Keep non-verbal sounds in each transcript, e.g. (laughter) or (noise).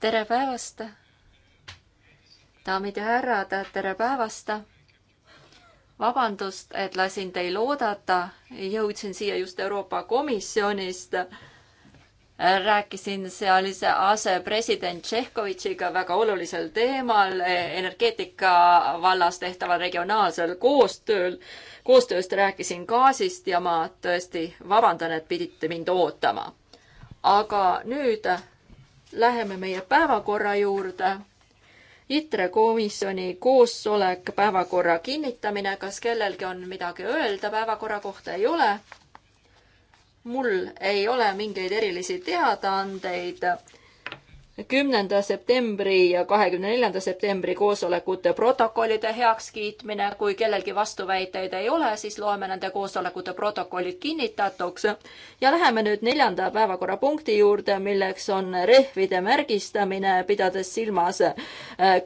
tere päevast, daamid ja härrad, tere päevast. vabandust, et lasin teil oodata, jõudsin siia just Euroopa Komisjonist. rääkisin seal ise asepresident Tšehkovitšiga väga olulisel teemal, energeetika vallas tehtaval regionaalsel koostööl. koostööst rääkisin gaasist ja ma tõesti vabandan, et pidite mind ootama aga nüüd läheme meie päevakorra juurde. ITRE komisjoni koosolek, päevakorra kinnitamine, kas kellelgi on midagi öelda päevakorra kohta, ei ole. mul ei ole mingeid erilisi teadaandeid kümnenda septembri ja kahekümne neljanda septembri koosolekute protokollide heakskiitmine, kui kellelgi vastuväiteid ei ole, siis loeme nende koosolekute protokollid kinnitatuks. ja läheme nüüd neljanda päevakorrapunkti juurde, milleks on rehvide märgistamine, pidades silmas äh,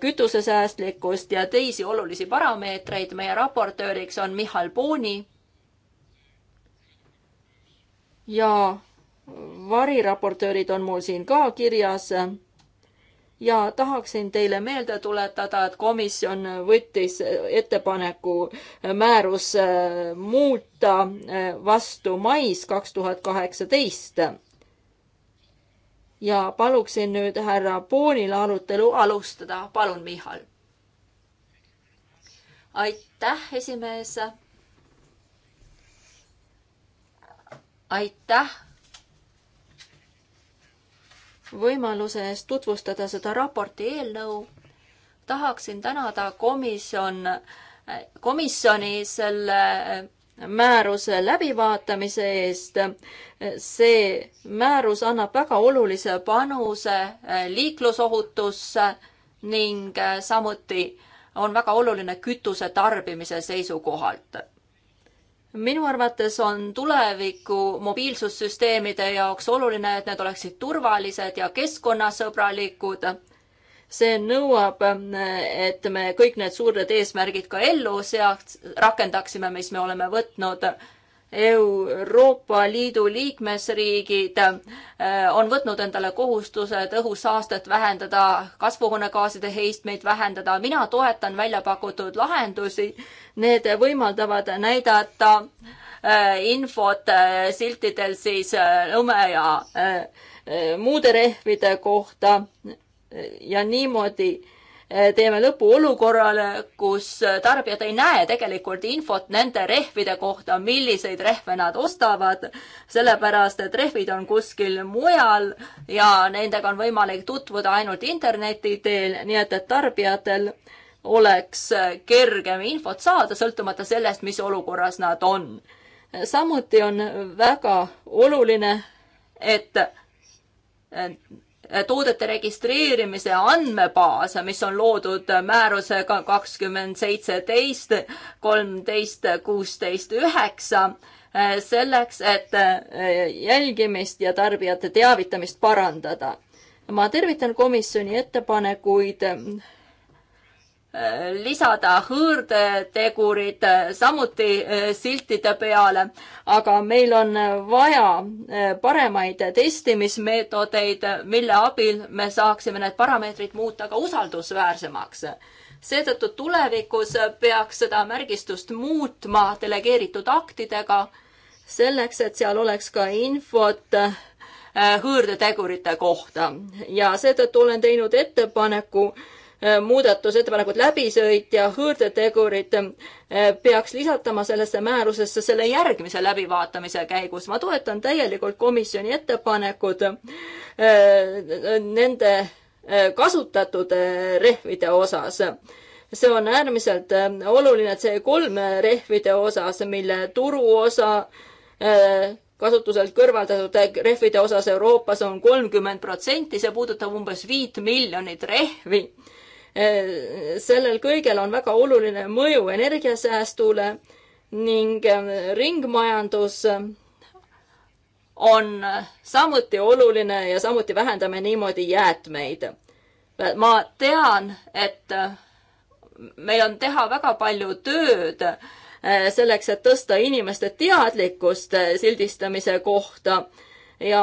kütusesäästlikkust ja teisi olulisi parameetreid. meie raportööriks on Michal Pooni. ja variraportöörid on mul siin ka kirjas ja tahaksin teile meelde tuletada, et komisjon võttis ettepaneku määrus äh, muuta äh, vastu mais kaks tuhat kaheksateist. ja paluksin nüüd härra Poonile arutelu alustada. palun, Michal. aitäh, esimees. aitäh võimaluse eest tutvustada seda raporti eelnõu. tahaksin tänada komisjon, komisjoni selle määruse läbivaatamise eest. see määrus annab väga olulise panuse liiklusohutusse ning samuti on väga oluline kütuse tarbimise seisukohalt minu arvates on tuleviku mobiilsussüsteemide jaoks oluline, et need oleksid turvalised ja keskkonnasõbralikud. see nõuab, et me kõik need suured eesmärgid ka ellu seaks, rakendaksime, mis me oleme võtnud Euroopa Liidu liikmesriigid äh, on võtnud endale kohustused õhusaastet vähendada, kasvuhoonegaaside heistmeid vähendada. mina toetan välja pakutud lahendusi. Need võimaldavad näidata äh, infot äh, siltidel siis lume ja muude rehvide kohta ja niimoodi Eh, teeme lõpu olukorrale, kus eh, tarbijad ei näe tegelikult infot nende rehvide kohta, milliseid rehve nad ostavad, sellepärast et rehvid on kuskil mujal ja nendega on võimalik tutvuda ainult interneti teel, nii et, et tarbijatel oleks eh, kergem infot saada, sõltumata sellest, mis olukorras nad on. samuti on väga oluline, et Äh, toodete registreerimise andmebaas, mis on loodud määrusega kakskümmend seitseteist, kolmteist, kuusteist, üheksa, äh, selleks, et äh, jälgimist ja tarbijate teavitamist parandada. ma tervitan komisjoni ettepanekuid lisada hõõrdetegurid samuti eh, siltide peale, aga meil on vaja eh, paremaid testimismeetodeid, mille abil me saaksime need parameetrid muuta ka usaldusväärsemaks. seetõttu tulevikus peaks seda märgistust muutma delegeeritud aktidega, selleks et seal oleks ka infot eh, hõõrdetegurite kohta ja seetõttu olen teinud ettepaneku, Äh, muudatusettepanekud läbisõit ja hõõrdetegurid äh, peaks lisatama sellesse määrusesse selle järgmise läbivaatamise käigus. ma toetan täielikult komisjoni ettepanekud äh, nende kasutatud rehvide osas see on äärmiselt oluline C3 rehvide osas, mille turuosa kasutuselt kõrvaldatud rehvide osas Euroopas on kolmkümmend protsenti, see puudutab umbes viit miljonit rehvi Eh, sellel kõigel on väga oluline mõju energiasäästule ning eh, ringmajandus on samuti oluline ja samuti vähendame niimoodi jäätmeid. ma tean, et meil on teha väga palju tööd eh, selleks, et tõsta inimeste teadlikkust sildistamise kohta ja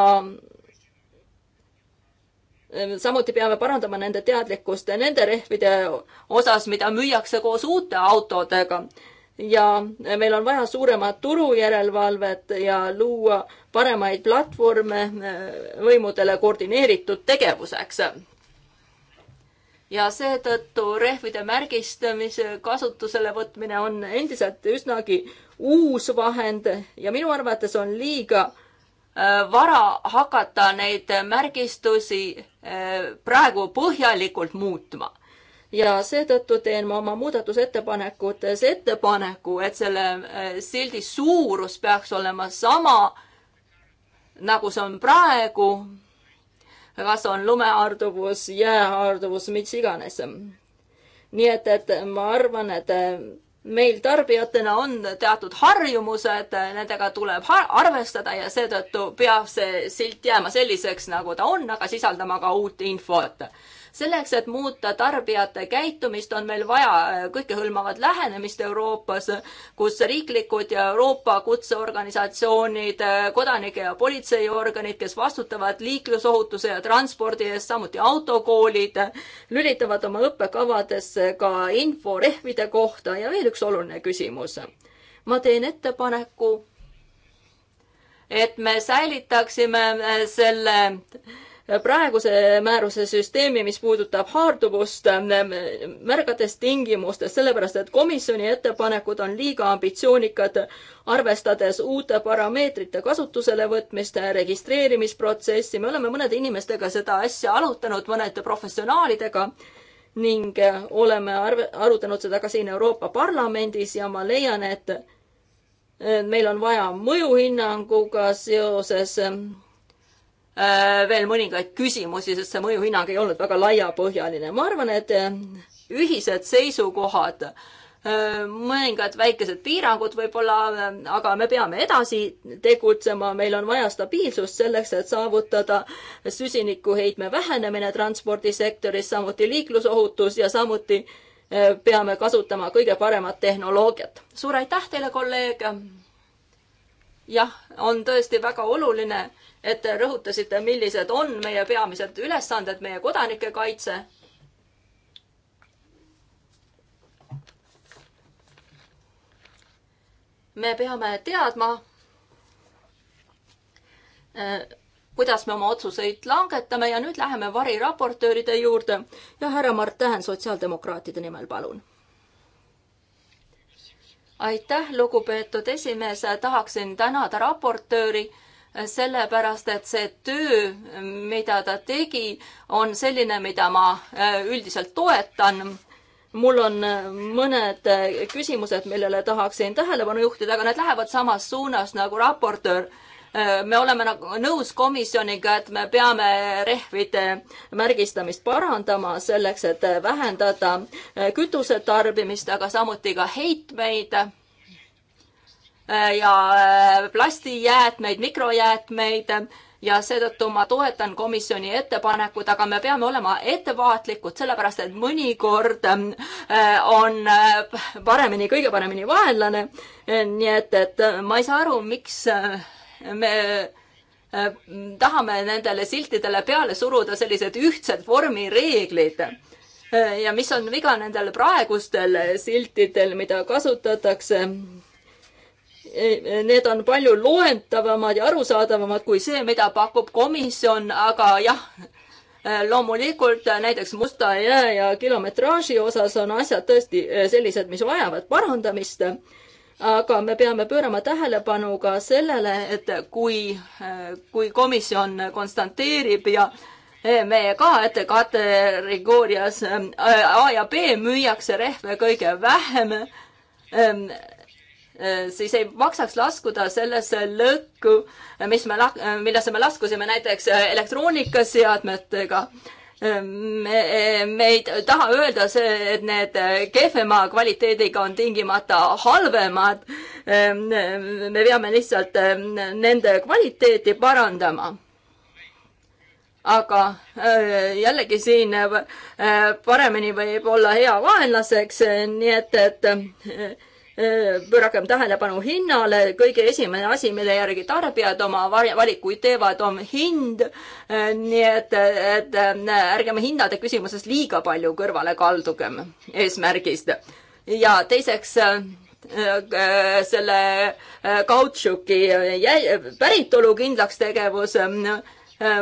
Ehm, samuti peame parandama nende teadlikkust nende rehvide osas, mida müüakse koos uute autodega. ja meil on vaja suuremat turujärelevalvet ja luua paremaid platvorme ehm, võimudele koordineeritud tegevuseks ja seetõttu rehvide märgistamise kasutusele võtmine on endiselt üsnagi uus vahend ja minu arvates on liiga Äh, vara hakata neid märgistusi äh, praegu põhjalikult muutma. ja seetõttu teen ma oma muudatusettepanekutes ettepaneku, et selle äh, sildi suurus peaks olema sama, nagu see on praegu, kas on lumeharduvus, jääharduvus, mis iganes. nii et, et ma arvan, et meil tarbijatena on teatud harjumused, nendega tuleb arvestada ja seetõttu peab see silt jääma selliseks, nagu ta on, aga sisaldama ka uut infot selleks, et muuta tarbijate käitumist, on meil vaja äh, kõikehõlmavat lähenemist Euroopas, kus riiklikud ja Euroopa kutseorganisatsioonid, äh, kodanike ja politseiorganid, kes vastutavad liiklusohutuse ja transpordi eest, samuti autokoolid, lülitavad oma õppekavadesse ka info rehvide kohta ja veel üks oluline küsimus. ma teen ettepaneku et me säilitaksime äh, selle praeguse määruse süsteemi, mis puudutab haarduvust äh, märgates tingimustes, sellepärast et komisjoni ettepanekud on liiga ambitsioonikad, arvestades uute parameetrite kasutusele võtmist, registreerimisprotsessi, me oleme mõnede inimestega seda asja arutanud, mõnede professionaalidega ning äh, oleme arve, arutanud seda ka siin Euroopa Parlamendis ja ma leian, et äh, meil on vaja mõjuhinnanguga seoses Äh, veel mõningaid küsimusi, sest see mõjuhinnang ei olnud väga laiapõhjaline. ma arvan, et äh, ühised seisukohad, äh, mõningad väikesed piirangud võib-olla, aga me peame edasi tegutsema, meil on vaja stabiilsust selleks, et saavutada süsinikuheitme vähenemine transpordisektoris, samuti liiklusohutus ja samuti peame kasutama kõige paremat tehnoloogiat. suur aitäh teile, kolleeg! jah, on tõesti väga oluline et rõhutasite, millised on meie peamised ülesanded, meie kodanike kaitse. me peame teadma, e, kuidas me oma otsuseid langetame ja nüüd läheme variraportööride juurde ja härra Mart Tähen sotsiaaldemokraatide nimel, palun aitäh, lugupeetud esimees, tahaksin tänada raportööri sellepärast et see töö, mida ta tegi, on selline, mida ma äh, üldiselt toetan. mul on äh, mõned äh, küsimused, millele tahaksin tähelepanu juhtida, aga need lähevad samas suunas nagu raportöör me oleme nagu nõus komisjoniga, et me peame rehvide märgistamist parandama selleks, et vähendada kütuse tarbimist, aga samuti ka heitmeid ja äh, plastijäätmeid, mikrojäätmeid ja seetõttu ma toetan komisjoni ettepanekut, aga me peame olema ettevaatlikud, sellepärast et mõnikord äh, on äh, paremini, kõige paremini vaenlane. nii et, et ma ei saa aru, miks me tahame nendele siltidele peale suruda sellised ühtsed vormireeglid ja mis on viga nendel praegustel siltidel, mida kasutatakse need on palju loentavamad ja arusaadavamad kui see, mida pakub komisjon, aga jah, loomulikult näiteks Musta jää ja kilometraaži osas on asjad tõesti sellised, mis vajavad parandamist. aga me peame pöörama tähelepanu ka sellele, et kui, kui komisjon konstanteerib ja me ka, et kategoorias A ja B müüakse rehve kõige vähem Äh, siis ei maksaks laskuda sellesse lõkku, mis me, äh, millesse me laskusime näiteks äh, elektroonikaseadmetega. me, me ei taha öelda see, et need kehvema kvaliteediga on tingimata halvemad. me peame lihtsalt nende kvaliteeti parandama aga jällegi siin paremini võib olla hea vaenlaseks, nii et, et pöörakem äh, tähelepanu hinnale, kõige esimene asi, mille järgi tarbijad oma valikuid teevad, on hind. Äh, nii et, et äh, ärgem hindade küsimusest liiga palju kõrvale kaldugem eesmärgist. ja teiseks selle kautšuki päritolu kindlakstegevus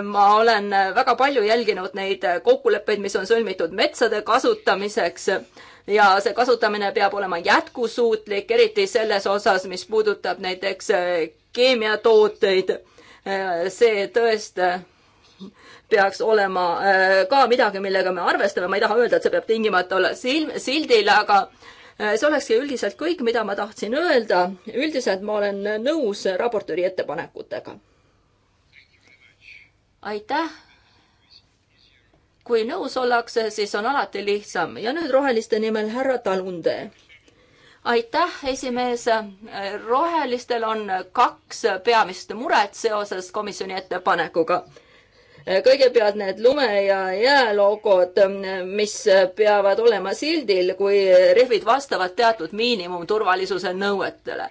ma olen väga palju jälginud neid kokkuleppeid, mis on sõlmitud metsade kasutamiseks ja see kasutamine peab olema jätkusuutlik, eriti selles osas, mis puudutab näiteks äh, keemiatooteid. Äh, see tõest äh, peaks olema ka midagi, millega me arvestame, ma ei taha öelda, et see peab tingimata olla silm, sildil, aga see olekski üldiselt kõik, mida ma tahtsin öelda. üldiselt ma olen nõus raportööri ettepanekutega. aitäh kui nõus ollakse, siis on alati lihtsam ja nüüd roheliste nimel härra Talunde. aitäh, esimees. rohelistel on kaks peamist muret seoses komisjoni ettepanekuga kõigepealt need lume- ja jäälogod, mis peavad olema sildil, kui rehvid vastavad teatud miinimumturvalisuse nõuetele.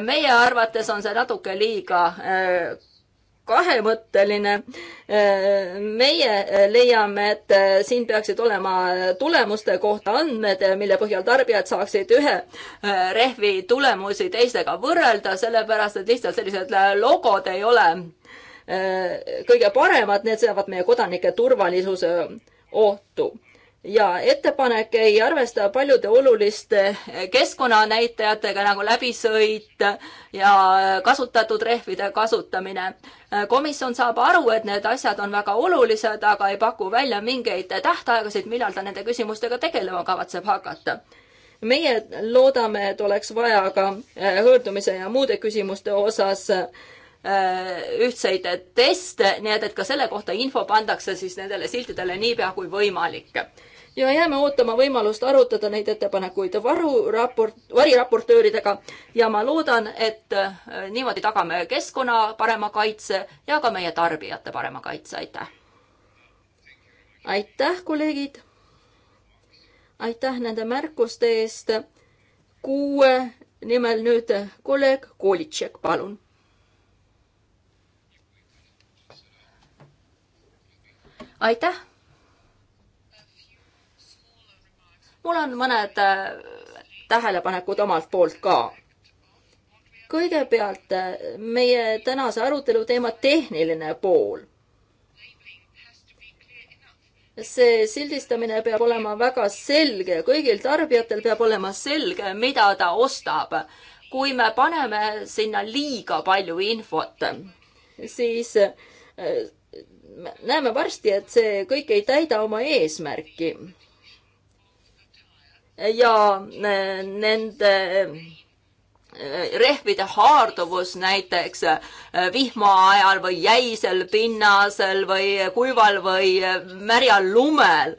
meie arvates on see natuke liiga eh, kahemõtteline. meie leiame, et siin peaksid olema tulemuste kohta andmed, mille põhjal tarbijad saaksid ühe rehvi tulemusi teistega võrrelda, sellepärast et lihtsalt sellised logod ei ole eh, kõige paremad, need seavad meie kodanike turvalisuse ohtu ja ettepanek ei arvesta paljude oluliste keskkonnanäitajatega nagu läbisõit ja kasutatud rehvide kasutamine. komisjon saab aru, et need asjad on väga olulised, aga ei paku välja mingeid tähtaegasid, millal ta nende küsimustega tegelema kavatseb hakata meie loodame, et oleks vaja ka äh, hõõrdumise ja muude küsimuste osas äh, ühtseid teste, nii et, et ka selle kohta info pandakse siis nendele siltidele niipea kui võimalik ja jääme ootama võimalust arutada neid ettepanekuid varuraport, variraportööridega ja ma loodan, et äh, niimoodi tagame keskkonna parema kaitse ja ka meie tarbijate parema kaitse, aitäh! aitäh, kolleegid! aitäh nende märkuste eest. kuue nimel nüüd kolleeg Kolitšek, palun. aitäh mul on mõned äh, tähelepanekud omalt poolt ka. kõigepealt äh, meie tänase arutelu teema tehniline pool. see sildistamine peab olema väga selge, kõigil tarbijatel peab olema selge, mida ta ostab. kui me paneme sinna liiga palju infot, siis äh, näeme varsti, et see kõik ei täida oma eesmärki ja äh, nende äh, rehvide haarduvus näiteks äh, vihma ajal või jäisel pinnasel või kuival või märjal lumel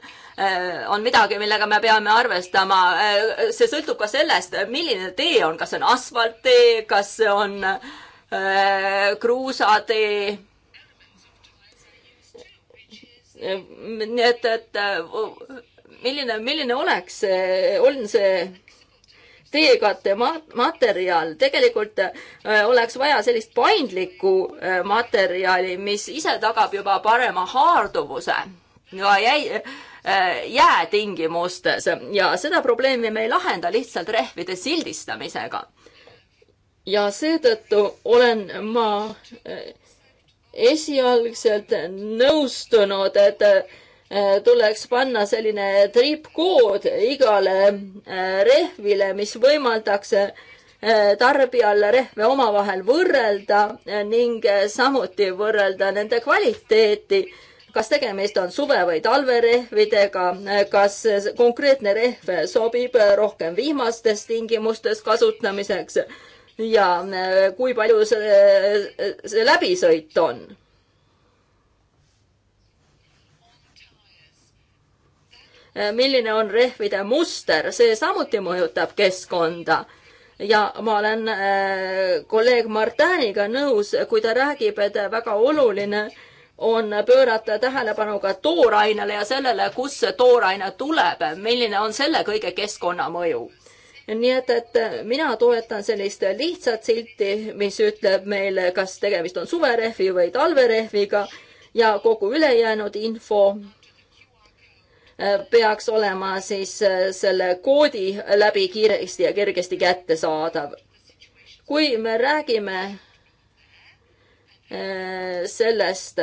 on midagi, millega me peame arvestama. see sõltub ka sellest, milline tee on, kas see on asfalttee, kas see on kruusatee. nii et, et milline, milline oleks, on see teekatte materjal, tegelikult äh, oleks vaja sellist paindlikku äh, materjali, mis ise tagab juba parema haarduvuse ja jäi, äh, jäätingimustes ja seda probleemi me ei lahenda lihtsalt rehvide sildistamisega. ja seetõttu olen ma esialgselt nõustunud, et Äh, tuleks panna selline triipkood igale äh, rehvile, mis võimaldaks äh, tarbijal rehve omavahel võrrelda ning samuti võrrelda nende kvaliteeti, kas tegemist on suve- või talverehvidega, kas konkreetne rehv sobib rohkem vihmastes tingimustes kasutamiseks ja kui palju see, see läbisõit on Äh, milline on rehvide muster, see samuti mõjutab keskkonda ja ma olen äh, kolleeg Martiniga nõus, kui ta räägib, et väga oluline on pöörata tähelepanu ka toorainele ja sellele, kust see tooraine tuleb, milline on selle kõige keskkonnamõju. nii et, et mina toetan sellist lihtsat silti, mis ütleb meile, kas tegemist on suverehvi või talverehviga ja kogu ülejäänud info Äh, peaks olema siis äh, selle koodi läbi kiiresti ja kergesti kättesaadav. kui me räägime äh, sellest,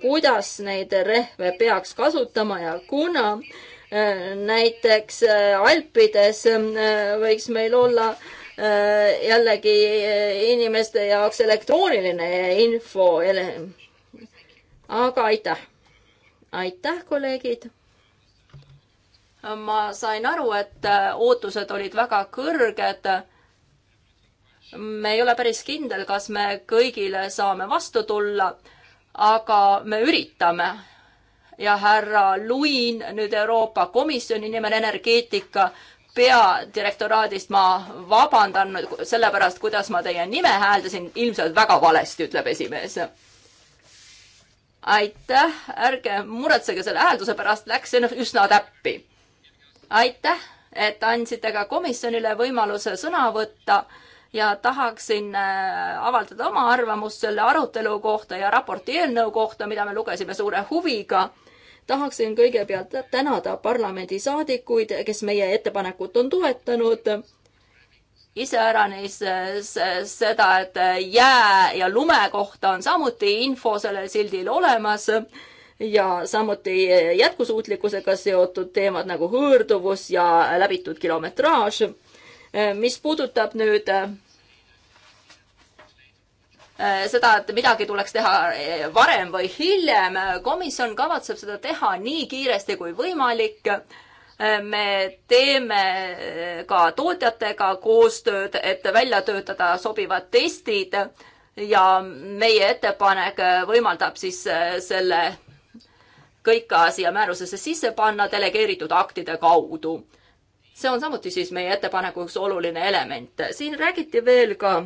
kuidas neid rehve peaks kasutama ja kuna, näiteks Alpides võiks meil olla jällegi inimeste jaoks elektrooniline info. aga aitäh aitäh, kolleegid! ma sain aru, et äh, ootused olid väga kõrged. me ei ole päris kindel, kas me kõigile saame vastu tulla, aga me üritame. ja härra Luin nüüd Euroopa Komisjoni nimel energeetika peadirektoraadist, ma vabandan selle pärast, kuidas ma teie nime hääldasin, ilmselt väga valesti, ütleb esimees aitäh, ärge muretsege selle häälduse pärast, läks üsna täppi. aitäh, et andsite ka komisjonile võimaluse sõna võtta ja tahaksin äh, avaldada oma arvamust selle arutelu kohta ja raporti eelnõu kohta, mida me lugesime suure huviga. tahaksin kõigepealt tänada parlamendisaadikuid, kes meie ettepanekut on toetanud iseäranis eh, seda, et eh, jää ja lume kohta on samuti info sellel sildil olemas ja samuti jätkusuutlikkusega seotud teemad nagu hõõrduvus ja läbitud kilometraaž. Eh, mis puudutab nüüd seda, et midagi tuleks teha varem või hiljem, komisjon kavatseb seda teha nii kiiresti kui võimalik me teeme eh, ka tootjatega koostööd, et välja töötada sobivad testid ja meie ettepanek eh, võimaldab siis eh, selle kõik ka siia määrusesse sisse panna delegeeritud aktide kaudu. see on samuti siis meie ettepaneku üks oluline element. siin räägiti veel ka,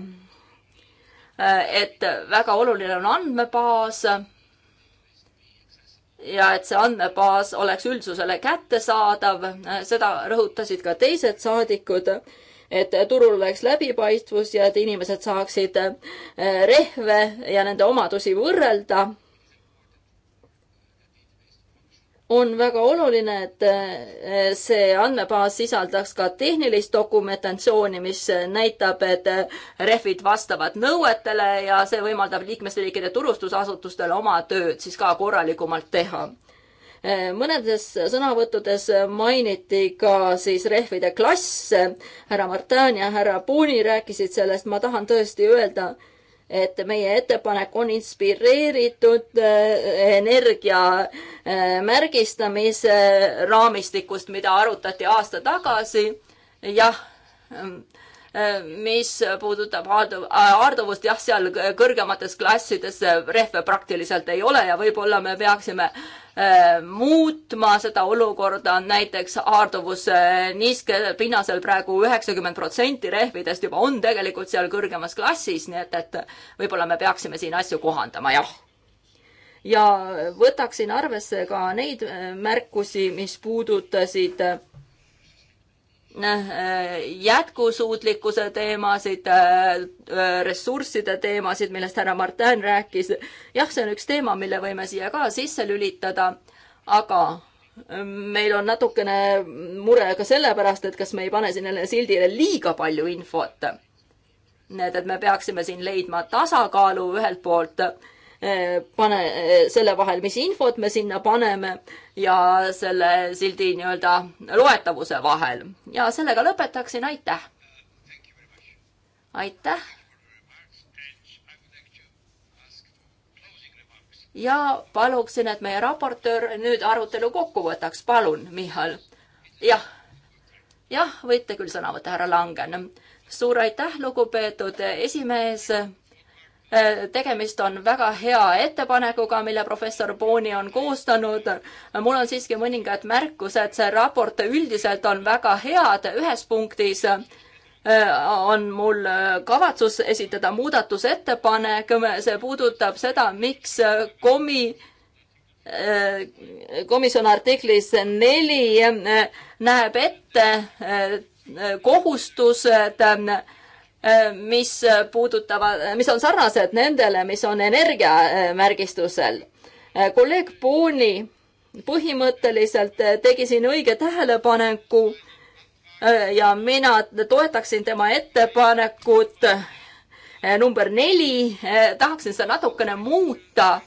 et väga oluline on andmebaas ja et see andmebaas oleks üldsusele kättesaadav, seda rõhutasid ka teised saadikud, et turul oleks läbipaistvus ja et inimesed saaksid eh, rehve ja nende omadusi võrrelda on väga oluline, et eh, see andmebaas sisaldaks ka tehnilist dokumentatsiooni, mis näitab, et eh, rehvid vastavad nõuetele ja see võimaldab liikmesriikide turustusasutustele oma tööd siis ka korralikumalt teha. Eh, mõnedes sõnavõttudes mainiti ka siis rehvide klasse, härra Martin ja härra Puuni rääkisid sellest, ma tahan tõesti öelda, et meie ettepanek on inspireeritud äh, energia äh, märgistamise raamistikust, mida arutati aasta tagasi. jah, ähm, äh, mis puudutab haarduvust, jah, seal kõrgemates klassides rehve praktiliselt ei ole ja võib-olla me peaksime Äh, muutma seda olukorda, näiteks haarduvus äh, niiske pinnasel praegu üheksakümmend protsenti rehvidest juba on tegelikult seal kõrgemas klassis, nii et, et võib-olla me peaksime siin asju kohandama, jah. ja võtaksin arvesse ka neid äh, märkusi, mis puudutasid äh, Äh, jätkusuutlikkuse teemasid, äh, äh, ressursside teemasid, millest härra Martin rääkis. jah, see on üks teema, mille võime siia ka sisse lülitada, aga meil on natukene mure ka sellepärast, et kas me ei pane sellele sildile liiga palju infot. nii et, et me peaksime siin leidma tasakaalu ühelt poolt äh, pane, selle vahel, mis infot me sinna paneme ja selle sildi nii-öelda loetavuse vahel. ja sellega lõpetaksin, aitäh! aitäh! ja paluksin, et meie raportöör nüüd arutelu kokku võtaks, palun, Michal. jah, jah, võite küll sõna võtta, härra Langen. suur aitäh, lugupeetud esimees Äh, tegemist on väga hea ettepanekuga, mille professor Booni on koostanud. mul on siiski mõningad märkused, see raport üldiselt on väga head, ühes punktis äh, on mul äh, kavatsus esitada muudatusettepanek, see puudutab seda, miks komi komisjon artiklis neli näeb ette kohustused et Äh, mis puudutavad, äh, mis on sarnased nendele, mis on energiamärgistusel. Äh, kolleeg Booni põhimõtteliselt tegi siin õige tähelepaneku ja mina toetaksin tema ettepanekut number neli, tahaksin seda natukene muuta.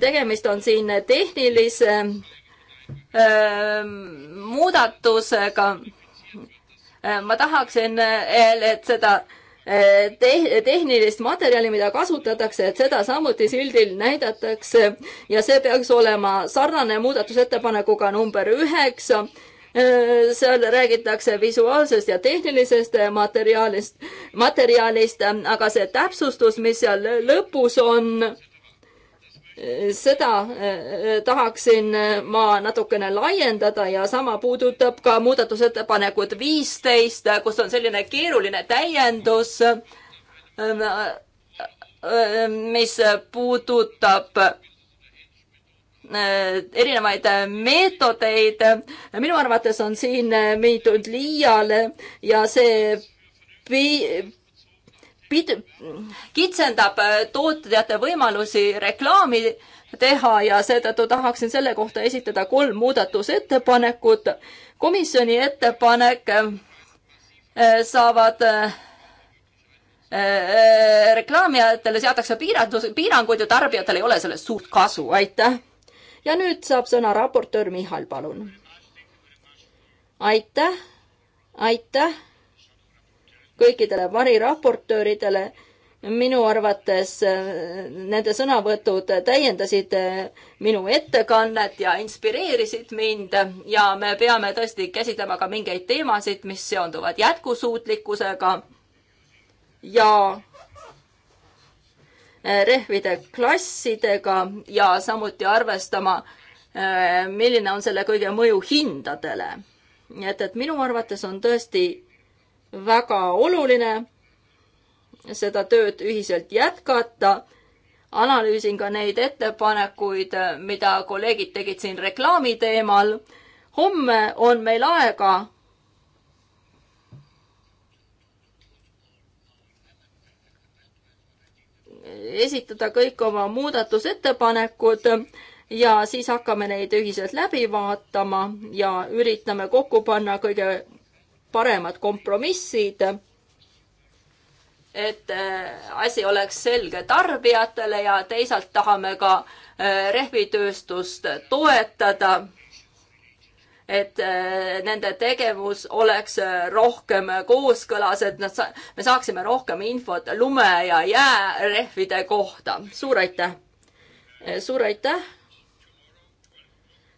tegemist on siin tehnilise muudatusega Äh, ma tahaksin, äh, et seda äh, te-, tehnilist materjali, mida kasutatakse, et seda samuti sildil näidatakse ja see peaks olema sarnane muudatusettepanekuga number üheksa. seal räägitakse visuaalsest ja tehnilisest materjalist, materjalist, aga see täpsustus, mis seal lõpus on, seda äh, äh, tahaksin äh, ma natukene laiendada ja sama puudutab ka muudatusettepanekut viisteist, kus on selline keeruline täiendus, ähm, mis puudutab erinevaid meetodeid. minu arvates on siin mindud liiale ja see pid-, kitsendab äh, tootjate võimalusi reklaami teha ja seetõttu tahaksin selle kohta esitada kolm muudatusettepanekut. komisjoni ettepanek äh, äh, saavad reklaamijatele seatakse piirandus, piiranguid ja tarbijatel ei ole sellest suurt kasu, aitäh. ja nüüd saab sõna raportöör Michal, palun. aitäh, aitäh kõikidele variraportööridele. minu arvates äh, nende sõnavõtud täiendasid äh, minu ettekannet ja inspireerisid mind ja me peame tõesti käsitlema ka mingeid teemasid, mis seonduvad jätkusuutlikkusega ja äh, rehvide klassidega ja samuti arvestama, milline on selle kõige mõju hindadele. nii et, et minu arvates on tõesti väga oluline seda tööd ühiselt jätkata. analüüsin ka neid ettepanekuid, mida kolleegid tegid siin reklaami teemal. homme on meil aega esitada kõik oma muudatusettepanekud ja siis hakkame neid ühiselt läbi vaatama ja üritame kokku panna kõige paremad kompromissid, et äh, asi oleks selge tarbijatele ja teisalt tahame ka äh, rehvitööstust toetada et äh, nende tegevus oleks rohkem kooskõlas, et nad sa-, me saaksime rohkem infot lume ja jäärehvide kohta. suur aitäh! suur aitäh!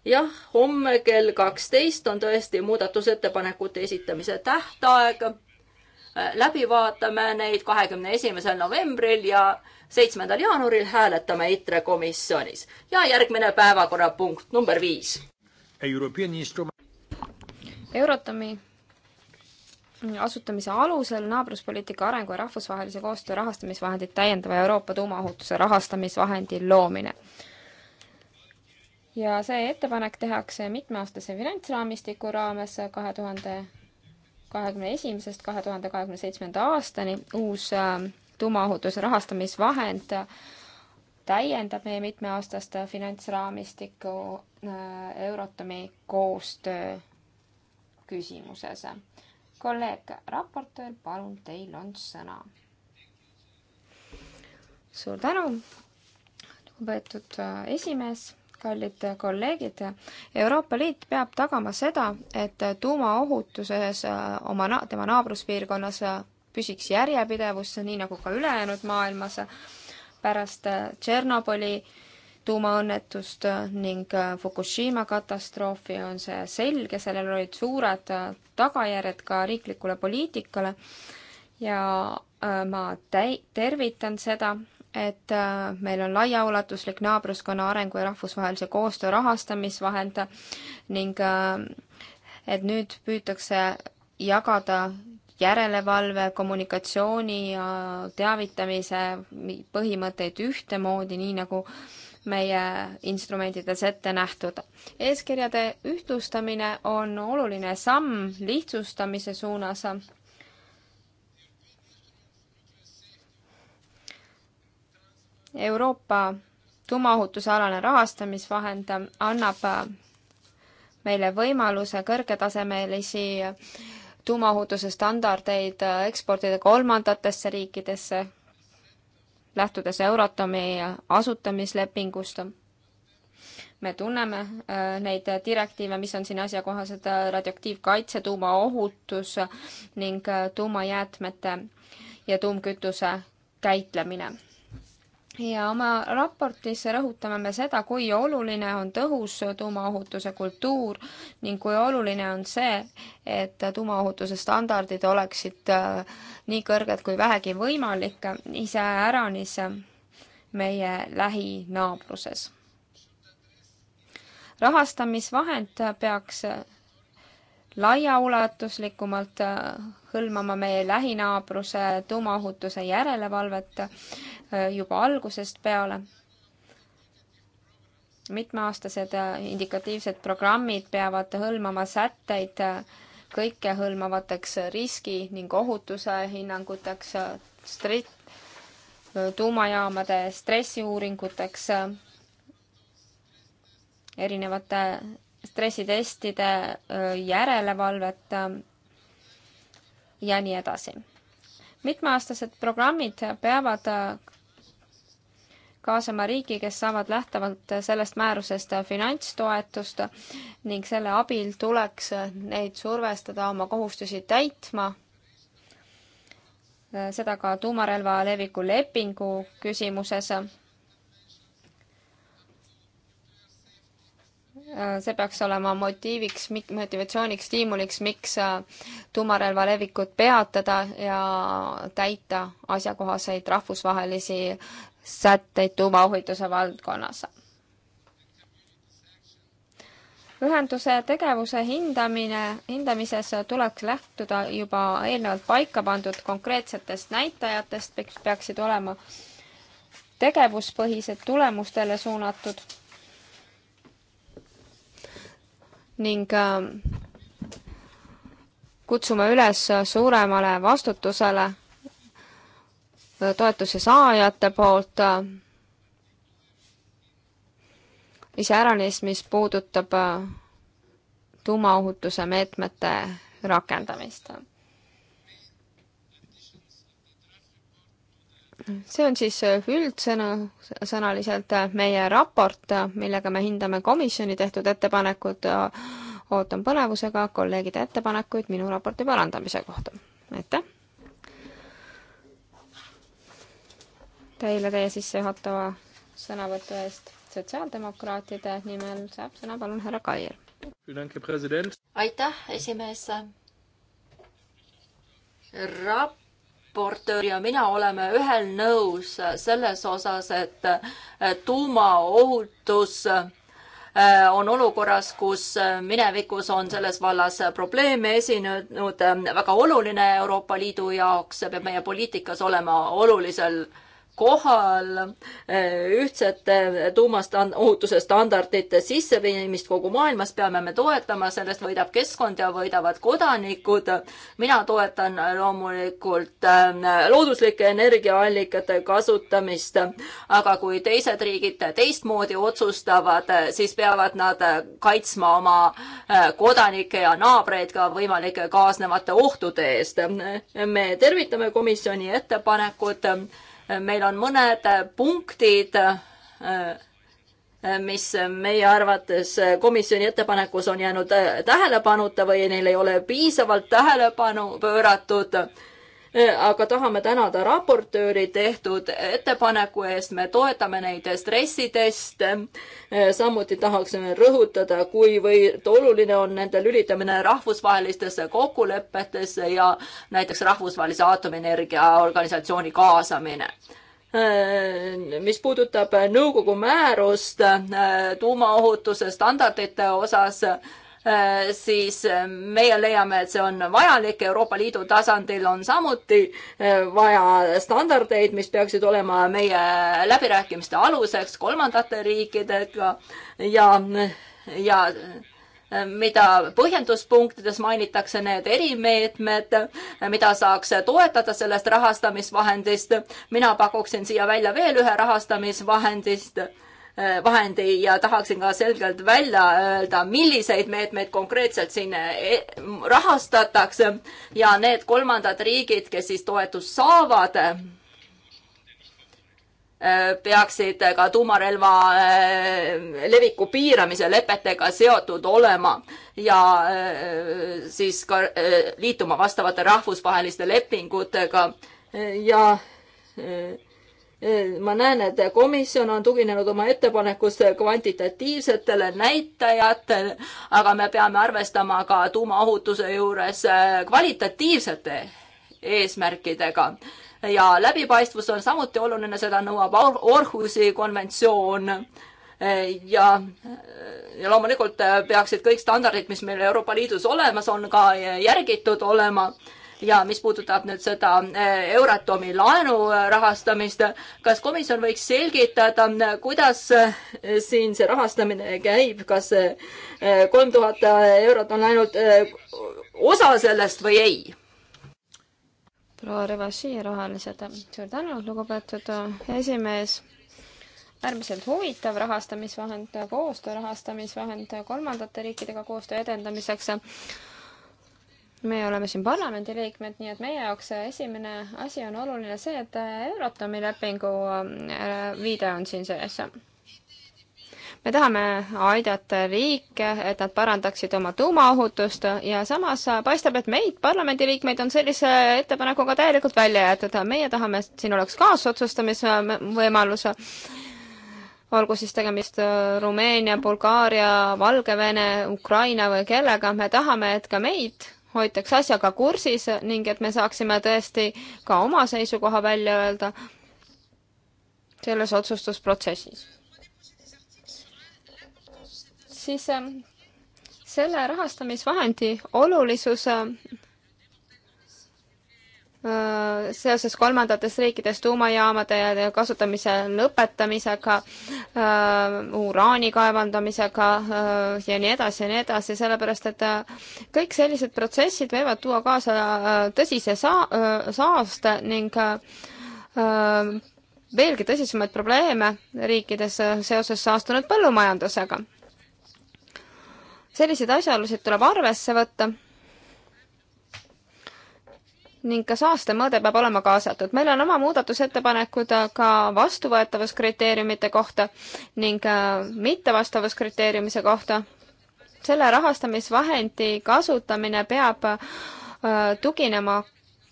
jah, homme kell kaksteist on tõesti muudatusettepanekute esitamise tähtaeg. Äh, läbi vaatame neid kahekümne esimesel novembril ja seitsmendal jaanuaril hääletame ITRE komisjonis. ja järgmine päevakorrapunkt number viis. Eurotomi asutamise alusel naabruspoliitika arengu ja rahvusvahelise koostöö rahastamisvahendit täiendava Euroopa tuumaohutuse rahastamisvahendi loomine ja see ettepanek tehakse mitmeaastase finantsraamistiku raames kahe tuhande kahekümne esimesest kahe tuhande kahekümne seitsmenda aastani uus äh, tuumaohutuse rahastamisvahend täiendab meie mitmeaastast finantsraamistikku äh, Eurotomi koostöö küsimuses. kolleeg raportöör, palun, teil on sõna. suur tänu, lugupeetud äh, esimees kallid kolleegid, Euroopa Liit peab tagama seda, et tuumaohutuses äh, oma, tema naabruspiirkonnas äh, püsiks järjepidevus, nii nagu ka ülejäänud maailmas pärast äh, Tšernobõli tuumaõnnetust ning Fukushima katastroofi on see selge, sellel olid suured tagajärjed ka riiklikule poliitikale ja ma täi-, tervitan seda, et äh, meil on laiaulatuslik naabruskonna arengu ja rahvusvahelise koostöö rahastamisvahend ning äh, et nüüd püütakse jagada järelevalve, kommunikatsiooni ja teavitamise põhimõtteid ühtemoodi, nii nagu meie instrumentides ette nähtud. eeskirjade ühtlustamine on oluline samm lihtsustamise suunas Euroopa tuumaohutusealane rahastamisvahend annab äh, meile võimaluse kõrgetasemelisi äh, tuumaohutuse standardeid äh, eksportida kolmandatesse riikidesse, lähtudes Euratomi asutamislepingust. me tunneme neid direktiive, mis on siin asjakohased, radioaktiivkaitse, tuumaohutus ning tuumajäätmete ja tuumkütuse käitlemine ja oma raportis rõhutame me seda, kui oluline on tõhus tuumaohutuse kultuur ning kui oluline on see, et tuumaohutuse standardid oleksid äh, nii kõrged kui vähegi võimalik, iseäranis meie lähinaabruses. rahastamisvahend peaks laiaulatuslikumalt äh, hõlmama meie lähinaabruse tuumaohutuse järelevalvet äh, juba algusest peale. mitmeaastased äh, indikatiivsed programmid peavad hõlmama sätteid kõikehõlmavateks riski ning ohutuse hinnanguteks, tuumajaamade stressiuuringuteks, erinevate stressitestide järelevalvet ja nii edasi. mitmeaastased programmid peavad kaasama riigi, kes saavad lähtuvalt sellest määrusest finantstoetust ning selle abil tuleks neid survestada oma kohustusi täitma. seda ka tuumarelva leviku lepingu küsimuses Äh, see peaks olema motiiviks, motivatsiooniks, stiimuliks, miks äh, tuumarelva levikut peatada ja täita asjakohaseid rahvusvahelisi sätteid tuumaohutuse valdkonnas. ühenduse tegevuse hindamine, hindamises tuleks lähtuda juba eelnevalt paika pandud konkreetsetest näitajatest, peaksid olema tegevuspõhised, tulemustele suunatud ning äh, kutsume üles suuremale vastutusele äh, toetuse saajate poolt, äh, iseäranis, mis puudutab tuumaohutuse meetmete rakendamist see on siis äh, üldsõna, sõnaliselt äh, meie raport, äh, millega me hindame komisjoni tehtud ettepanekud. ootan põnevusega kolleegide ettepanekuid minu raporti parandamise kohta. aitäh! Teile teie sissejuhatava sõnavõtu eest sotsiaaldemokraatide nimel saab sõna palun härra Kair. aitäh, esimees! rap-, raportöör ja mina oleme ühel nõus selles osas, et tuumaohutus äh, on olukorras, kus äh, minevikus on selles vallas probleeme esinenud, äh, väga oluline Euroopa Liidu jaoks, see peab meie poliitikas olema olulisel kohal eh, ühtsete tuumaohutuse standardite sisseviimist kogu maailmas peame me toetama, sellest võidab keskkond ja võidavad kodanikud. mina toetan loomulikult eh, looduslike energiaallikate kasutamist, aga kui teised riigid teistmoodi otsustavad, eh, siis peavad nad kaitsma oma kodanikke ja naabreid ka võimalike kaasnevate ohtude eest. me tervitame komisjoni ettepanekut meil on mõned äh, punktid, äh, mis meie arvates komisjoni ettepanekus on jäänud äh, tähelepanuta või neil ei ole piisavalt tähelepanu pööratud aga tahame tänada raportööri tehtud ettepaneku eest, me toetame neid stressiteste. samuti tahaksime rõhutada, kuivõrd oluline on nende lülitamine rahvusvahelistesse kokkulepetesse ja näiteks rahvusvahelise aatomienergia organisatsiooni kaasamine mis puudutab nõukogu määrust tuumaohutuse standardite osas, Äh, siis äh, meie leiame, et see on vajalik, Euroopa Liidu tasandil on samuti äh, vaja standardeid, mis peaksid olema meie läbirääkimiste aluseks kolmandate riikidega ja, ja mida põhjenduspunktides mainitakse, need erimeetmed, mida saaks toetada sellest rahastamisvahendist. mina pakuksin siia välja veel ühe rahastamisvahendist Äh, vahendi ja tahaksin ka selgelt välja öelda, milliseid meetmeid konkreetselt siin e, rahastatakse ja need kolmandad riigid, kes siis toetust saavad, äh, peaksid ka tuumarelva äh, leviku piiramise lepetega seotud olema ja siis ka liituma vastavate rahvusvaheliste lepingutega ja Äh, ma näen, et komisjon on tuginenud oma ettepanekus kvantitatiivsetele näitajatele, aga me peame arvestama ka tuumaohutuse juures äh, kvalitatiivsete eesmärkidega. ja läbipaistvus on samuti oluline, seda nõuab Orhusi konventsioon äh, ja, ja loomulikult peaksid kõik standardid, mis meil Euroopa Liidus olemas on, ka järgitud olema ja mis puudutab nüüd seda eh, Euratomi laenu eh, rahastamist, kas komisjon võiks selgitada, eh, kuidas siin see rahastamine käib, kas kolm tuhat eurot on ainult osa sellest või ei? proua Revasi, rohelised, suur tänu, lugupeetud esimees äärmiselt huvitav rahastamisvahend, koostöö rahastamisvahend kolmandate riikidega koostöö edendamiseks me oleme siin parlamendiliikmed, nii et meie jaoks esimene asi on oluline see, et Euratomi lepingu äh, viide on siin sees. me tahame aidata riike, et nad parandaksid oma tuumaohutust ja samas paistab, et meid, parlamendiliikmeid, on sellise ettepanekuga täielikult välja jäetud. meie tahame, et siin oleks kaasotsustamise võimalus olgu siis tegemist äh, Rumeenia, Bulgaaria, Valgevene, Ukraina või kellega, me tahame, et ka meid hoitakse asjaga kursis ning et me saaksime tõesti ka oma seisukoha välja öelda selles otsustusprotsessis. siis ähm, selle rahastamisvahendi olulisus ähm, seoses kolmandates riikides tuumajaamade kasutamise lõpetamisega, äh, uraani kaevandamisega äh, ja nii edasi ja nii edasi, sellepärast et äh, kõik sellised protsessid võivad tuua kaasa tõsise saa-, saaste ning veelgi tõsisemaid probleeme riikides seoses saastunud põllumajandusega. selliseid asjaolusid tuleb arvesse võtta ning ka saastemõõde peab olema kaasatud. meil on oma muudatusettepanekud ka vastuvõetavuskriteeriumite kohta ning äh, mittevastavuskriteeriumise kohta. selle rahastamisvahendi kasutamine peab äh, tuginema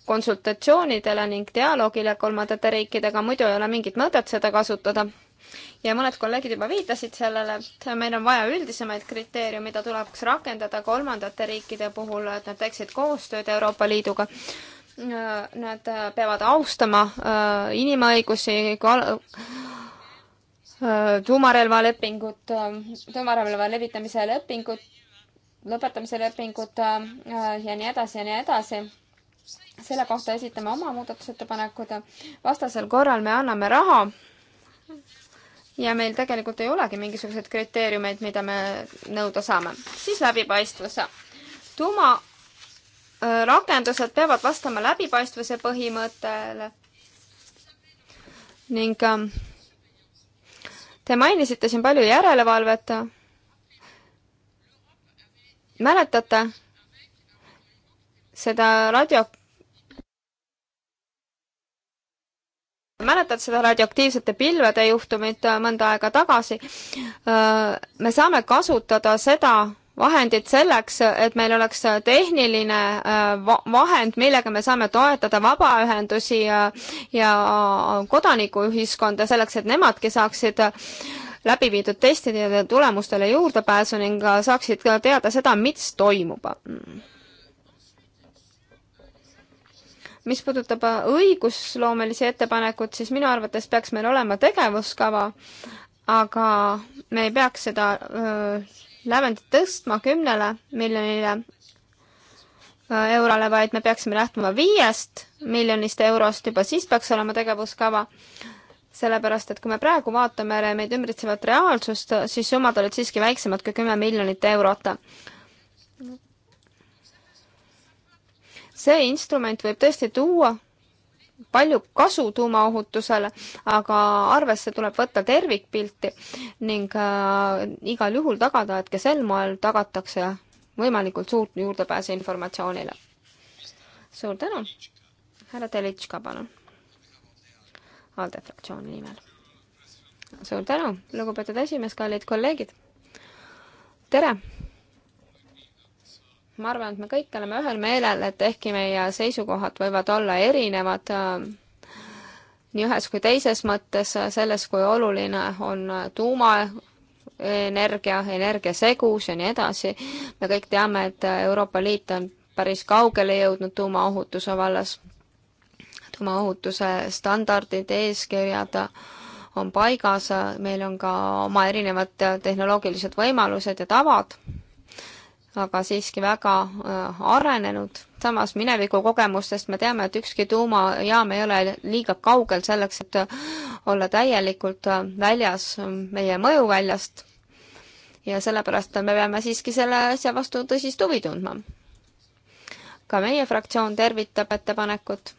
konsultatsioonidele ning dialoogile kolmandate riikidega, muidu ei ole mingit mõtet seda kasutada. ja mõned kolleegid juba viitasid sellele, et meil on vaja üldisemaid kriteeriume, mida tuleks rakendada kolmandate riikide puhul, et nad teeksid koostööd Euroopa Liiduga Äh, nad äh, peavad austama äh, inimõigusi, tuumarelvalepingut, tuumarelva levitamise lepingut, lõpetamise lepingut ja nii edasi ja nii edasi. selle kohta esitame oma muudatusettepanekud. vastasel korral me anname raha ja meil tegelikult ei olegi mingisuguseid kriteeriumeid, mida me nõuda saame. siis läbipaistvus. tuuma Äh, rakendused peavad vastama läbipaistvuse põhimõttele ning ähm, te mainisite siin palju järelevalvet. mäletate seda radio mäletad seda radioaktiivsete pilvede juhtumit mõnda aega tagasi? Äh, me saame kasutada seda vahendid selleks, et meil oleks tehniline äh, vahend, millega me saame toetada vabaühendusi ja, ja kodanikuühiskonda selleks, et nemadki saaksid läbi viidud testide tulemustele juurdepääsu ning saaksid ka teada seda, mis toimub. mis puudutab õigusloomelisi ettepanekuid, siis minu arvates peaks meil olema tegevuskava, aga me ei peaks seda öö, äh, lävendit tõstma kümnele miljonile äh, eurole, vaid me peaksime lähtuma viiest miljonist eurost, juba siis peaks olema tegevuskava. sellepärast, et kui me praegu vaatame meid ümbritsevat reaalsust, siis summad olid siiski väiksemad kui kümme miljonit eurot. see instrument võib tõesti tuua palju kasu tuumaohutusele, aga arvesse tuleb võtta tervikpilti ning äh, igal juhul tagada, et ka sel moel tagatakse võimalikult suurt juurdepääsu informatsioonile. suur tänu, härra Telitška, palun. ALDE fraktsiooni nimel. suur tänu, lugupeetud esimees, kallid kolleegid. tere ma arvan, et me kõik oleme ühel meelel, et ehkki meie seisukohad võivad olla erinevad äh, nii ühes kui teises mõttes, äh, selles, kui oluline on äh, tuumaenergia, energiasegus ja nii edasi, me kõik teame, et Euroopa Liit on päris kaugele jõudnud tuumaohutuse vallas. tuumaohutuse standardid, eeskirjad on paigas, meil on ka oma erinevad tehnoloogilised võimalused ja tavad aga siiski väga äh, arenenud. samas mineviku kogemustest me teame, et ükski tuumajaam ei ole liiga kaugel selleks, et äh, olla täielikult äh, väljas meie mõjuväljast. ja sellepärast me peame siiski selle asja vastu tõsist huvi tundma. ka meie fraktsioon tervitab ettepanekut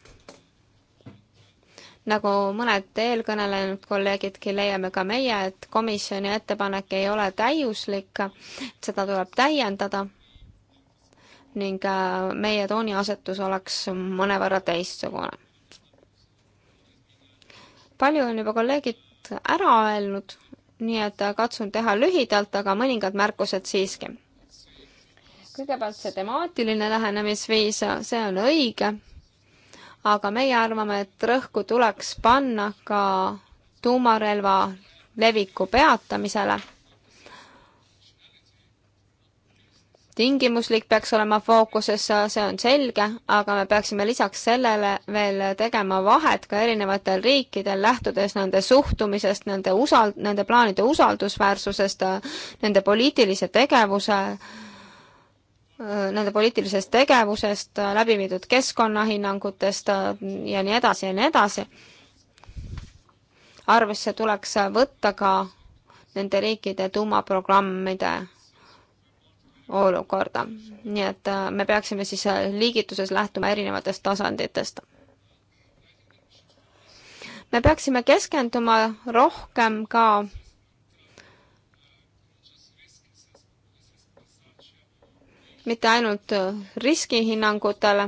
nagu mõned eelkõnelenud kolleegidki, leiame ka meie, et komisjoni ettepanek ei ole täiuslik, seda tuleb täiendada ning äh, meie tooniasetus oleks mõnevõrra teistsugune. palju on juba kolleegid ära öelnud, nii et äh, katsun teha lühidalt, aga mõningad märkused siiski. kõigepealt see temaatiline lähenemisviis, see on õige aga meie arvame, et rõhku tuleks panna ka tuumarelva leviku peatamisele. tingimuslik peaks olema fookuses, see on selge, aga me peaksime lisaks sellele veel tegema vahet ka erinevatel riikidel, lähtudes nende suhtumisest, nende usal-, nende plaanide usaldusväärsusest, nende poliitilise tegevuse äh, nende poliitilisest tegevusest, läbi viidud keskkonnahinnangutest äh, ja nii edasi ja nii edasi. arvesse tuleks võtta ka nende riikide tuumaprogrammide olukorda. nii et äh, me peaksime siis äh, liigituses lähtuma erinevatest tasanditest. me peaksime keskenduma rohkem ka mitte ainult äh, riskihinnangutele,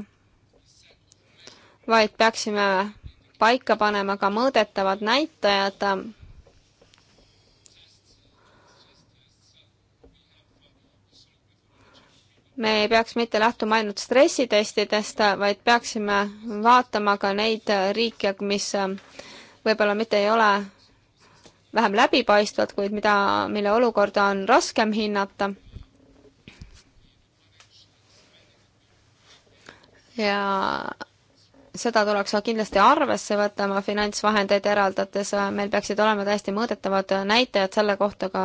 vaid peaksime paika panema ka mõõdetavad näitajad me ei peaks mitte lähtuma ainult stressitestidest, vaid peaksime vaatama ka neid riike, mis äh, võib-olla mitte ei ole vähem läbipaistvad, kuid mida, mille olukorda on raskem hinnata. ja seda tuleks kindlasti arvesse võtta oma finantsvahendeid eraldates, meil peaksid olema täiesti mõõdetavad näitajad selle kohta ka,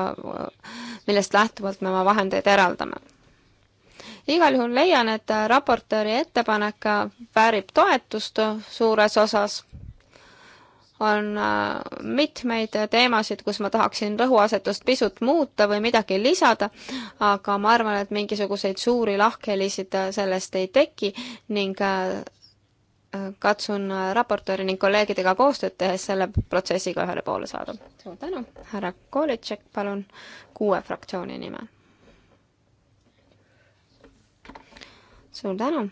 millest lähtuvalt me oma vahendeid eraldame. igal juhul leian, et raportööri ettepanek väärib toetust suures osas on äh, mitmeid teemasid, kus ma tahaksin rõhuasetust pisut muuta või midagi lisada, aga ma arvan, et mingisuguseid suuri lahkhelisid äh, sellest ei teki ning äh, katsun raportööri ning kolleegidega koostööd tehes selle protsessiga ühele poole saada. suur tänu, härra Kolitšek, palun, kuue fraktsiooni nimel. suur tänu,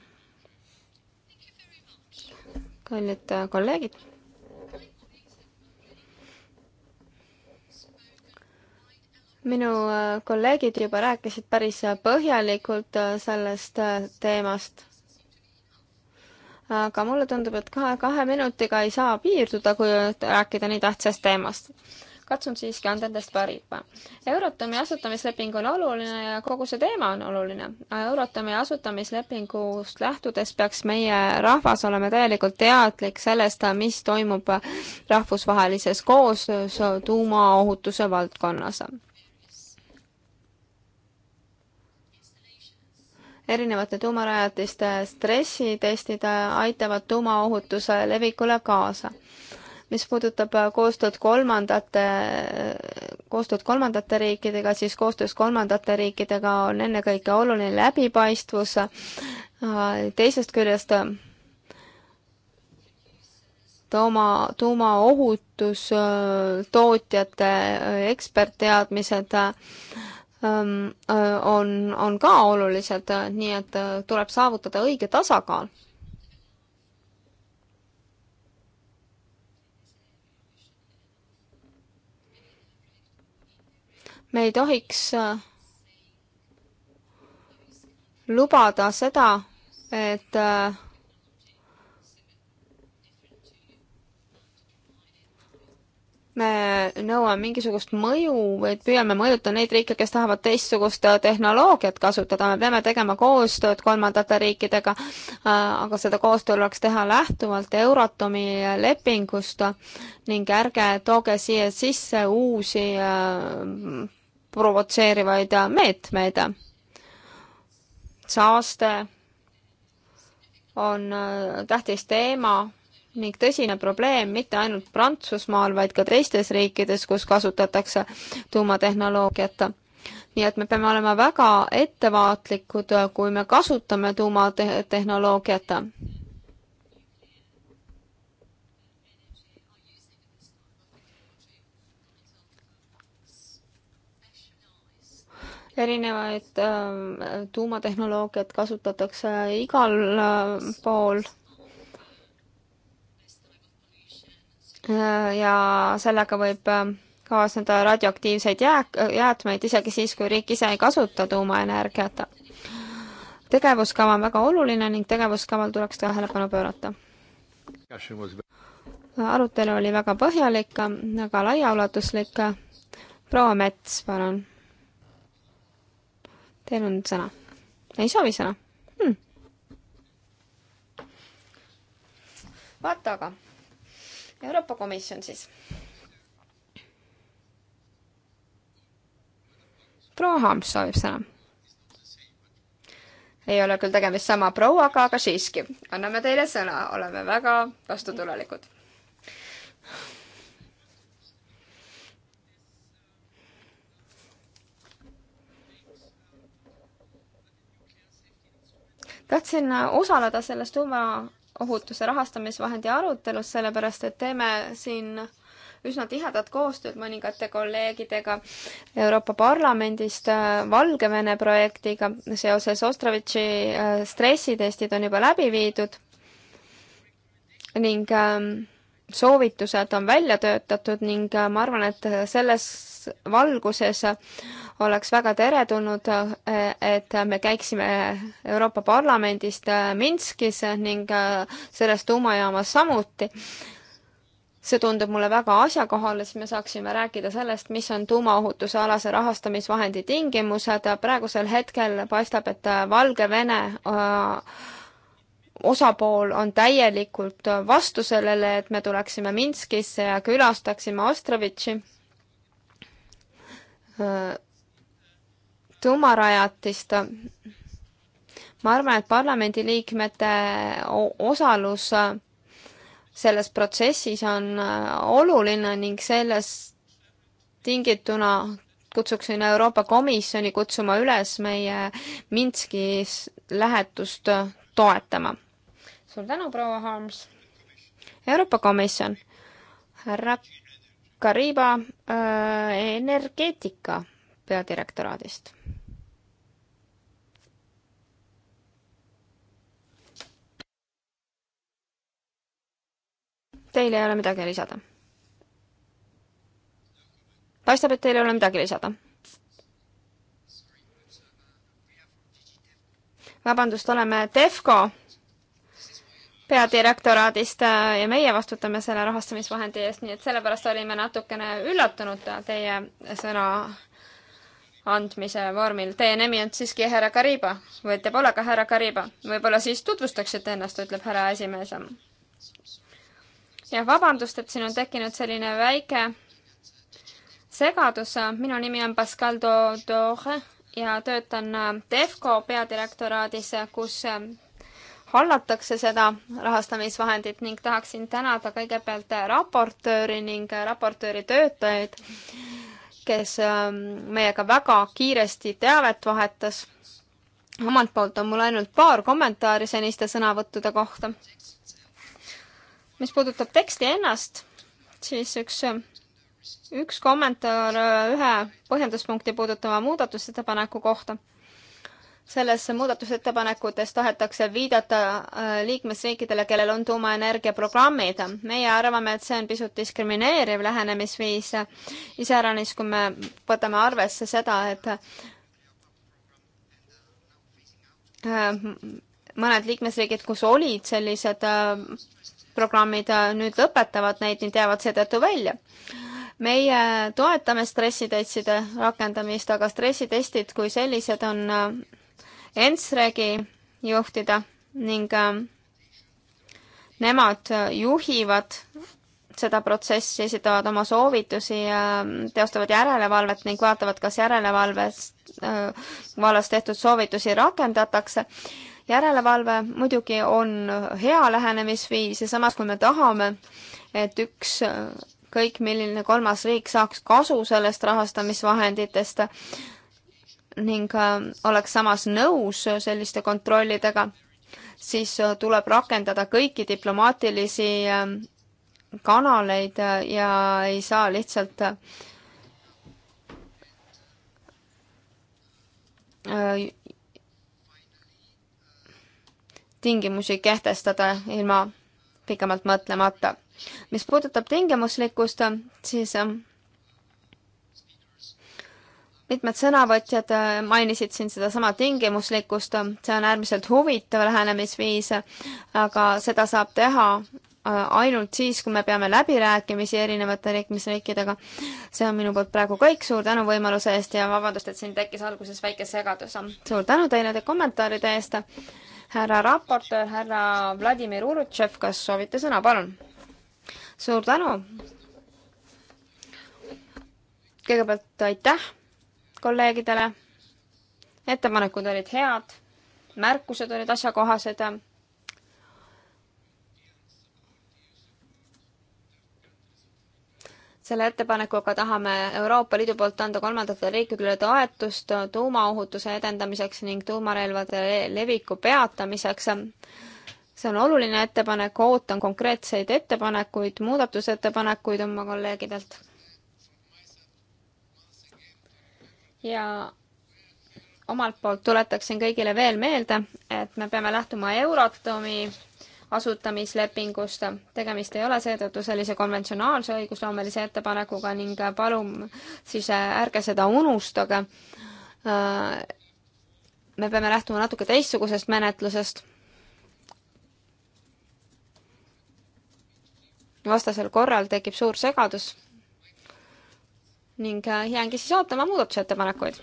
kallid kolleegid minu äh, kolleegid juba rääkisid päris äh, põhjalikult äh, sellest teemast. aga mulle tundub, et kahe, kahe minutiga ei saa piirduda, kui rääkida nii tähtsast teemast. katsun siiski anda endast parima. Euratomi asutamisleping on oluline ja kogu see teema on oluline. Euratomi asutamislepingust lähtudes peaks meie rahvas olema täielikult teadlik sellest, mis toimub rahvusvahelises koostöös tuumaohutuse valdkonnas erinevate tuumarajatiste stressitestid aitavad tuumaohutuse levikule kaasa. mis puudutab äh, koostööd kolmandate, äh, koostööd kolmandate riikidega, siis koostöös kolmandate riikidega on ennekõike oluline läbipaistvus, äh, teisest küljest tuuma, tuumaohutus, tootjate ekspertteadmised äh,, Ähm, äh, on, on ka olulised, äh, nii et äh, tuleb saavutada õige tasakaal me ei tohiks lubada seda, et me nõuame mingisugust mõju või püüame mõjutada neid riike, kes tahavad teistsugust äh, tehnoloogiat kasutada, me peame tegema koostööd kolmandate riikidega, äh, aga seda koostööd oleks teha lähtuvalt Euratomi lepingust ning ärge tooge siia sisse uusi äh, provotseerivaid meetmeid. saaste on tähtis teema ning tõsine probleem mitte ainult Prantsusmaal, vaid ka teistes riikides, kus kasutatakse tuumatehnoloogiat. nii et me peame olema väga ettevaatlikud, kui me kasutame tuumatehnoloogiat. erinevaid äh, tuumatehnoloogiat kasutatakse igal äh, pool Äh, ja sellega võib äh, kaasneda radioaktiivseid jääk, jäätmeid isegi siis, kui riik ise ei kasuta tuumaenergiat. tegevuskava on väga oluline ning tegevuskaval tuleks tähelepanu pöörata. arutelu oli väga põhjalik, väga laiaulatuslik. proua Mets, palun. Teil on sõna. ei soovi sõna hmm.? vaata aga Euroopa Komisjon siis. proua Harms soovib sõna. ei ole küll tegemist sama prouaga, aga siiski, anname teile sõna, oleme väga vastutulelikud. tahtsin osaleda selles tuuma ohutuse rahastamisvahendi arutelus, sellepärast et teeme siin üsna tihedat koostööd mõningate kolleegidega Euroopa Parlamendist äh, Valgevene projektiga seoses Ostravitši äh, stressitestid on juba läbi viidud ning ähm, soovitused on välja töötatud ning äh, ma arvan, et äh, selles valguses äh, oleks väga teretulnud, et me käiksime Euroopa Parlamendist Minskis ning selles tuumajaamas samuti. see tundub mulle väga asjakohale, siis me saaksime rääkida sellest, mis on tuumaohutuse alase rahastamisvahendi tingimused. praegusel hetkel paistab, et Valgevene äh, osapool on täielikult vastu sellele, et me tuleksime Minskisse ja külastaksime Ostrovitši tuumarajatist. ma arvan, et parlamendiliikmete osalus selles protsessis on oluline ning sellest tingituna kutsuksin Euroopa Komisjoni kutsuma üles meie Minski lähetust toetama suur tänu, proua Harms. Euroopa Komisjon, härra Kariba äh, energeetika peadirektoraadist. Teil ei ole midagi lisada? paistab, et teil ei ole midagi lisada. vabandust, oleme Defco peadirektoraadist äh, ja meie vastutame selle rahastamisvahendi eest, nii et sellepärast olime natukene üllatunud teie sõna andmise vormil. Teie nimi on siiski härra Kariba või te pole ka härra Kariba. võib-olla siis tutvustaksite ennast, ütleb härra esimees. jah, vabandust, et siin on tekkinud selline väike segadus. minu nimi on Pascal Dodore ja töötan Defco peadirektoraadis, kus hallatakse seda rahastamisvahendit ning tahaksin tänada kõigepealt raportööri ning raportööri töötajaid, kes ähm, meiega väga kiiresti teavet vahetas. omalt poolt on mul ainult paar kommentaari seniste sõnavõttude kohta. mis puudutab teksti ennast, siis üks üks kommentaar ühe põhjenduspunkti puudutava muudatusettepaneku kohta selles muudatusettepanekutes tahetakse viidata äh, liikmesriikidele, kellel on tuumaenergia programmid. meie arvame, et see on pisut diskrimineeriv lähenemisviis, iseäranis kui me võtame arvesse seda, et äh, mõned liikmesriigid, kus olid sellised äh, programmid, nüüd lõpetavad neid, need jäävad seetõttu välja meie toetame stressitestide rakendamist, aga stressitestid kui sellised on Ensregi juhtida ning ähm, nemad äh, juhivad seda protsessi, esitavad oma soovitusi ja ähm, teostavad järelevalvet ning vaatavad, kas järelevalves äh, vallas tehtud soovitusi rakendatakse. järelevalve muidugi on hea lähenemisviis ja samas, kui me tahame, et üks äh, kõik, milline kolmas riik saaks kasu sellest rahastamisvahenditest, ning äh, oleks samas nõus äh, selliste kontrollidega, siis äh, tuleb rakendada kõiki diplomaatilisi kanaleid ja ei saa lihtsalt tingimusi kehtestada ilma pikemalt mõtlemata. mis puudutab tingimuslikkust, siis mitmed sõnavõtjad äh, mainisid siin sedasama tingimuslikkust, äh, see on äärmiselt huvitav lähenemisviis, äh, aga seda saab teha ainult siis, kui me peame läbirääkimisi erinevate liikmesriikidega. see on minu poolt praegu kõik, suur tänu võimaluse eest ja vabandust, et siin tekkis alguses väike segadus. suur tänu teile te kommentaaride eest. härra raportöör, härra Vladimir Urutšev, kas soovite sõna, palun? suur tänu. kõigepealt aitäh kolleegidele. ettepanekud olid head, märkused olid asjakohased. selle ettepanekuga tahame Euroopa Liidu poolt anda kolmandatele riikidele toetust tuumaohutuse edendamiseks ning tuumarelvade leviku peatamiseks see on oluline ettepanek, ootan konkreetseid ettepanekuid, muudatusettepanekuid oma kolleegidelt. ja omalt poolt tuletaksin kõigile veel meelde, et me peame lähtuma Euratomi asutamislepingust. tegemist ei ole seetõttu sellise konventsionaalse õigusloomelise ettepanekuga ning palun siis ärge seda unustage. me peame lähtuma natuke teistsugusest menetlusest. vastasel korral tekib suur segadus ning äh, jäängi siis ootama muudatusettepanekuid.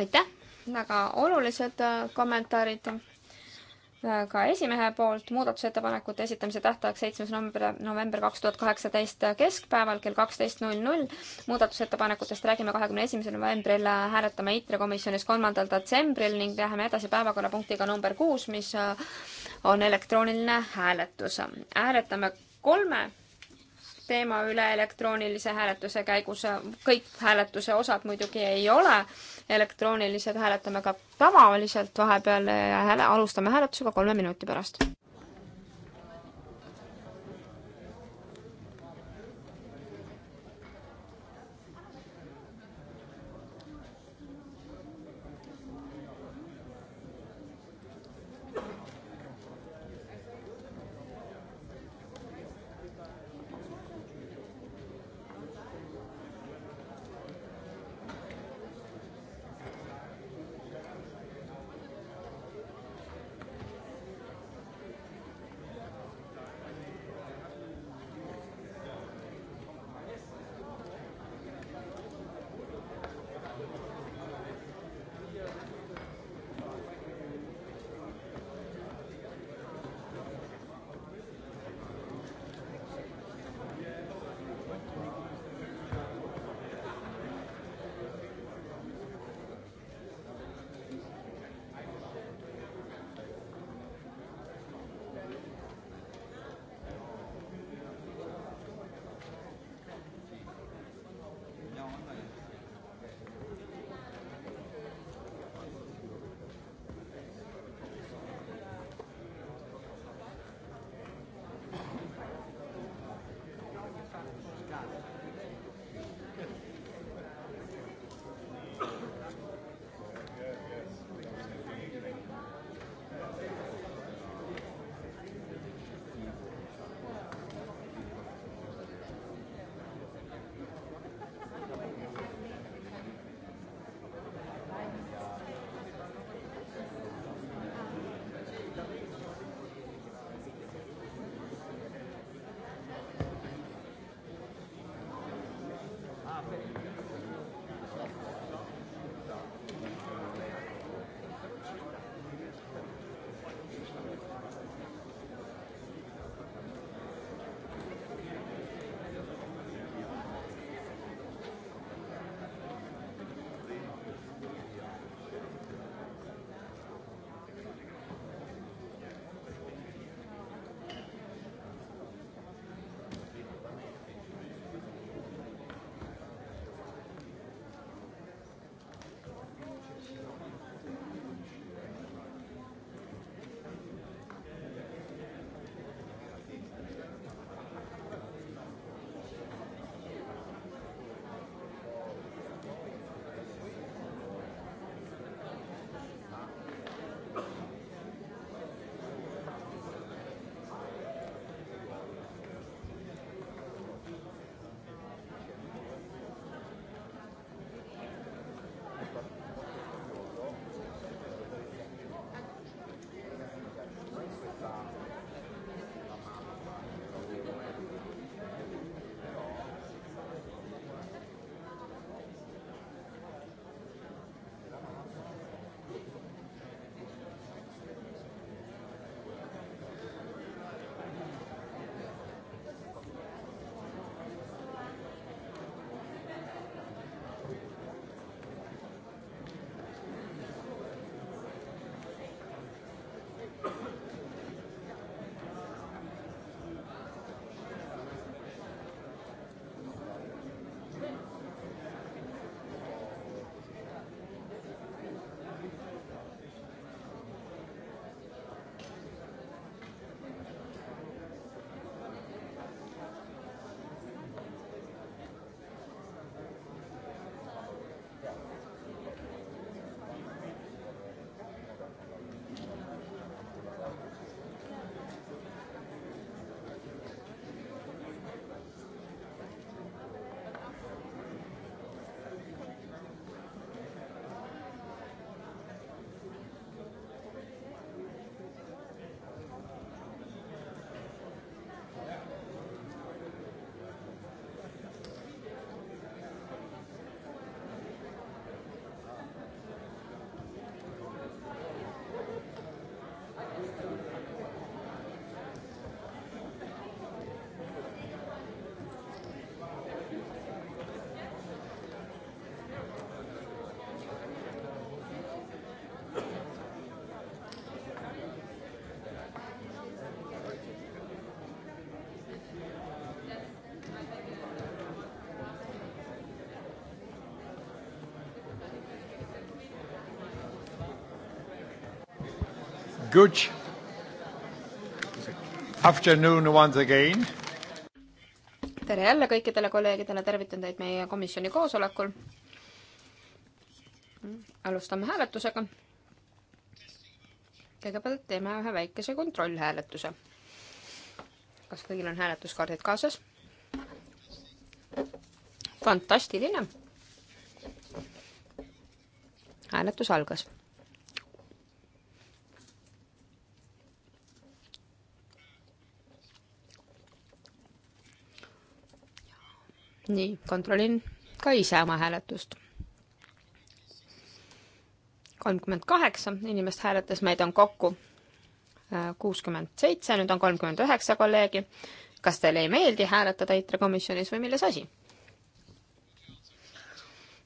aitäh, väga olulised äh, kommentaarid äh, ka esimehe poolt muudatusettepanekute esitamise tähtaeg seitsmes november, november kaks tuhat kaheksateist keskpäeval kell kaksteist null null. muudatusettepanekutest räägime kahekümne esimesel novembril, hääletame ITRE komisjonis kolmandal detsembril ning läheme edasi päevakorrapunktiga number kuus, mis on elektrooniline hääletus. hääletame kolme teema üle elektroonilise hääletuse käigus. kõik hääletuse osad muidugi ei ole elektroonilised, hääletame ka tavaliselt vahepeal ja hääle, alustame hääletusega kolme minuti pärast. Good afternoon once again. tere jälle kõikidele kolleegidele, tervitan teid meie komisjoni koosolekul. alustame hääletusega. kõigepealt teeme ühe väikese kontrollhääletuse. kas kõigil on hääletuskaardid kaasas? fantastiline. hääletus algas nii, kontrollin ka ise oma hääletust. kolmkümmend kaheksa inimest hääletas, meid on kokku äh, kuuskümmend seitse, nüüd on kolmkümmend üheksa kolleegi. kas teile ei meeldi hääletada ITRE komisjonis või milles asi?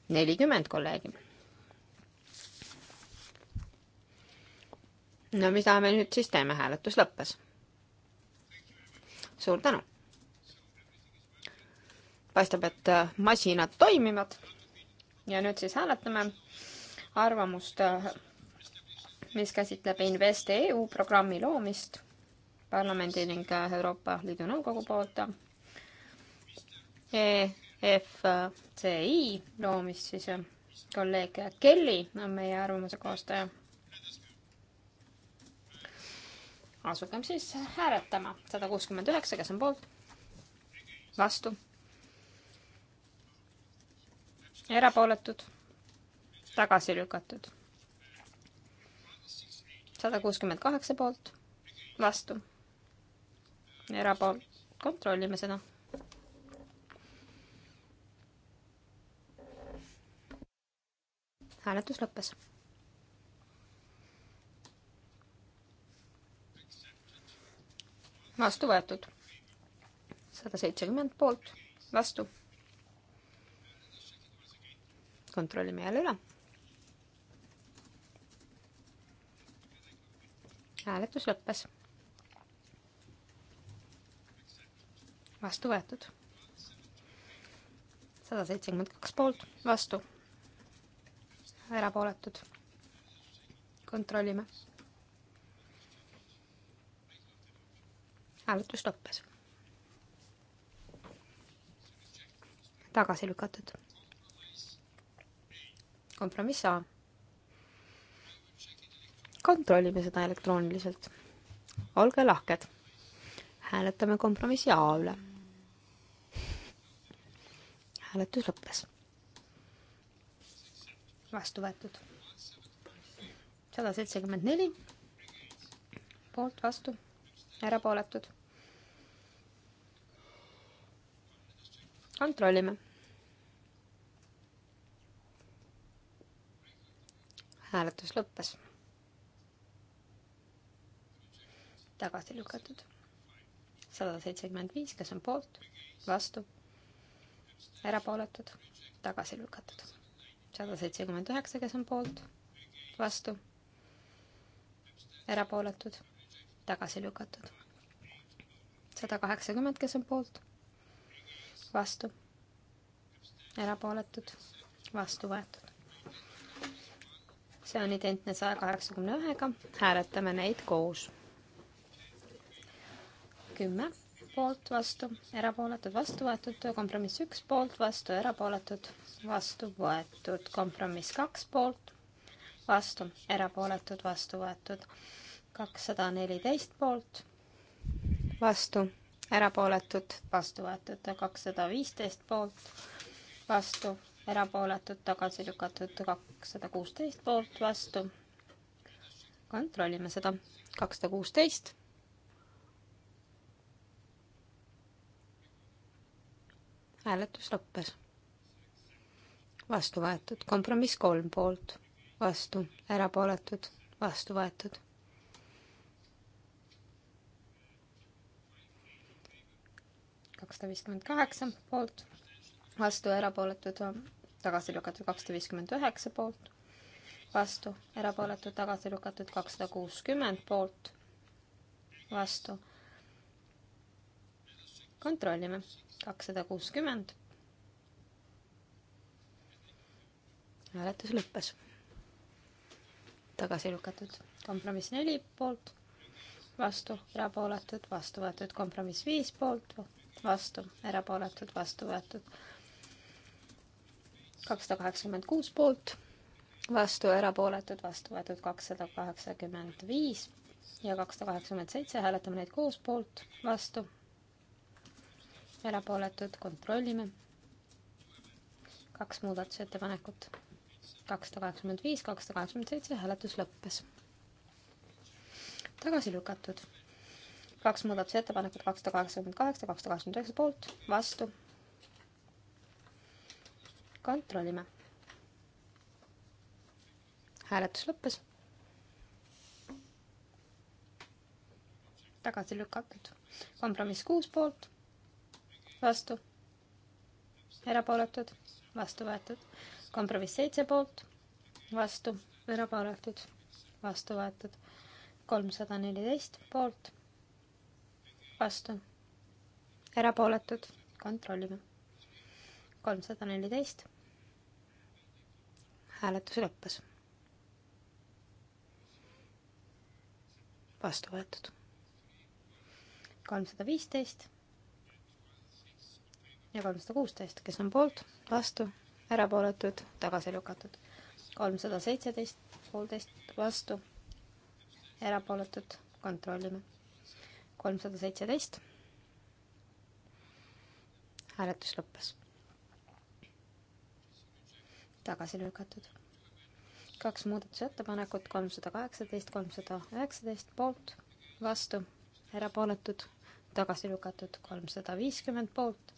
nelikümmend kolleegi. no mida me nüüd siis teeme, hääletus lõppes. suur tänu paistab, et äh, masinad toimivad. ja nüüd siis hääletame arvamust, äh, mis käsitleb InvestEU programmi loomist parlamendi ning äh, Euroopa Liidu Nõukogu poolt. EFCI loomist siis kolleeg Kelly on meie arvamuse koostaja. asugem siis hääletama, sada kuuskümmend üheksa, kes on poolt? vastu erapooletud, tagasi lükatud. sada kuuskümmend kaheksa poolt, vastu, erapool-, kontrollime seda. hääletus lõppes. vastu võetud sada seitsekümmend poolt, vastu kontrollime jälle üle. hääletus lõppes. vastu võetud. sada seitsekümmend kaks poolt, vastu. erapooletud. kontrollime. hääletus lõppes. tagasi lükatud kompromiss A. kontrollime seda elektrooniliselt. olge lahked. hääletame kompromissi A üle. hääletus lõppes. vastu võetud. sada seitsekümmend neli. poolt, vastu, erapooletud. kontrollime hääletus lõppes. tagasi lükatud. sada seitsekümmend viis, kes on poolt, vastu, erapooletud, tagasi lükatud. sada seitsekümmend üheksa, kes on poolt, vastu, erapooletud, tagasi lükatud. sada kaheksakümmend, kes on poolt, vastu, erapooletud, vastu võetud see on identne saja kaheksakümne ühega, hääletame neid koos. kümme poolt, vastu, erapooletud, vastu võetud, kompromiss üks poolt, vastu, erapooletud, vastu võetud, kompromiss kaks poolt, vastu, erapooletud, vastu võetud, kakssada neliteist poolt, vastu, erapooletud, vastu võetud, kakssada viisteist poolt, vastu erapooletud, tagasi lükatud kakssada kuusteist poolt, vastu. kontrollime seda, kakssada kuusteist. hääletus lõppes. vastu võetud, kompromiss kolm poolt, vastu, erapooletud, vastu võetud. kakssada viiskümmend kaheksa poolt vastu, erapooletud, tagasi lükatud kakssada viiskümmend üheksa poolt, vastu, erapooletud, tagasi lükatud kakssada kuuskümmend poolt, vastu. kontrollime, kakssada kuuskümmend. hääletus lõppes. tagasi lükatud kompromiss neli poolt, vastu, erapooletud, vastu võetud kompromiss viis poolt, vastu, erapooletud, vastu võetud kakssada kaheksakümmend kuus poolt, vastu erapooletud, vastu võetud kakssada kaheksakümmend viis ja kakssada kaheksakümmend seitse, hääletame neid koos poolt, vastu, erapooletud, kontrollime. kaks muudatusettepanekut, kakssada kaheksakümmend viis, kakssada kaheksakümmend seitse, hääletus lõppes. tagasi lükatud. kaks muudatusettepanekut, kakssada kaheksakümmend kaheksa, kakssada kaheksakümmend üheksa poolt, vastu kontrollime. hääletus lõppes. tagasi lükatud. kompromiss kuus poolt, vastu, erapooletud, vastu võetud. kompromiss seitse poolt, vastu, erapooletud, vastu võetud. kolmsada neliteist poolt, vastu, erapooletud, kontrollime. kolmsada neliteist hääletus lõppes. vastu võetud. kolmsada viisteist ja kolmsada kuusteist, kes on poolt, vastu, erapooletud, tagasi lükatud. kolmsada seitseteist, poolteist, vastu, erapooletud, kontrollime. kolmsada seitseteist. hääletus lõppes tagasi lükatud. kaks muudatusettepanekut, kolmsada kaheksateist, kolmsada üheksateist poolt, vastu, erapooletud, tagasi lükatud, kolmsada viiskümmend poolt,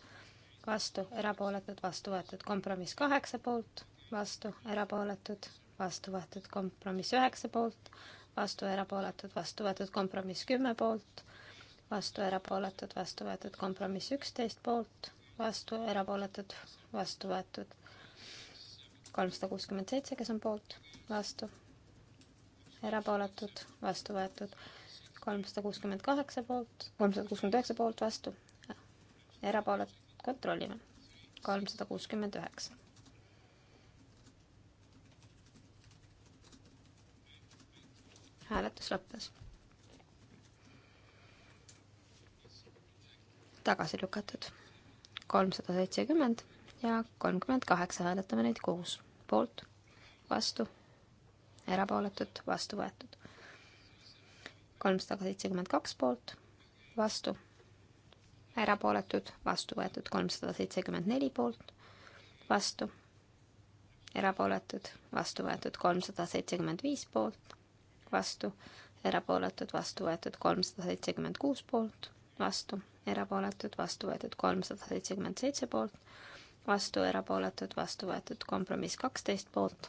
vastu, erapooletud, vastu võetud, kompromiss kaheksa poolt, vastu, erapooletud, vastu võetud, kompromiss üheksa poolt, vastu, erapooletud, vastu võetud, kompromiss kümme poolt, vastu, erapooletud, vastu võetud, kompromiss üksteist poolt, vastu, erapooletud, vastu võetud kolmsada kuuskümmend seitse, kes on poolt, vastu, erapooletud, vastu võetud. kolmsada kuuskümmend kaheksa poolt, kolmsada kuuskümmend üheksa poolt, vastu, erapoolet-, kontrollime. kolmsada kuuskümmend üheksa. hääletus lõppes. tagasi lükatud kolmsada seitsekümmend ja kolmkümmend kaheksa, hääletame neid koos poolt, vastu, erapooletud, vastu võetud. kolmsada seitsekümmend kaks poolt, vastu, erapooletud, vastu võetud. kolmsada seitsekümmend neli poolt, vastu, erapooletud, vastu võetud. kolmsada seitsekümmend viis poolt, vastu, erapooletud, vastu võetud. kolmsada seitsekümmend kuus poolt, vastu, erapooletud, vastu võetud. kolmsada seitsekümmend seitse poolt, vastu, erapooletud, vastu võetud. kompromiss kaksteist poolt,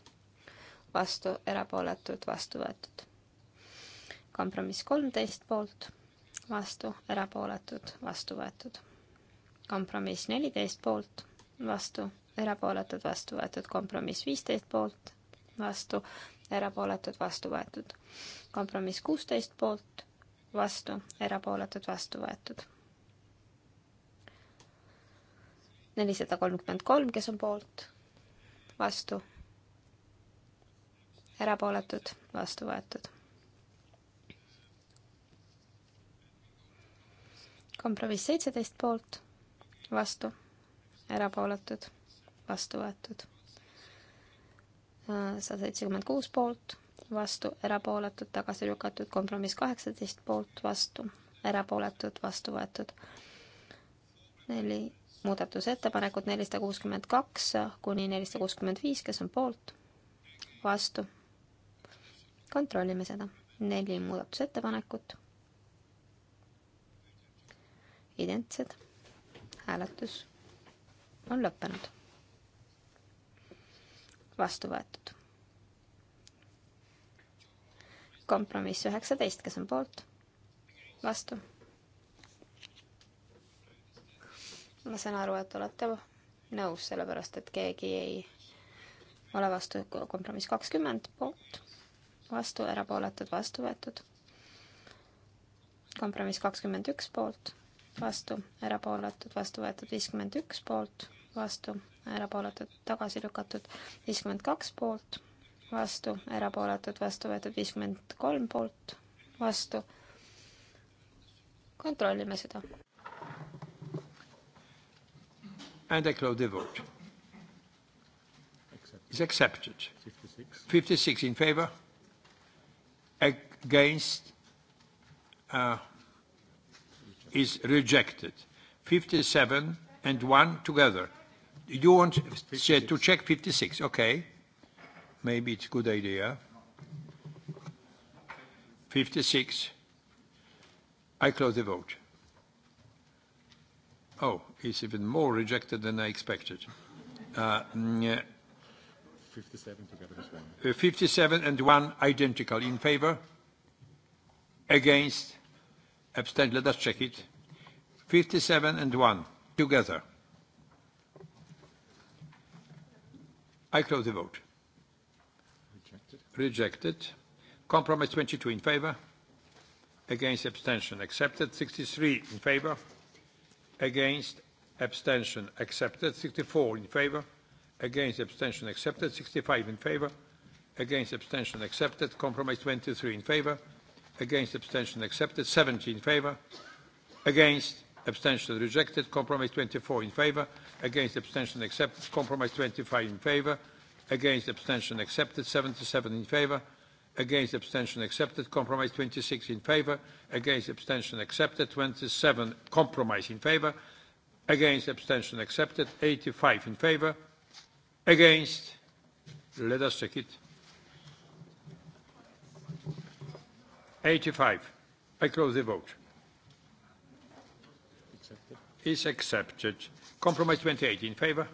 vastu, erapooletud, vastu võetud. kompromiss kolmteist poolt, vastu, erapooletud, vastu võetud. kompromiss neliteist poolt, vastu, erapooletud, vastu võetud. kompromiss viisteist poolt, vastu, erapooletud, vastu võetud. kompromiss kuusteist poolt, vastu, erapooletud, vastu võetud nelisada kolmkümmend kolm, kes on poolt, vastu, erapooletud, vastu võetud. kompromiss seitseteist poolt, vastu, erapooletud, vastu võetud. sada seitsekümmend kuus poolt, vastu, erapooletud, tagasi lükatud, kompromiss kaheksateist poolt, vastu, erapooletud, vastu võetud. neli muudatusettepanekud nelisada kuuskümmend kaks kuni nelisada kuuskümmend viis, kes on poolt, vastu. kontrollime seda, neli muudatusettepanekut. identsed, hääletus on lõppenud. vastu võetud. kompromiss üheksateist, kes on poolt, vastu ma saan aru, et olete nõus, sellepärast et keegi ei ole vastu, kompromiss kakskümmend poolt, vastu, erapooletud, vastu võetud. kompromiss kakskümmend üks poolt, vastu, erapooletud, vastu võetud, viiskümmend üks poolt, vastu, erapooletud, tagasi lükatud, viiskümmend kaks poolt, vastu, erapooletud, vastu võetud, viiskümmend kolm poolt, vastu. kontrollime seda And I close the vote. Is accepted. 56. 56 in favor. Against. Uh, is rejected. 57 and 1 together. You want 56. to check 56, okay. Maybe it's a good idea. 56. I close the vote. Oh, it's even more rejected than I expected. Uh, 57 uh, together with 1. Uh, 57 and 1 identical. In favor? Against? Abstain. Let us check it. 57 and 1 together. I close the vote. Rejected. Rejected. Compromise 22 in favor. Against abstention accepted. 63 in favor. Against. Abstention accepted. 64 in favor. Against. Abstention accepted. 65 in favor. Against. Abstention accepted. Compromise 23 in favor. Against. Abstention accepted. 70 in favor. Against. Abstention rejected. Compromise 24 in favor. Against. Abstention accepted. Compromise 25 in favor. Against. Abstention accepted. 77 in favor against abstention accepted. Compromise 26 in favor, against abstention accepted. 27 compromise in favor, against abstention accepted. 85 in favor, against. Let us check it. 85. I close the vote. Accepted. Is accepted. Compromise 28 in favor,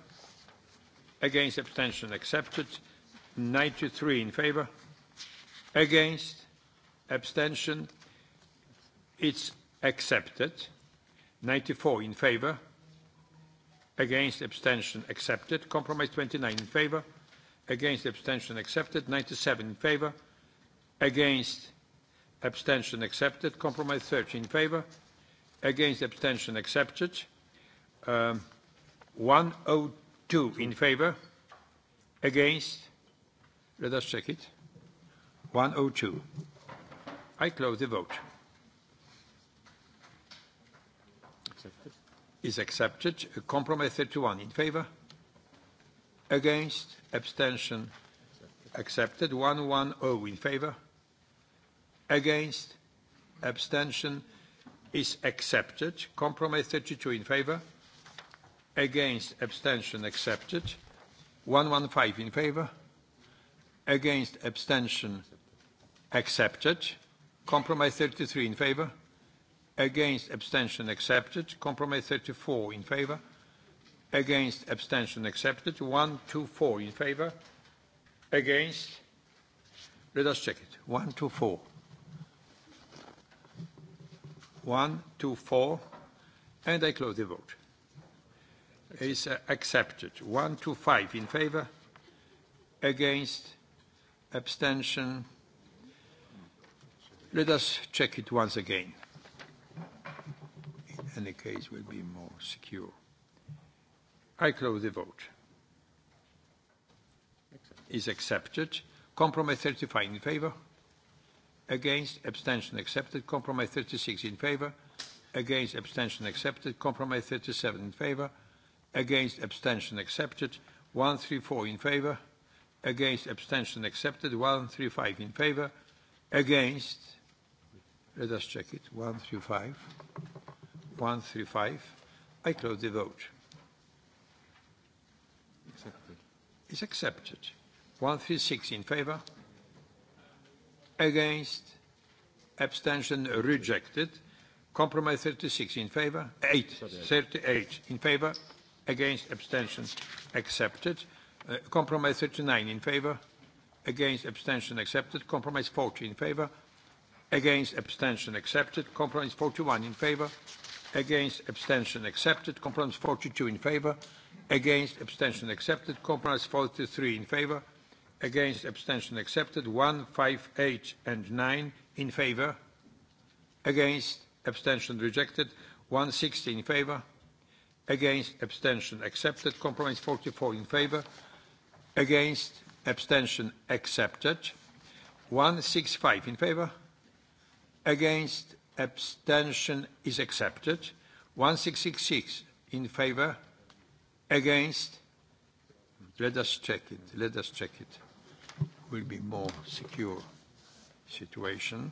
against abstention accepted. 93 in favor, Against? Abstention? It's accepted. 94 in favor. Against? Abstention? Accepted. Compromise 29 in favor. Against? Abstention? Accepted. 97 in favor. Against? Abstention? Accepted. Compromise 30 in favor. Against? Abstention? Accepted. Um, 102 in favor. Against? Let us check it. 102. I close the vote. Accepted. Is accepted. Compromise 31 in favor. Against. Abstention. Accepted. 110 in favor. Against. Abstention is accepted. Compromise 32 in favor. Against. Abstention accepted. 115 in favor. Against. Abstention accepted. Compromise 33 in favor. Against abstention accepted. Compromise 34 in favor. Against abstention accepted. 124 in favor. Against. Let us check it. 124. 124. And I close the vote. Is uh, accepted. 125 in favor. Against. Abstention Let us check it once again. In any case, we'll be more secure. I close the vote. Accepted. Is accepted. Compromise 35 in favor. Against, abstention accepted. Compromise 36 in favor. Against, abstention accepted. Compromise 37 in favor. Against, abstention accepted. 134 in favor. Against, abstention accepted. 135 in favor. Against, Let us check it. 135. 135. I close the vote. Accepted. It's accepted. 136 in favor. Against. Abstention rejected. Compromise 36 in favor. 8. 38 in favor. Against. Abstention accepted. Uh, compromise 39 in favor. Against. Abstention accepted. Compromise 40 in favor. Against abstention accepted. Compromise 41 in favor. Against abstention accepted. Compromise 42 in favor. Against abstention accepted. Compromise 43 in favor. Against abstention accepted. 1, 5, 8 and 9 in favor. Against abstention rejected. 160 in favor. Against abstention accepted. Compromise 44 in favor. Against abstention accepted. 165 in favor against, abstention is accepted. 1666 in favor, against. Let us check it. Let us check it. Will be more secure situation.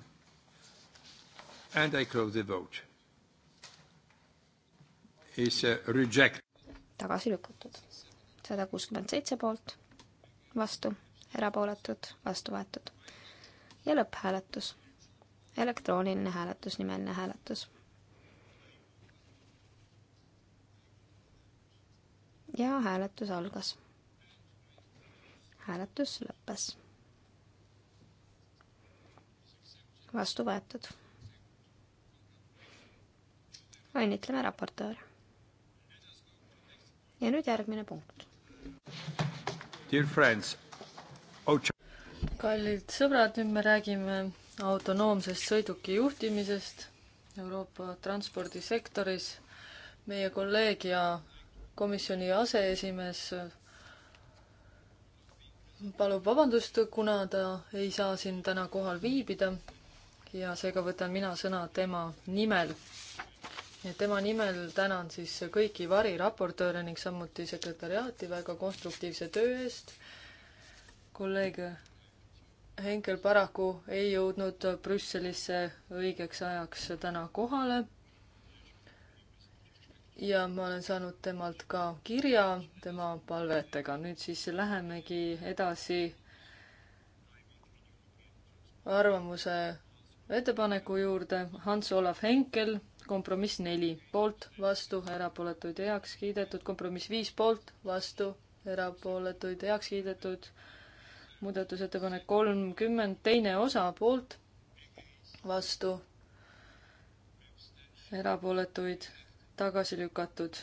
And I close the vote. Is uh, reject. tagasi lükatud. sada kuuskümmend seitse poolt, vastu, erapooletud, vastu võetud. ja lõpphääletus elektrooniline hääletus, nimeline hääletus. ja hääletus algas. hääletus lõppes. vastu võetud. õnnitleme raportööre. ja nüüd järgmine punkt. Dear friends, oh, kallid sõbrad, nüüd me räägime autonoomsest sõiduki juhtimisest Euroopa transpordisektoris. meie kolleeg ja komisjoni aseesimees palub vabandust, kuna ta ei saa siin täna kohal viibida ja seega võtan mina sõna tema nimel. ja tema nimel tänan siis kõiki variraportööre ning samuti sekretäriaati väga konstruktiivse töö eest. kolleeg Henkel paraku ei jõudnud Brüsselisse õigeks ajaks täna kohale. ja ma olen saanud temalt ka kirja tema palvetega. nüüd siis lähemegi edasi arvamuse ettepaneku juurde. Hans-Olav Henkel, kompromiss neli, poolt, vastu, erapooletuid heaks kiidetud, kompromiss viis, poolt, vastu, erapooletuid heaks kiidetud muudatusettepanek kolmkümmend, teine osa poolt, vastu, erapooletuid, tagasi lükatud.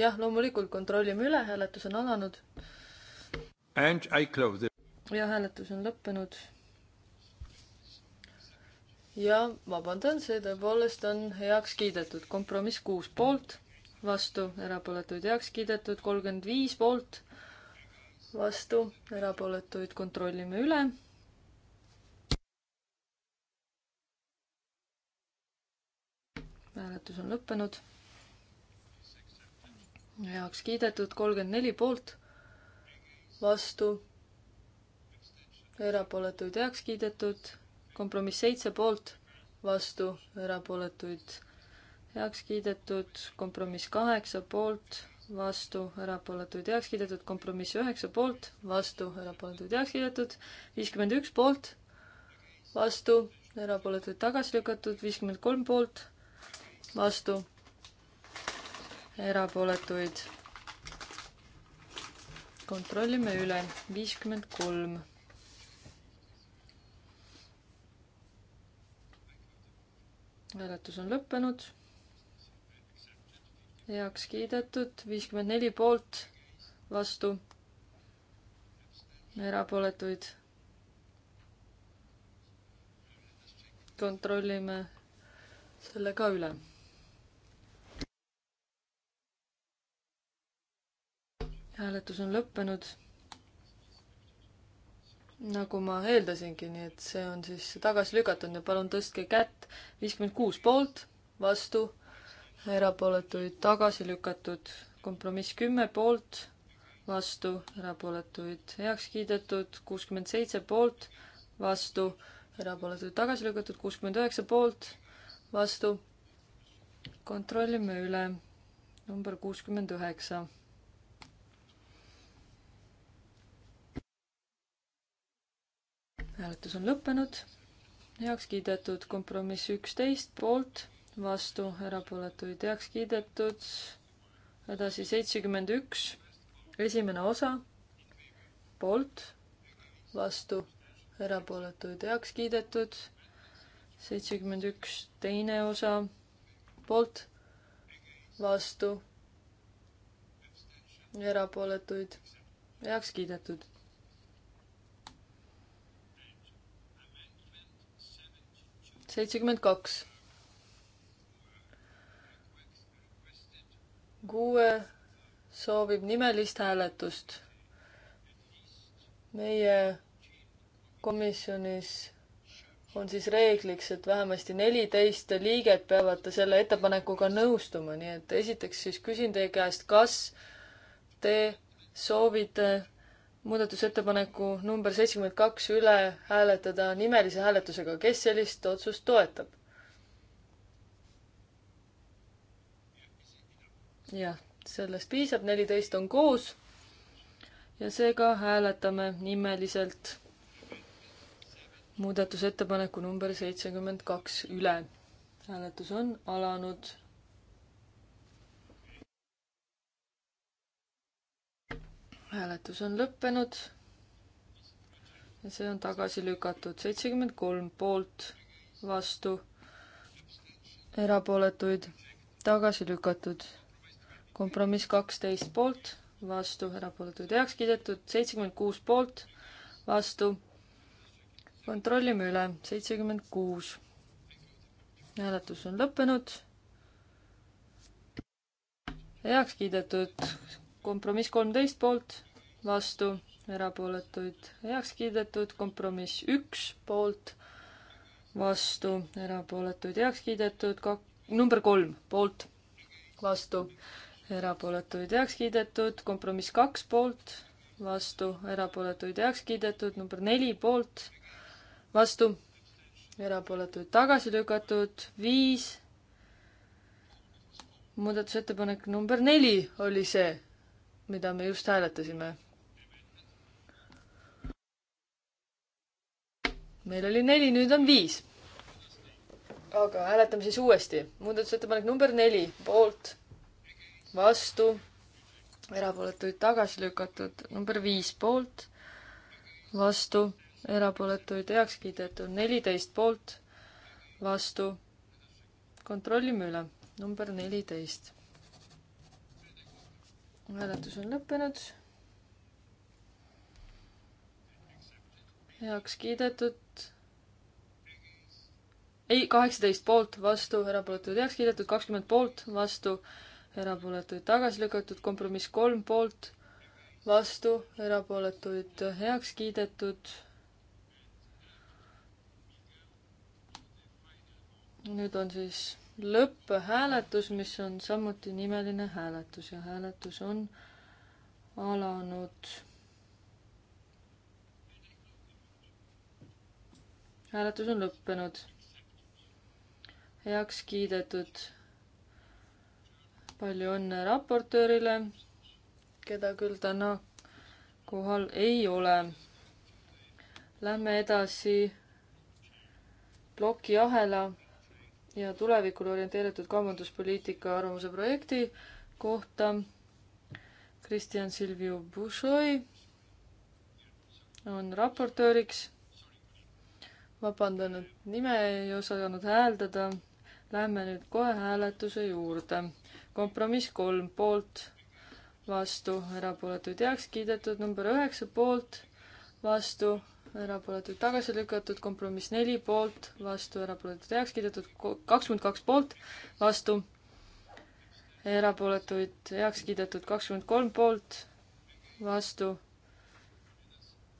jah, loomulikult kontrollime üle, hääletus on alanud. ja hääletus on lõppenud. ja vabandan, see tõepoolest on heaks kiidetud, kompromiss kuus poolt vastu, erapooletuid heaks kiidetud, kolmkümmend viis poolt, vastu, erapooletuid kontrollime üle. hääletus on lõppenud. heaks kiidetud, kolmkümmend neli poolt, vastu, erapooletuid heaks kiidetud, kompromiss seitse poolt, vastu, erapooletuid heaks kiidetud, kompromiss kaheksa poolt, vastu, erapooletuid heaks kiidetud, kompromiss üheksa poolt, vastu, erapooletuid heaks kiidetud, viiskümmend üks poolt, vastu, erapooletuid tagasi lükatud, viiskümmend kolm poolt, vastu, erapooletuid. kontrollime üle, viiskümmend kolm. hääletus on lõppenud heaks kiidetud, viiskümmend neli poolt, vastu, erapooletuid. kontrollime selle ka üle. hääletus on lõppenud. nagu ma eeldasingi, nii et see on siis tagasi lükatud ja palun tõstke kätt. viiskümmend kuus poolt, vastu erapooletuid tagasi lükatud. kompromiss kümme poolt, vastu, erapooletuid heaks kiidetud, kuuskümmend seitse poolt, vastu, erapooletuid tagasi lükatud, kuuskümmend üheksa poolt, vastu. kontrollime üle, number kuuskümmend üheksa. hääletus on lõppenud, heaks kiidetud kompromiss üksteist poolt vastu, erapooletuid heaks kiidetud. edasi seitsekümmend üks, esimene osa, poolt, vastu, erapooletuid heaks kiidetud. seitsekümmend üks, teine osa, poolt, vastu, erapooletuid heaks kiidetud. seitsekümmend kaks GUE soovib nimelist hääletust. meie komisjonis on siis reegliks, et vähemasti neliteist liiget peavad selle ettepanekuga nõustuma, nii et esiteks siis küsin teie käest, kas te soovite muudatusettepaneku number seitsekümmend kaks üle hääletada nimelise hääletusega, kes sellist otsust toetab? jah, sellest piisab, neliteist on koos. ja seega hääletame nimeliselt muudatusettepaneku number seitsekümmend kaks üle. hääletus on alanud. hääletus on lõppenud. ja see on tagasi lükatud, seitsekümmend kolm poolt, vastu, erapooletuid, tagasi lükatud kompromiss kaksteist poolt, vastu, erapooletuid heaks kiidetud, seitsekümmend kuus poolt, vastu. kontrollime üle, seitsekümmend kuus. hääletus on lõppenud. heaks kiidetud, kompromiss kolmteist poolt, vastu, erapooletuid heaks kiidetud, kompromiss üks poolt, vastu, erapooletuid heaks kiidetud, kak-, number kolm poolt, vastu erapooletuid heaks kiidetud, kompromiss kaks poolt, vastu, erapooletuid heaks kiidetud, number neli poolt, vastu, erapooletuid tagasi lükatud, viis, muudatusettepanek number neli oli see, mida me just hääletasime meil oli neli, nüüd on viis. aga hääletame siis uuesti. muudatusettepanek number neli, poolt, vastu, erapooletuid tagasi lükatud, number viis poolt, vastu, erapooletuid heaks kiidetud, neliteist poolt, vastu. kontrollime üle, number neliteist. hääletus on lõppenud. heaks kiidetud ei, kaheksateist poolt, vastu, erapooletuid heaks kiidetud, kakskümmend poolt, vastu, erapooletuid tagasi lükatud, kompromiss kolm poolt, vastu, erapooletuid heaks kiidetud. nüüd on siis lõpphääletus, mis on samuti nimeline hääletus ja hääletus on alanud. hääletus on lõppenud. heaks kiidetud palju õnne raportöörile, keda küll täna kohal ei ole. Lähme edasi plokiahela ja tulevikule orienteeritud kaubanduspoliitika arvamuse projekti kohta. Kristjan Silviu Bushoi on raportööriks. vabandan, et nime ei osanud hääldada. Lähme nüüd kohe hääletuse juurde kompromiss kolm poolt, vastu, erapooletuid heaks kiidetud, number üheksa poolt, vastu, erapooletuid tagasi lükatud, kompromiss neli poolt, vastu, erapooletuid heaks kiidetud, kakskümmend kaks poolt, vastu, erapooletuid heaks kiidetud, kakskümmend kolm poolt, vastu,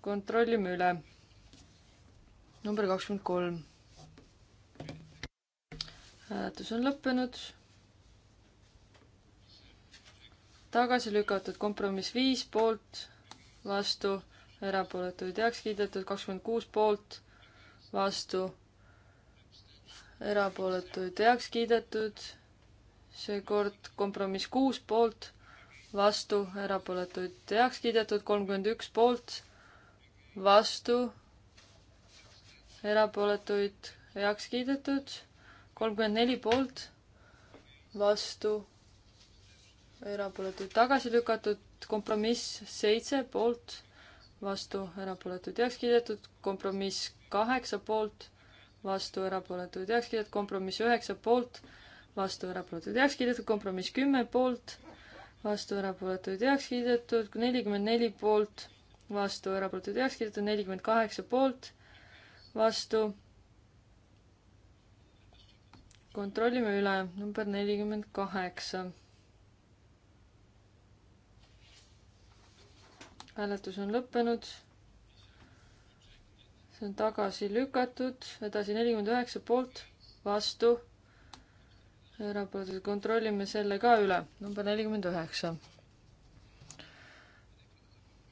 kontrollime üle. number kakskümmend kolm. hääletus on lõppenud tagasi lükatud, kompromiss viis poolt, vastu, erapooletuid heaks kiidetud, kakskümmend kuus poolt, vastu, erapooletuid heaks kiidetud, seekord kompromiss kuus poolt, vastu, erapooletuid heaks kiidetud, kolmkümmend üks poolt, vastu, erapooletuid heaks kiidetud, kolmkümmend neli poolt, vastu erapooletuid tagasi lükatud, kompromiss seitse poolt, vastu, erapooletuid heaks kiidetud, kompromiss kaheksa poolt, vastu, erapooletuid heaks kiidetud, kompromiss üheksa poolt, vastu, erapooletuid heaks kiidetud, kompromiss kümme poolt, vastu, erapooletuid heaks kiidetud, nelikümmend neli poolt, vastu, erapooletuid heaks kiidetud, nelikümmend kaheksa poolt, vastu. kontrollime üle, number nelikümmend kaheksa hääletus on lõppenud. see on tagasi lükatud, edasi nelikümmend üheksa poolt, vastu. erapooletud, kontrollime selle ka üle, number nelikümmend üheksa.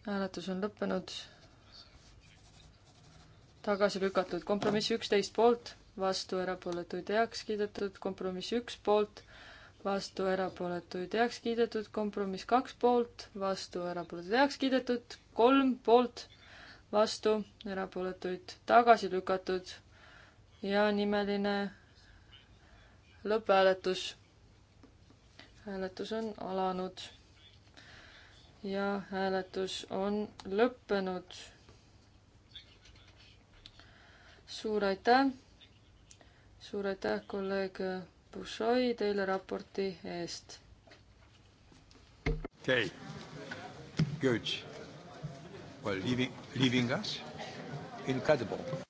hääletus on lõppenud. tagasi lükatud, kompromiss üksteist poolt, vastu, erapooletuid heaks kiidetud, kompromiss üks poolt vastu, erapooletuid heaks kiidetud, kompromiss kaks poolt, vastu, erapooletuid heaks kiidetud, kolm poolt, vastu, erapooletuid tagasi lükatud ja nimeline lõpphääletus. hääletus on alanud ja hääletus on lõppenud. suur aitäh, suur aitäh, kolleeg Bushoi teile raporti eest. okei okay., good. Well leaving, leaving us incredible.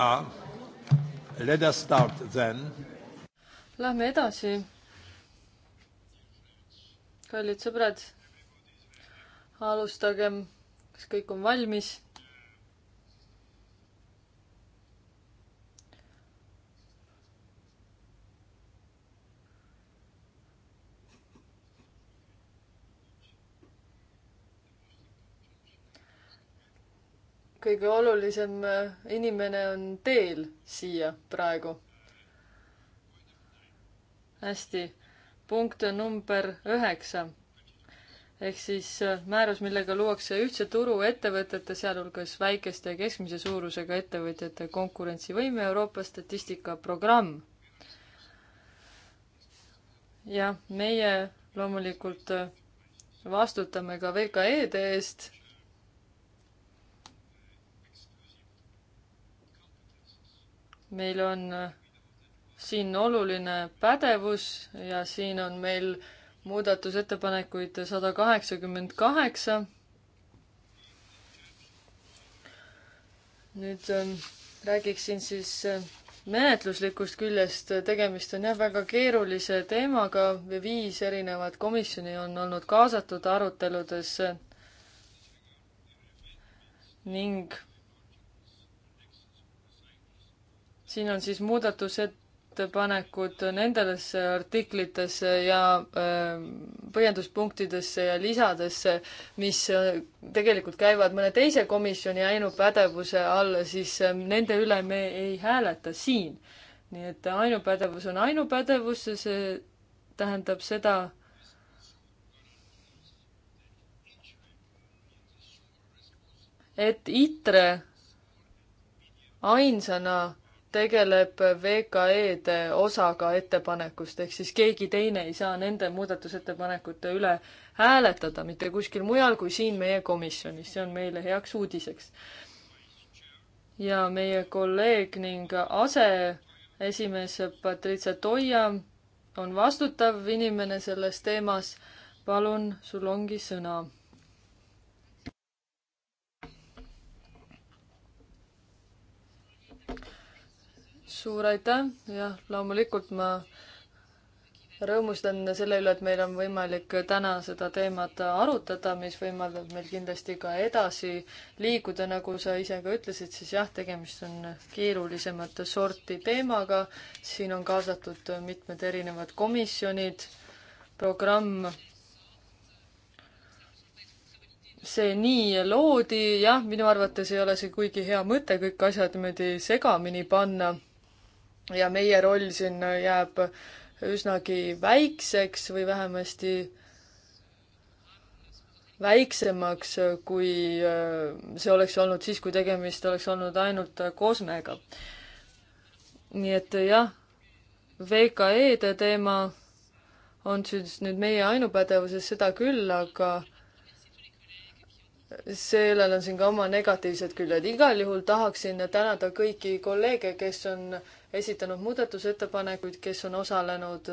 Uh, let us start then. Lähme edasi. kallid sõbrad, alustagem, kas kõik on valmis? kõige olulisem äh, inimene on teel siia praegu. hästi, punkt number üheksa. ehk siis äh, määrus, millega luuakse ühtse turu ettevõtete, sealhulgas väikeste ja keskmise suurusega ettevõtjate konkurentsivõime Euroopa statistikaprogramm. jah, meie loomulikult äh, vastutame ka VKE-de eest meil on äh, siin oluline pädevus ja siin on meil muudatusettepanekuid sada kaheksakümmend kaheksa. nüüd ähm, räägiksin siis äh, menetluslikust küljest, tegemist on jah, väga keerulise teemaga, viis erinevat komisjoni on olnud kaasatud aruteludesse ning siin on siis muudatusettepanekud nendesse artiklitesse ja äh, põhjenduspunktidesse ja lisadesse, mis äh, tegelikult käivad mõne teise komisjoni ainupädevuse alla, siis äh, nende üle me ei hääleta siin. nii et ainupädevus on ainupädevus ja see tähendab seda, et ITRE ainsana tegeleb VKE-de osaga ettepanekust, ehk siis keegi teine ei saa nende muudatusettepanekute üle hääletada mitte kuskil mujal kui siin meie komisjonis, see on meile heaks uudiseks. ja meie kolleeg ning aseesimees Patricia Toia on vastutav inimene selles teemas. palun, sul ongi sõna suur aitäh, jah, loomulikult ma rõõmustan selle üle, et meil on võimalik täna seda teemat arutada, mis võimaldab meil kindlasti ka edasi liikuda, nagu sa ise ka ütlesid, siis jah, tegemist on keerulisemat sorti teemaga. siin on kaasatud mitmed erinevad komisjonid, programm. see nii loodi, jah, minu arvates ei ole see kuigi hea mõte kõik asjad niimoodi segamini panna ja meie roll siin jääb üsnagi väikseks või vähemasti väiksemaks, kui äh, see oleks olnud siis, kui tegemist oleks olnud ainult kosmega. nii et jah, VKE-de teema on siis nüüd meie ainupädevuses, seda küll, aga sellel on siin ka oma negatiivsed küljed. igal juhul tahaksin tänada kõiki kolleege, kes on esitanud muudatusettepanekuid, kes on osalenud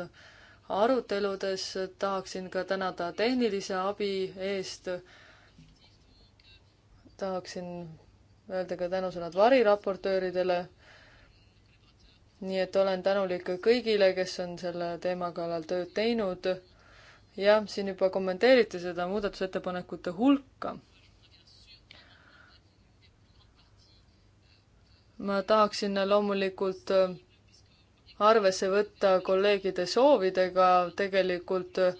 aruteludes, tahaksin ka tänada tehnilise abi eest. tahaksin öelda ka tänusõnad variraportööridele. nii et olen tänulik kõigile, kes on selle teema kallal tööd teinud. jah, siin juba kommenteeriti seda muudatusettepanekute hulka ma tahaksin loomulikult äh, arvesse võtta kolleegide soovidega, tegelikult äh,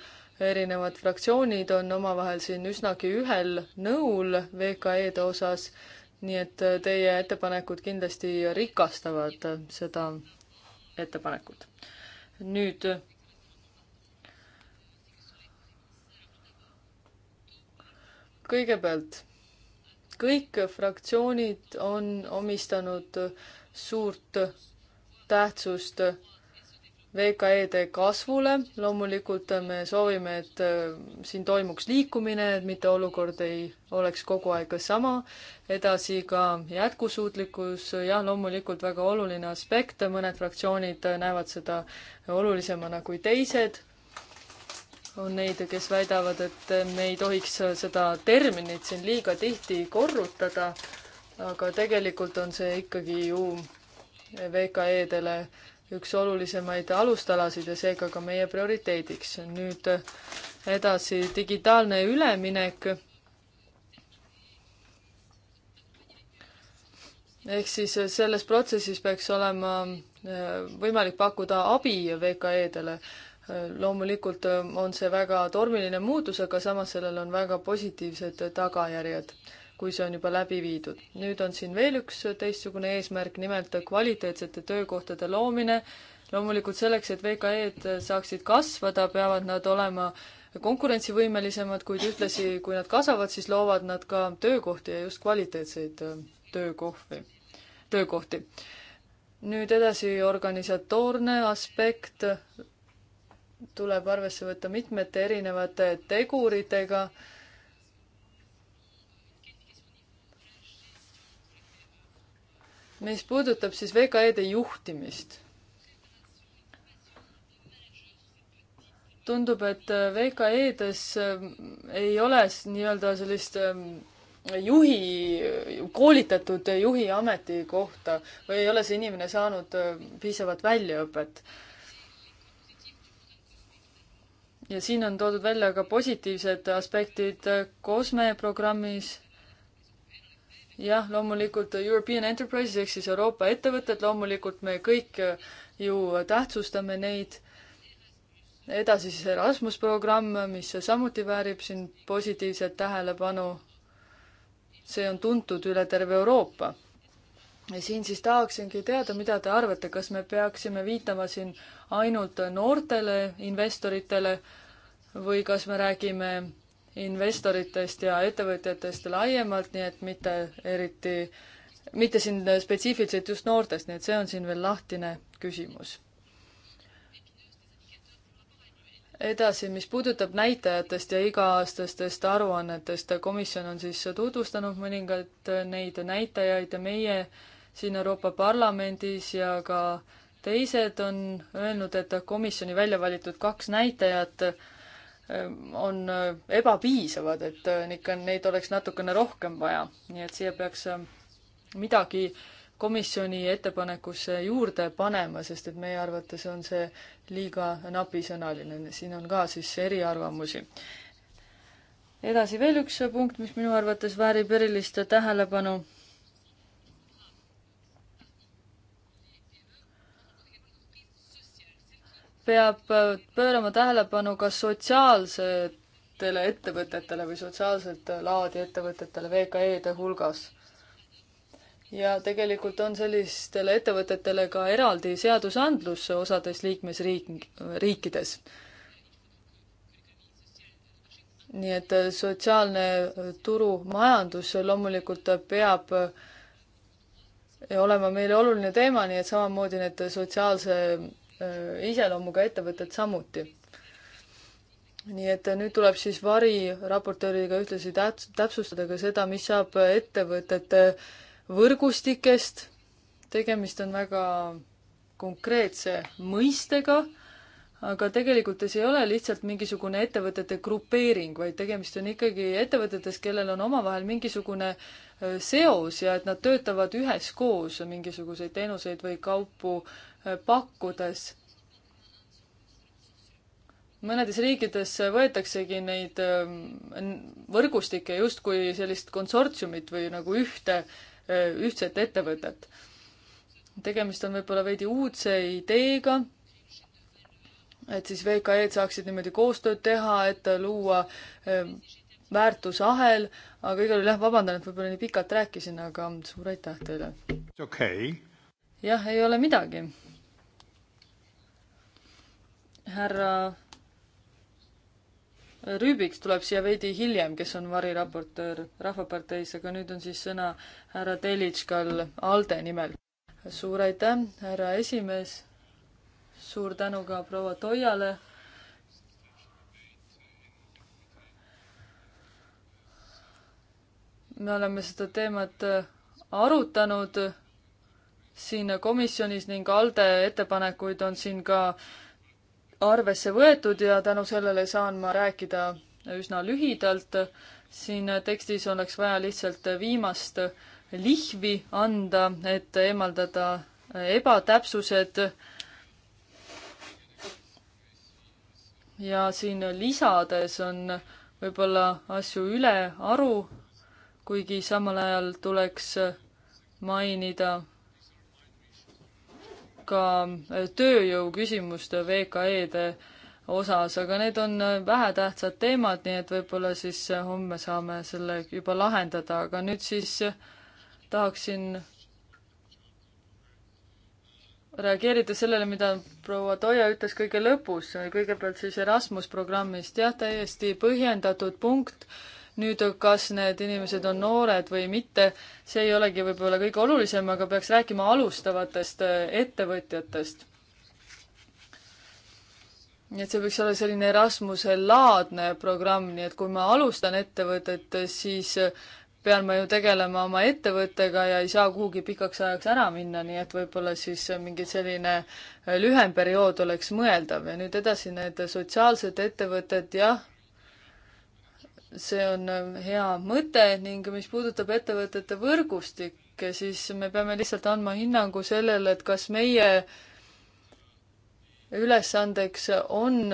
erinevad fraktsioonid on omavahel siin üsnagi ühel nõul VKE-de osas, nii et äh, teie ettepanekud kindlasti rikastavad seda ettepanekut. nüüd kõigepealt kõik fraktsioonid on omistanud suurt tähtsust VKE-de kasvule, loomulikult me soovime, et äh, siin toimuks liikumine, et mitte olukord ei oleks kogu aeg sama, edasi ka jätkusuutlikkus, jah, loomulikult väga oluline aspekt, mõned fraktsioonid näevad seda olulisemana kui teised on neid, kes väidavad, et me ei tohiks seda terminit siin liiga tihti korrutada, aga tegelikult on see ikkagi ju VKE-dele üks olulisemaid alustalasid ja seega ka meie prioriteediks. nüüd edasi digitaalne üleminek. ehk siis selles protsessis peaks olema eh, võimalik pakkuda abi VKE-dele loomulikult äh, on see väga tormiline muutus, aga samas sellel on väga positiivsed tagajärjed, kui see on juba läbi viidud. nüüd on siin veel üks teistsugune eesmärk, nimelt kvaliteetsete töökohtade loomine. loomulikult selleks, et VKE-d saaksid kasvada, peavad nad olema konkurentsivõimelisemad, kuid ühtlasi, kui nad kasvavad, siis loovad nad ka töökohti ja just kvaliteetseid äh, töökohvi, töökohti. nüüd edasi organisatoorne aspekt tuleb arvesse võtta mitmete erinevate teguritega. mis puudutab siis VKE-de juhtimist. tundub, et VKE-des ähm, ei ole nii-öelda sellist ähm, juhi, koolitatud juhi ametikohta või ei ole see inimene saanud äh, piisavat väljaõpet ja siin on toodud välja ka positiivsed aspektid COSME programmis. jah, loomulikult European Enterprises ehk siis Euroopa ettevõtted, loomulikult me kõik ju tähtsustame neid. edasi siis Erasmus programm, mis samuti väärib siin positiivset tähelepanu. see on tuntud üle terve Euroopa siin siis tahaksingi teada, mida te arvate, kas me peaksime viitama siin ainult noortele investoritele või kas me räägime investoritest ja ettevõtjatest laiemalt, nii et mitte eriti, mitte siin spetsiifiliselt just noortest, nii et see on siin veel lahtine küsimus. edasi, mis puudutab näitajatest ja iga-aastastest aruannetest, komisjon on siis tutvustanud mõningaid neid näitajaid ja meie äh, siin Euroopa Parlamendis ja ka teised on öelnud, et komisjoni välja valitud kaks näitajat ähm, on äh, ebapiisavad, et äh, ikka neid oleks natukene rohkem vaja, nii et siia peaks ähm, midagi komisjoni ettepanekusse juurde panema, sest et meie arvates on see liiga napisõnaline, siin on ka siis eriarvamusi. edasi veel üks punkt, mis minu arvates väärib erilist tähelepanu peab äh, pöörama tähelepanu ka sotsiaalsetele ettevõtetele või sotsiaalset laadi ettevõtetele VKE-de hulgas. ja tegelikult on sellistele ettevõtetele ka eraldi seadusandlus osades liikmesriik, riikides. nii et äh, sotsiaalne äh, turumajandus loomulikult peab olema meile oluline teema, nii et samamoodi need sotsiaalse Äh, iseloomuga ettevõtted samuti. nii et äh, nüüd tuleb siis variraportööriga ühtlasi täps-, täpsustada ka seda, mis saab ettevõtete võrgustikest, tegemist on väga konkreetse mõistega, aga tegelikult see ei ole lihtsalt mingisugune ettevõtete grupeering, vaid tegemist on ikkagi ettevõtetes, kellel on omavahel mingisugune äh, seos ja et nad töötavad üheskoos mingisuguseid teenuseid või kaupu äh, pakkudes. mõnedes riikides võetaksegi neid ähm, võrgustikke justkui sellist konsortsiumit või nagu ühte, äh, ühtset ettevõtet. tegemist on võib-olla veidi uudse ideega et siis VKE-d saaksid niimoodi koostööd teha, et luua ähm, väärtusahel, aga igal juhul jah, vabandan, et võib-olla nii pikalt rääkisin, aga suur aitäh teile! okei okay.. jah, ei ole midagi. härra Rüübiks tuleb siia veidi hiljem, kes on variraportöör Rahvaparteis, aga nüüd on siis sõna härra Telitškal ALDE nimel. suur aitäh, härra esimees, suur tänu ka proua Toiale me oleme seda teemat äh, arutanud siin komisjonis ning ALDE ettepanekuid on siin ka arvesse võetud ja tänu sellele saan ma rääkida üsna lühidalt. siin tekstis oleks vaja lihtsalt viimast lihvi anda, et eemaldada ebatäpsused. ja siin lisades on võib-olla asju üle aru kuigi samal ajal tuleks mainida ka tööjõu küsimust VKE-de osas, aga need on vähetähtsad teemad, nii et võib-olla siis homme saame selle juba lahendada, aga nüüd siis tahaksin reageerida sellele, mida proua Toia ütles kõige lõpus, kõigepealt siis Erasmus programmist, jah, täiesti põhjendatud punkt nüüd, kas need inimesed on noored või mitte, see ei olegi võib-olla kõige olulisem, aga peaks rääkima alustavatest äh, ettevõtjatest. nii et see võiks olla selline Erasmuse laadne programm, nii et kui ma alustan ettevõtet, siis äh, pean ma ju tegelema oma ettevõttega ja ei saa kuhugi pikaks ajaks ära minna, nii et võib-olla siis äh, mingi selline lühem periood oleks mõeldav ja nüüd edasi need sotsiaalsed ettevõtted, jah see on ähm, hea mõte ning mis puudutab ettevõtete võrgustikke, siis me peame lihtsalt andma hinnangu sellele, et kas meie ülesandeks on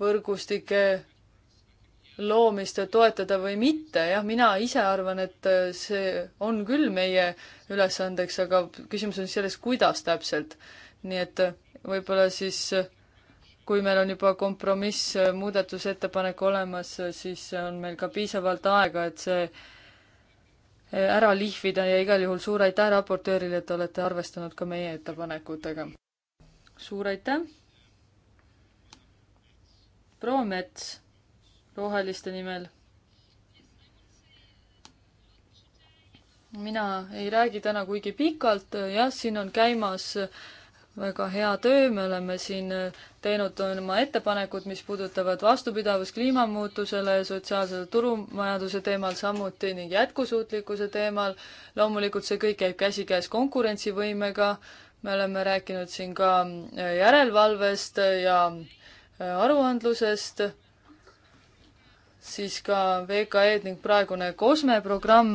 võrgustike loomist toetada või mitte, jah, mina ise arvan, et äh, see on küll meie ülesandeks, aga küsimus on selles, kuidas täpselt. nii et äh, võib-olla siis äh, kui meil on juba kompromiss, äh, muudatusettepanek olemas, äh, siis äh, on meil ka piisavalt aega, et see ära lihvida ja igal juhul suur aitäh raportöörile, et olete arvestanud ka meie ettepanekutega. suur aitäh! proua Mets roheliste nimel mina ei räägi täna kuigi pikalt, jah, siin on käimas väga hea töö, me oleme siin äh, teinud oma ettepanekud, mis puudutavad vastupidavust kliimamuutusele, sotsiaalse turumajanduse teemal samuti ning jätkusuutlikkuse teemal. loomulikult see kõik käib käsikäes konkurentsivõimega, me oleme rääkinud siin ka äh, järelevalvest ja äh, aruandlusest, siis ka VKE-d ning praegune COSME programm,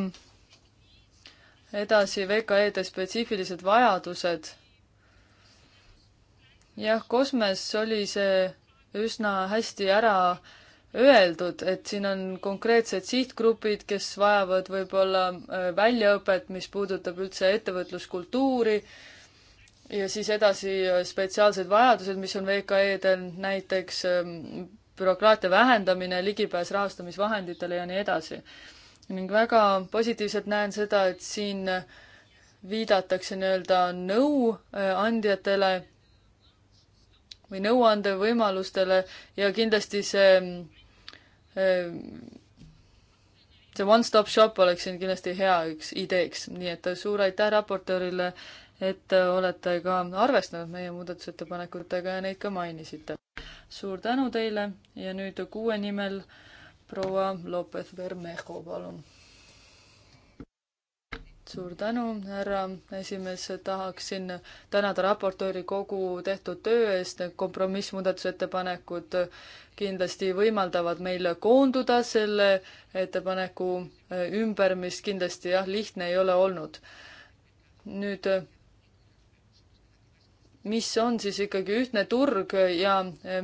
edasi VKE-de spetsiifilised vajadused jah, Kosmes oli see üsna hästi ära öeldud, et siin on konkreetsed sihtgrupid, kes vajavad võib-olla äh, väljaõpet, mis puudutab üldse ettevõtluskultuuri ja siis edasi äh, spetsiaalsed vajadused, mis on VKE-del näiteks ähm, bürokraatia vähendamine, ligipääs rahastamisvahenditele ja nii edasi. ning väga positiivselt näen seda, et siin äh, viidatakse nii-öelda nõuandjatele või nõuandevõimalustele ja kindlasti see, ehm, see one-stop shop oleks siin kindlasti hea üks ideeks, nii et suur aitäh raportöörile, et olete ka arvestanud meie muudatusettepanekutega ja neid ka mainisite. suur tänu teile ja nüüd kuue nimel proua Lopez Bermejo, palun suur tänu, härra esimees, tahaksin tänada raportööri kogu tehtud töö eest, need kompromissmuudatusettepanekud kindlasti võimaldavad meil koonduda selle ettepaneku ümber, mis kindlasti jah, lihtne ei ole olnud. nüüd, mis on siis ikkagi ühtne turg ja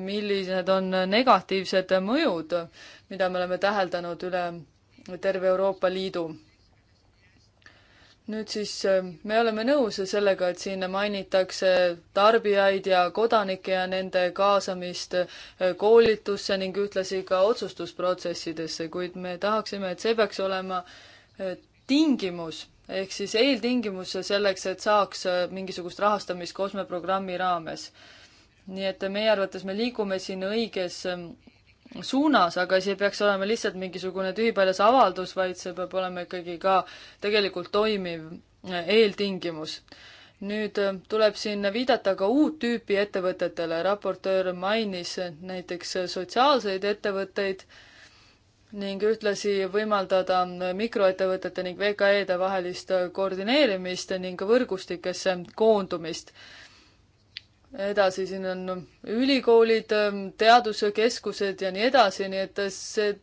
millised on negatiivsed mõjud, mida me oleme täheldanud üle terve Euroopa Liidu nüüd siis äh, me oleme nõus sellega, et siin mainitakse tarbijaid ja kodanikke ja nende kaasamist äh, koolitusse ning ühtlasi ka otsustusprotsessidesse, kuid me tahaksime, et see peaks olema äh, tingimus ehk siis eeltingimus selleks, et saaks mingisugust rahastamist kosmeprogrammi raames. nii et meie arvates me liigume siin õiges suunas, aga see ei peaks olema lihtsalt mingisugune tühipaljas avaldus, vaid see peab olema ikkagi ka tegelikult toimiv eh, eeltingimus. nüüd eh, tuleb siin viidata ka uut tüüpi ettevõtetele, raportöör mainis näiteks sotsiaalseid ettevõtteid ning ühtlasi võimaldada mikroettevõtete ning VKE-de vahelist koordineerimist ning võrgustikesse koondumist edasi, siin on ülikoolid, teaduskeskused ja nii edasi, nii et see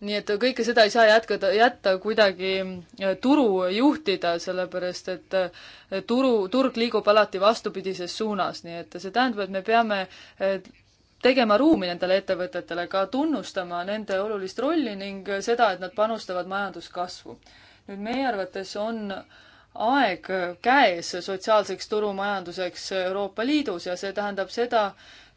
nii et kõike seda ei saa jätkada, jätta kuidagi äh, turu juhtida, sellepärast et äh, turu, turg liigub alati vastupidises suunas, nii et see tähendab, et me peame äh, tegema ruumi nendele ettevõtetele, ka tunnustama nende olulist rolli ning seda, et nad panustavad majanduskasvu. nüüd meie arvates on äh, aeg käes sotsiaalseks turumajanduseks Euroopa Liidus ja see tähendab seda,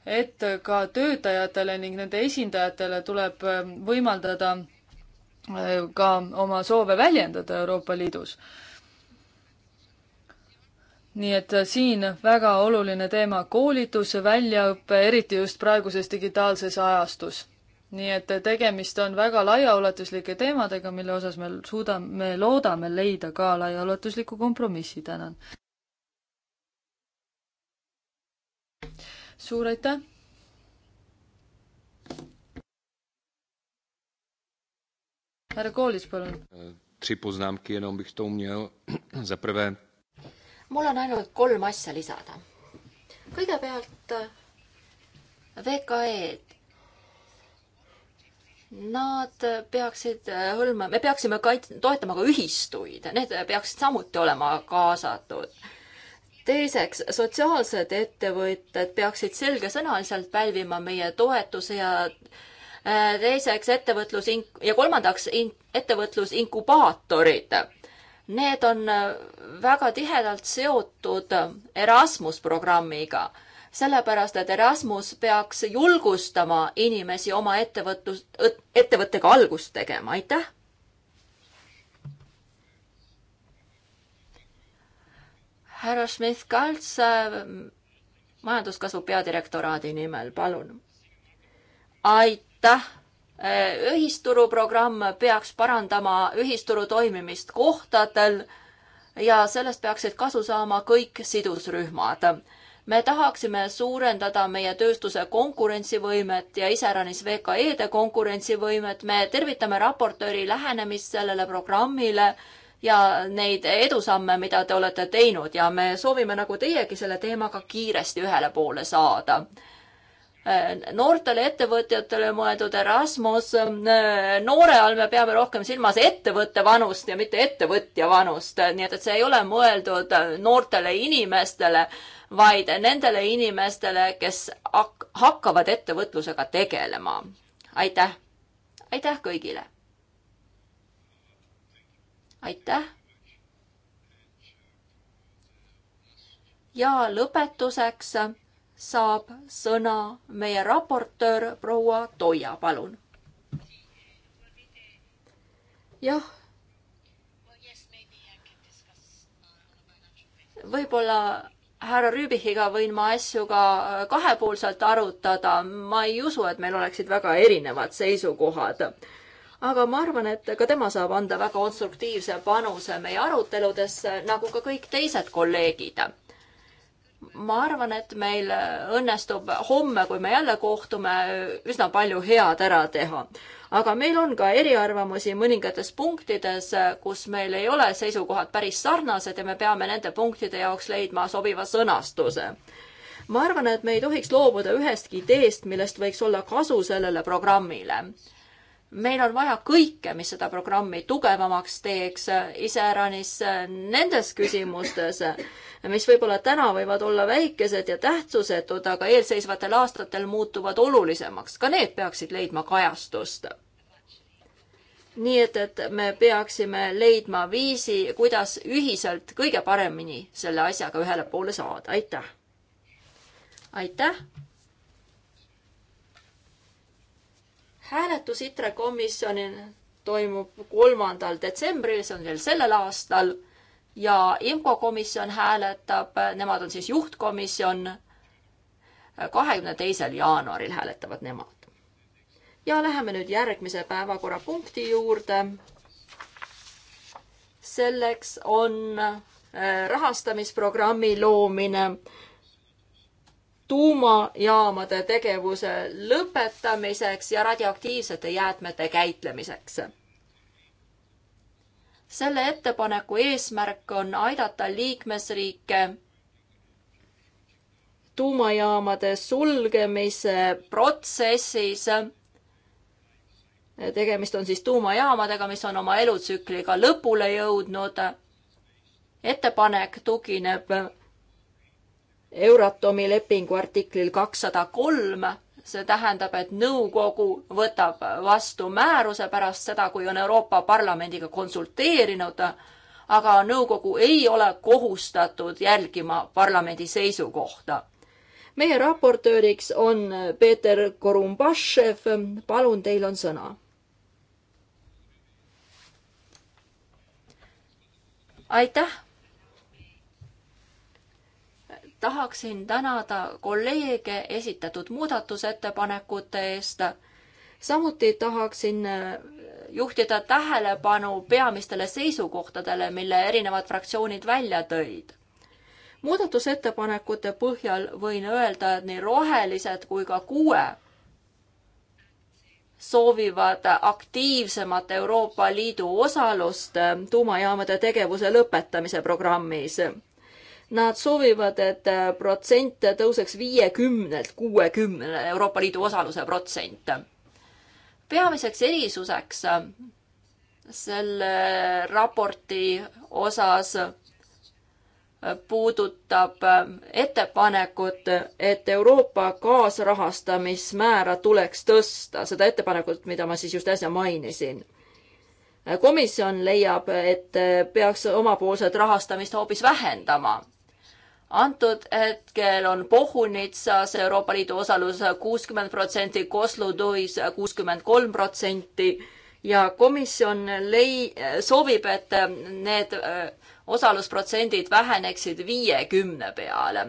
et ka töötajatele ning nende esindajatele tuleb ähm, võimaldada äh, ka oma soove väljendada Euroopa Liidus. nii et äh, siin väga oluline teema koolitus, väljaõpe, eriti just praeguses digitaalses ajastus nii et tegemist on väga laiaulatuslike teemadega, mille osas me suudame, me loodame leida ka laiaulatusliku kompromissi, tänan. suur aitäh! härra Koolis, palun. Tři poznámky jenom bych to uměl. (clears throat) Za prvé. mul on ainult kolm asja lisada. kõigepealt VKE-d Nad peaksid äh, hõlma, me peaksime kait-, toetama ka ühistuid, need peaksid samuti olema kaasatud. teiseks, sotsiaalsed ettevõtted peaksid selgesõnaliselt pälvima meie toetuse ja äh, teiseks ettevõtlus ja kolmandaks in, ettevõtlusinkubaatorid. Need on äh, väga tihedalt seotud Erasmus programmiga sellepärast et Erasmus peaks julgustama inimesi oma ettevõtlus, ettevõttega algust tegema, aitäh! härra Schmidt-Kalts äh, majanduskasvu peadirektoraadi nimel, palun. aitäh! Äh, ühisturuprogramm peaks parandama ühisturu toimimist kohtadel ja sellest peaksid kasu saama kõik sidusrühmad me tahaksime suurendada meie tööstuse konkurentsivõimet ja iseäranis VKE-de konkurentsivõimet. me tervitame raportööri lähenemist sellele programmile ja neid edusamme, mida te olete teinud ja me soovime nagu teiegi selle teemaga kiiresti ühele poole saada noortele ettevõtjatele mõeldud Erasmus, noore all me peame rohkem silmas ettevõtte vanust ja mitte ettevõtja vanust, nii et, et see ei ole mõeldud noortele inimestele, vaid nendele inimestele, kes hakkavad ettevõtlusega tegelema. aitäh, aitäh kõigile. aitäh. ja lõpetuseks saab sõna meie raportöör proua Toia, palun. jah võib-olla härra Rüübichiga võin ma asju ka äh, kahepoolselt arutada, ma ei usu, et meil oleksid väga erinevad seisukohad. aga ma arvan, et ka tema saab anda väga konstruktiivse panuse meie aruteludesse, nagu ka kõik teised kolleegid ma arvan, et meil õnnestub homme, kui me jälle kohtume, üsna palju head ära teha. aga meil on ka eriarvamusi mõningates punktides, kus meil ei ole seisukohad päris sarnased ja me peame nende punktide jaoks leidma sobiva sõnastuse. ma arvan, et me ei tohiks loobuda ühestki ideest, millest võiks olla kasu sellele programmile meil on vaja kõike, mis seda programmi tugevamaks teeks, iseäranis äh, nendes küsimustes, äh, mis võib-olla täna võivad olla väikesed ja tähtsusetud, aga eelseisvatel aastatel muutuvad olulisemaks. ka need peaksid leidma kajastust. nii et, et me peaksime leidma viisi, kuidas ühiselt kõige paremini selle asjaga ühele poole saada. aitäh! aitäh! hääletus ITRE komisjonil toimub kolmandal detsembril, see on veel sellel aastal ja IMCO komisjon hääletab, nemad on siis juhtkomisjon, kahekümne teisel jaanuaril hääletavad nemad. ja läheme nüüd järgmise päevakorrapunkti juurde. selleks on eh, rahastamisprogrammi loomine tuumajaamade tegevuse lõpetamiseks ja radioaktiivsete jäätmete käitlemiseks. selle ettepaneku eesmärk on aidata liikmesriike tuumajaamade sulgemise protsessis. tegemist on siis tuumajaamadega, mis on oma elutsükliga lõpule jõudnud. ettepanek tugineb Euratomi lepingu artiklil kakssada kolm. see tähendab, et nõukogu võtab vastu määruse pärast seda, kui on Euroopa Parlamendiga konsulteerinud, aga nõukogu ei ole kohustatud jälgima parlamendi seisukohta meie raportööriks on Peeter Korumbašev. palun, teil on sõna. aitäh tahaksin tänada kolleege esitatud muudatusettepanekute eest. samuti tahaksin äh, juhtida tähelepanu peamistele seisukohtadele, mille erinevad fraktsioonid välja tõid. muudatusettepanekute põhjal võin öelda, et nii rohelised kui ka kuue soovivad aktiivsemat Euroopa Liidu osalust äh, tuumajaamade tegevuse lõpetamise programmis Nad soovivad, et äh, protsent tõuseks viiekümnelt kuuekümnele, Euroopa Liidu osaluse protsent. peamiseks erisuseks äh, selle raporti osas äh, puudutab ettepanekut, et Euroopa kaasrahastamismäära tuleks tõsta, seda ettepanekut, mida ma siis just äsja mainisin. komisjon leiab, et peaks omapoolset rahastamist hoopis vähendama antud hetkel on Pohunitsas Euroopa Liidu osalus kuuskümmend protsenti, Kosloduis kuuskümmend kolm protsenti ja komisjon lei-, soovib, et need äh, osalusprotsendid väheneksid viiekümne peale.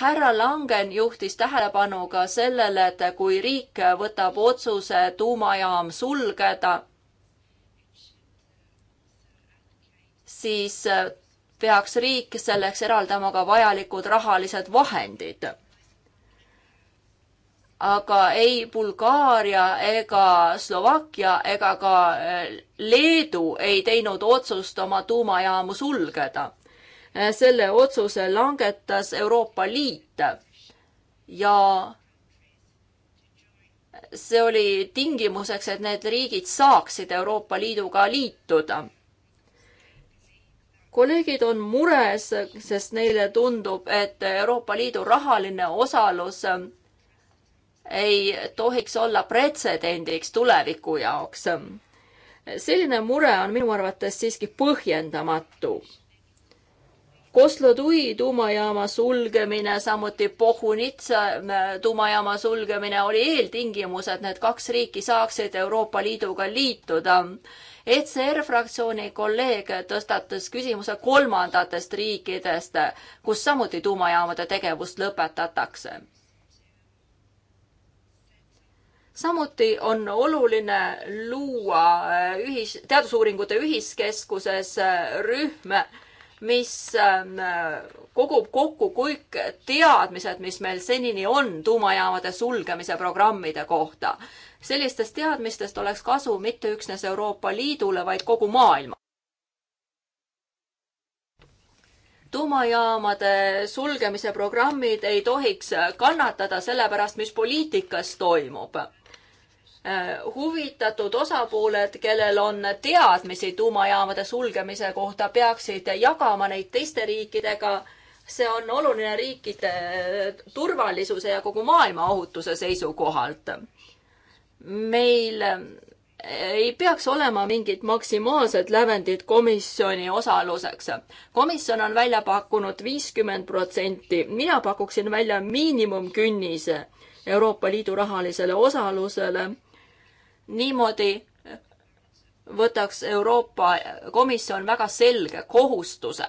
härra Langen juhtis tähelepanu ka sellele, et kui riik võtab otsuse tuumajaam sulgeda, siis äh, peaks riik selleks eraldama ka vajalikud rahalised vahendid. aga ei Bulgaaria ega Slovakkia ega ka eh, Leedu ei teinud otsust oma tuumajaamu sulgeda. Eh, selle otsuse langetas Euroopa Liit ja see oli tingimuseks, et need riigid saaksid Euroopa Liiduga liituda kolleegid on mures, sest neile tundub, et Euroopa Liidu rahaline osalus ähm, ei tohiks olla pretsedendiks tuleviku jaoks. selline mure on minu arvates siiski põhjendamatu. Koslodui tuumajaama sulgemine, samuti Pohunitsa äh, tuumajaama sulgemine oli eeltingimus, et need kaks riiki saaksid Euroopa Liiduga liituda ECR fraktsiooni kolleeg tõstatas küsimuse kolmandatest riikidest, kus samuti tuumajaamade tegevust lõpetatakse. samuti on oluline luua ühis, teadusuuringute ühiskeskuses rühm, mis ähm, kogub kokku kõik teadmised, mis meil senini on tuumajaamade sulgemise programmide kohta sellistest teadmistest oleks kasu mitte üksnes Euroopa Liidule, vaid kogu maailma. tuumajaamade sulgemise programmid ei tohiks kannatada selle pärast, mis poliitikas toimub huvitatud osapooled, kellel on teadmisi tuumajaamade sulgemise kohta, peaksid jagama neid teiste riikidega. see on oluline riikide turvalisuse ja kogu maailma ohutuse seisukohalt meil ei peaks olema mingit maksimaalset lävendit komisjoni osaluseks. komisjon on välja pakkunud viiskümmend protsenti, mina pakuksin välja miinimumkünnise Euroopa Liidu rahalisele osalusele. niimoodi võtaks Euroopa Komisjon väga selge kohustuse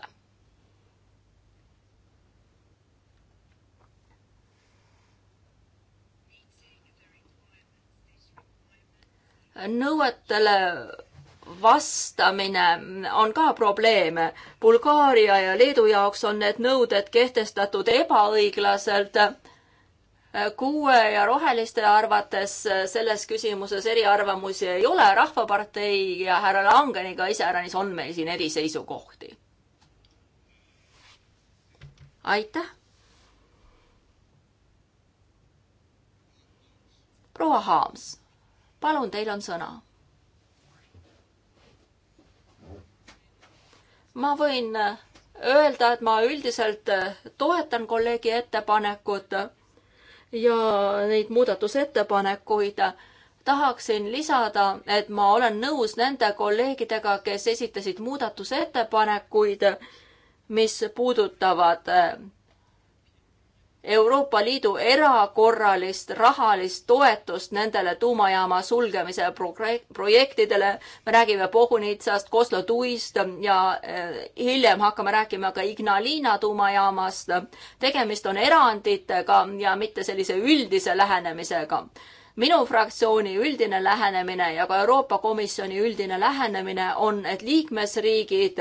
nõuetele vastamine on ka probleem. Bulgaaria ja Leedu jaoks on need nõuded kehtestatud ebaõiglaselt. kuue ja roheliste arvates selles küsimuses eriarvamusi ei ole, Rahvapartei ja härra Langeniga iseäranis on meil siin eriseisukohti. aitäh. proua Haams palun, teil on sõna. ma võin öelda, et ma üldiselt toetan kolleegi ettepanekut ja neid muudatusettepanekuid tahaksin lisada, et ma olen nõus nende kolleegidega, kes esitasid muudatusettepanekuid, mis puudutavad Euroopa Liidu erakorralist rahalist toetust nendele tuumajaama sulgemise projektidele. me räägime Pogunitsast, Koslo tuist ja eh, hiljem hakkame rääkima ka Ignalina tuumajaamast. tegemist on eranditega ja mitte sellise üldise lähenemisega minu fraktsiooni üldine lähenemine ja ka Euroopa Komisjoni üldine lähenemine on, et liikmesriigid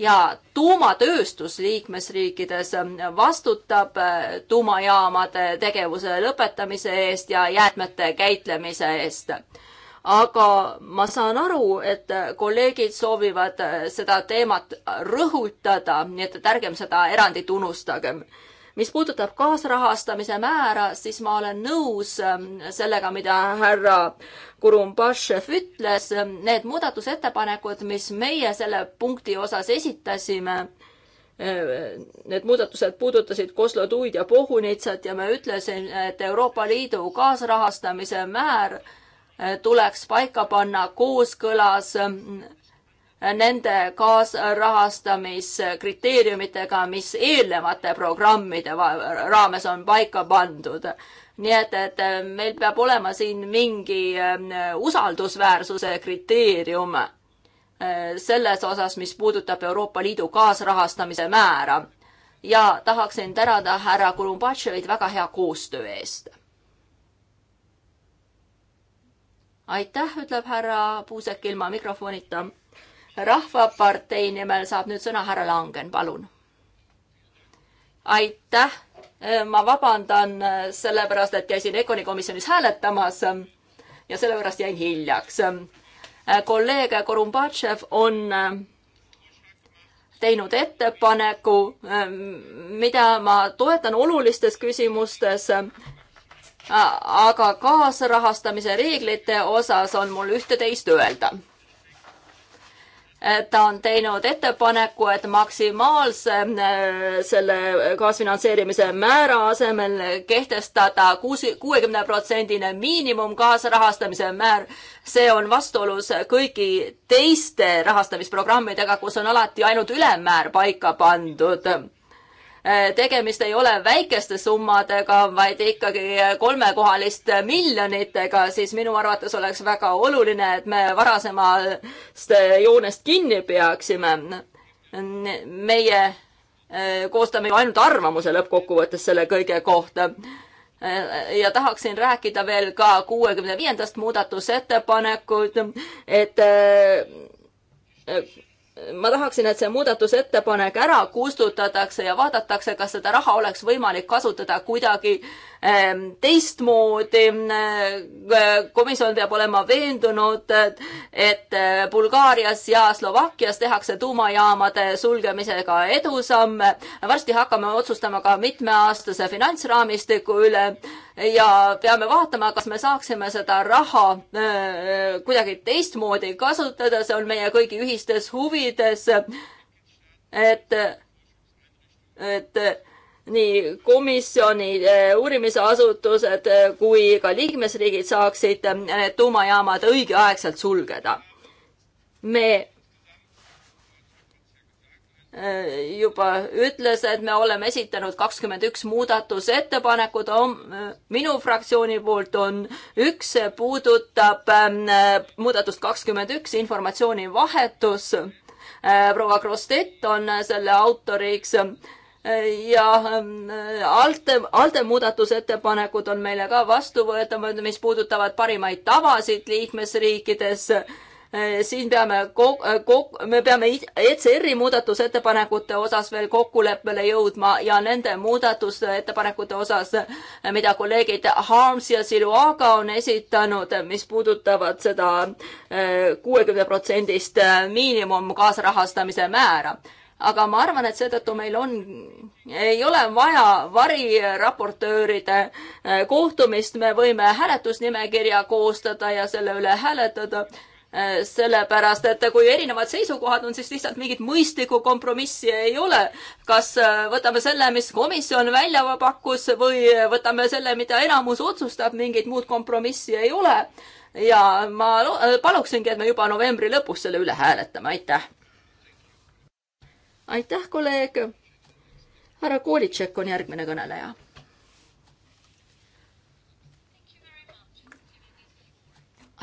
ja tuumatööstus liikmesriikides vastutab äh, tuumajaamade tegevuse lõpetamise eest ja jäätmete käitlemise eest. aga ma saan aru, et kolleegid soovivad äh, seda teemat rõhutada, nii et ärgem seda erandit unustagem mis puudutab kaasrahastamise määra, siis ma olen nõus ähm, sellega, mida härra Kurumbašev ütles, need muudatusettepanekud, mis meie selle punkti osas esitasime, äh, Need muudatused puudutasid Kozloduid ja Pohunitsat ja ma ütlesin, et Euroopa Liidu kaasrahastamise määr äh, tuleks paika panna kooskõlas äh, nende kaasrahastamiskriteeriumitega, mis eelnevate programmide raames on paika pandud. nii et, et meil peab olema siin mingi äh, usaldusväärsuse kriteerium äh, selles osas, mis puudutab Euroopa Liidu kaasrahastamise määra. ja tahaksin tänada härra Kolumbatševit väga hea koostöö eest. aitäh, ütleb härra Puusek ilma mikrofonita rahvapartei nimel saab nüüd sõna härra Langen, palun. aitäh, ma vabandan sellepärast, et käisin Econi komisjonis hääletamas ja sellepärast jäin hiljaks. kolleeg Korumbatšev on teinud ettepaneku, mida ma toetan olulistes küsimustes aga kaasrahastamise reeglite osas on mul ühte-teist öelda ta on teinud ettepaneku, et maksimaalse äh, selle kaasfinantseerimise määra asemel kehtestada kuusi, kuuekümneprotsendine miinimum kaasrahastamise määr. see on vastuolus kõigi teiste rahastamisprogrammidega, kus on alati ainult ülemmäär paika pandud Äh, tegemist ei ole väikeste summadega, vaid ikkagi äh, kolmekohaliste miljonitega, siis minu arvates oleks väga oluline, et me varasemast äh, joonest kinni peaksime. meie koostame ju ainult arvamuse lõppkokkuvõttes selle kõige kohta ja tahaksin rääkida veel ka kuuekümne viiendast muudatusettepanekud, et ma tahaksin, et see muudatusettepanek ära kustutatakse ja vaadatakse, kas seda raha oleks võimalik kasutada kuidagi ehm, teistmoodi. Ehm, komisjon peab olema veendunud, et ehm, Bulgaarias ja Slovakkias tehakse tuumajaamade sulgemisega edusamme. varsti hakkame otsustama ka mitmeaastase finantsraamistiku üle ja peame vaatama, kas me saaksime seda raha äh, äh, kuidagi teistmoodi kasutada, see on meie kõigi ühistes huvides. et, et nii komisjoni äh, uurimisasutused kui ka liikmesriigid saaksid need tuumajaamad õigeaegselt sulgeda. me juba ütles, et me oleme esitanud kakskümmend üks muudatusettepanekut, minu fraktsiooni poolt on üks, see puudutab ähm, muudatust kakskümmend üks, informatsioonivahetus. Äh, proua Krostet on selle autoriks ja ähm, alte, alte muudatusettepanekud on meile ka vastuvõetavad, mis puudutavad parimaid tavasid liikmesriikides Äh, siin peame kok-, äh, kok-, me peame ECR-i muudatusettepanekute osas veel kokkuleppele jõudma ja nende muudatusettepanekute osas, mida kolleegid Harms ja Siluaga on esitanud, mis puudutavad seda äh, kuuekümneprotsendist miinimum kaasrahastamise määra aga ma arvan, et seetõttu meil on, ei ole vaja variraportööride kohtumist, me võime hääletusnimekirja koostada ja selle üle hääletada Äh, sellepärast, et kui erinevad seisukohad on, siis lihtsalt mingit mõistlikku kompromissi ei ole. kas äh, võtame selle, mis komisjon välja pakkus või võtame selle, mida enamus otsustab, mingit muud kompromissi ei ole. ja ma äh, paluksingi, et me juba novembri lõpus selle üle hääletame, aitäh. aitäh, kolleeg. härra Kolitšek on järgmine kõneleja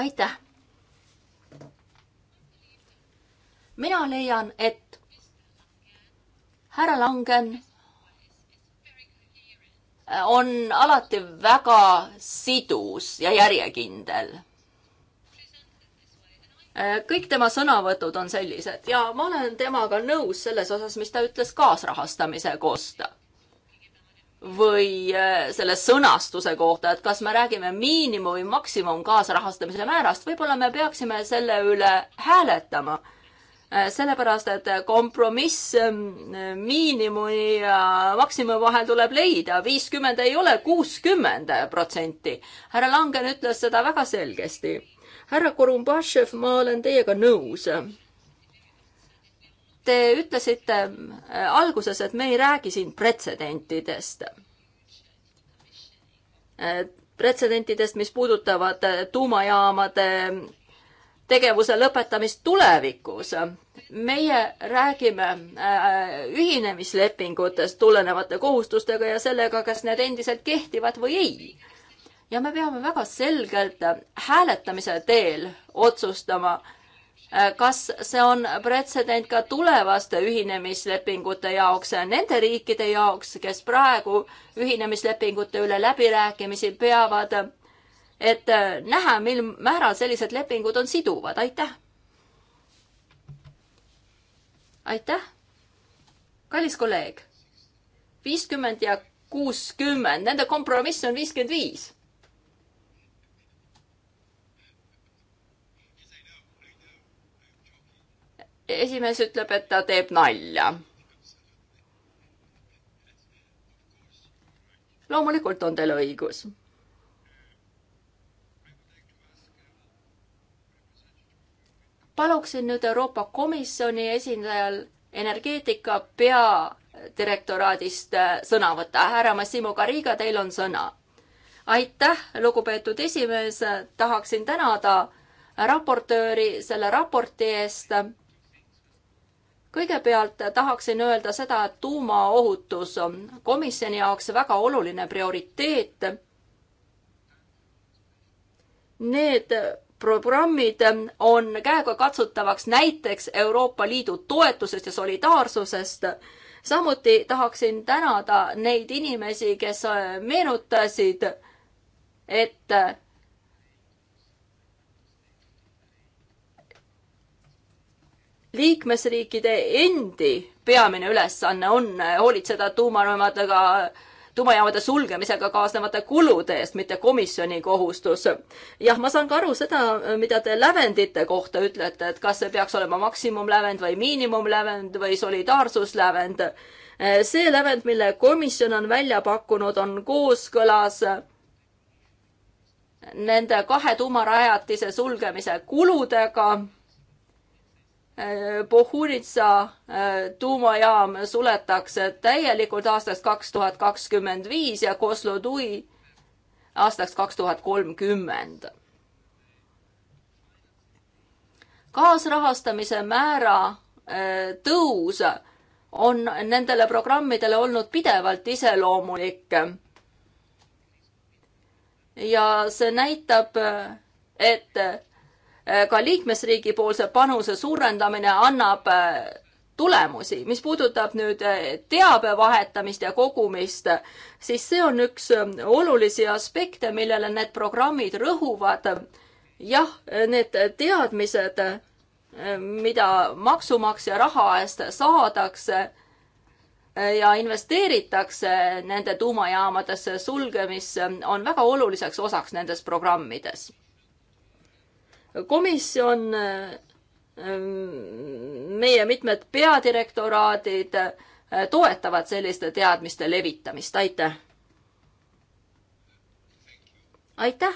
aitäh mina leian, et härra Langen on alati väga sidus ja järjekindel. kõik tema sõnavõtud on sellised ja ma olen temaga nõus selles osas, mis ta ütles kaasrahastamise kohta. või äh, selle sõnastuse kohta, et kas me räägime miinimum või maksimum kaasrahastamise määrast, võib-olla me peaksime selle üle hääletama Äh, sellepärast, et kompromiss ähm, miinimumi ja maksimumi vahel tuleb leida, viiskümmend ei ole kuuskümmend protsenti. härra Langen ütles seda väga selgesti. härra Korumbašev, ma olen teiega nõus. Te ütlesite äh, alguses, et me ei räägi siin pretsedentidest. Äh, pretsedentidest, mis puudutavad tuumajaamade tegevuse lõpetamist tulevikus. meie räägime äh, ühinemislepingutest tulenevate kohustustega ja sellega, kas need endiselt kehtivad või ei. ja me peame väga selgelt hääletamise teel otsustama, äh, kas see on pretsedent ka tulevaste ühinemislepingute jaoks, nende riikide jaoks, kes praegu ühinemislepingute üle läbirääkimisi peavad et äh, näha, mil määral sellised lepingud on siduvad, aitäh. aitäh. kallis kolleeg, viiskümmend ja kuuskümmend, nende kompromiss on viiskümmend viis. esimees ütleb, et ta teeb nalja loomulikult on teil õigus. paluksin nüüd Euroopa Komisjoni esindajal energeetika peadirektoraadist äh, sõna võtta. härra Massimo Cariga, teil on sõna. aitäh, lugupeetud esimees, tahaksin tänada raportööri selle raporti eest. kõigepealt tahaksin öelda seda, et tuumaohutus on komisjoni jaoks väga oluline prioriteet. Need programmid ähm, on käegakatsutavaks näiteks Euroopa Liidu toetusest ja solidaarsusest. samuti tahaksin tänada neid inimesi, kes äh, meenutasid, et äh, liikmesriikide endi peamine ülesanne on äh, hoolitseda tuumarühmadega äh, tuumajaamade sulgemisega kaasnevate kulude eest, mitte komisjoni kohustus. jah, ma saan ka aru seda, mida te lävendite kohta ütlete, et kas see peaks olema maksimumlävend või miinimumlävend või solidaarsuslävend. see lävend, mille komisjon on välja pakkunud, on kooskõlas nende kahe tuumarajatise sulgemise kuludega Pohuritsa äh, tuumajaam suletakse täielikult aastaks kaks tuhat kakskümmend viis ja Kozlodui aastaks kaks tuhat kolmkümmend. kaasrahastamise määra äh, tõus on nendele programmidele olnud pidevalt iseloomulik. ja see näitab, äh, et Äh, ka liikmesriigi poolse panuse suurendamine annab äh, tulemusi. mis puudutab nüüd äh, teabe vahetamist ja kogumist, siis see on üks ähm, olulisi aspekte, millele need programmid rõhuvad. jah, need teadmised, mida maksumaksja raha eest saadakse ja investeeritakse nende tuumajaamadesse sulgemisse, on väga oluliseks osaks nendes programmides komisjon, meie mitmed peadirektoraadid toetavad selliste teadmiste levitamist, aitäh! aitäh!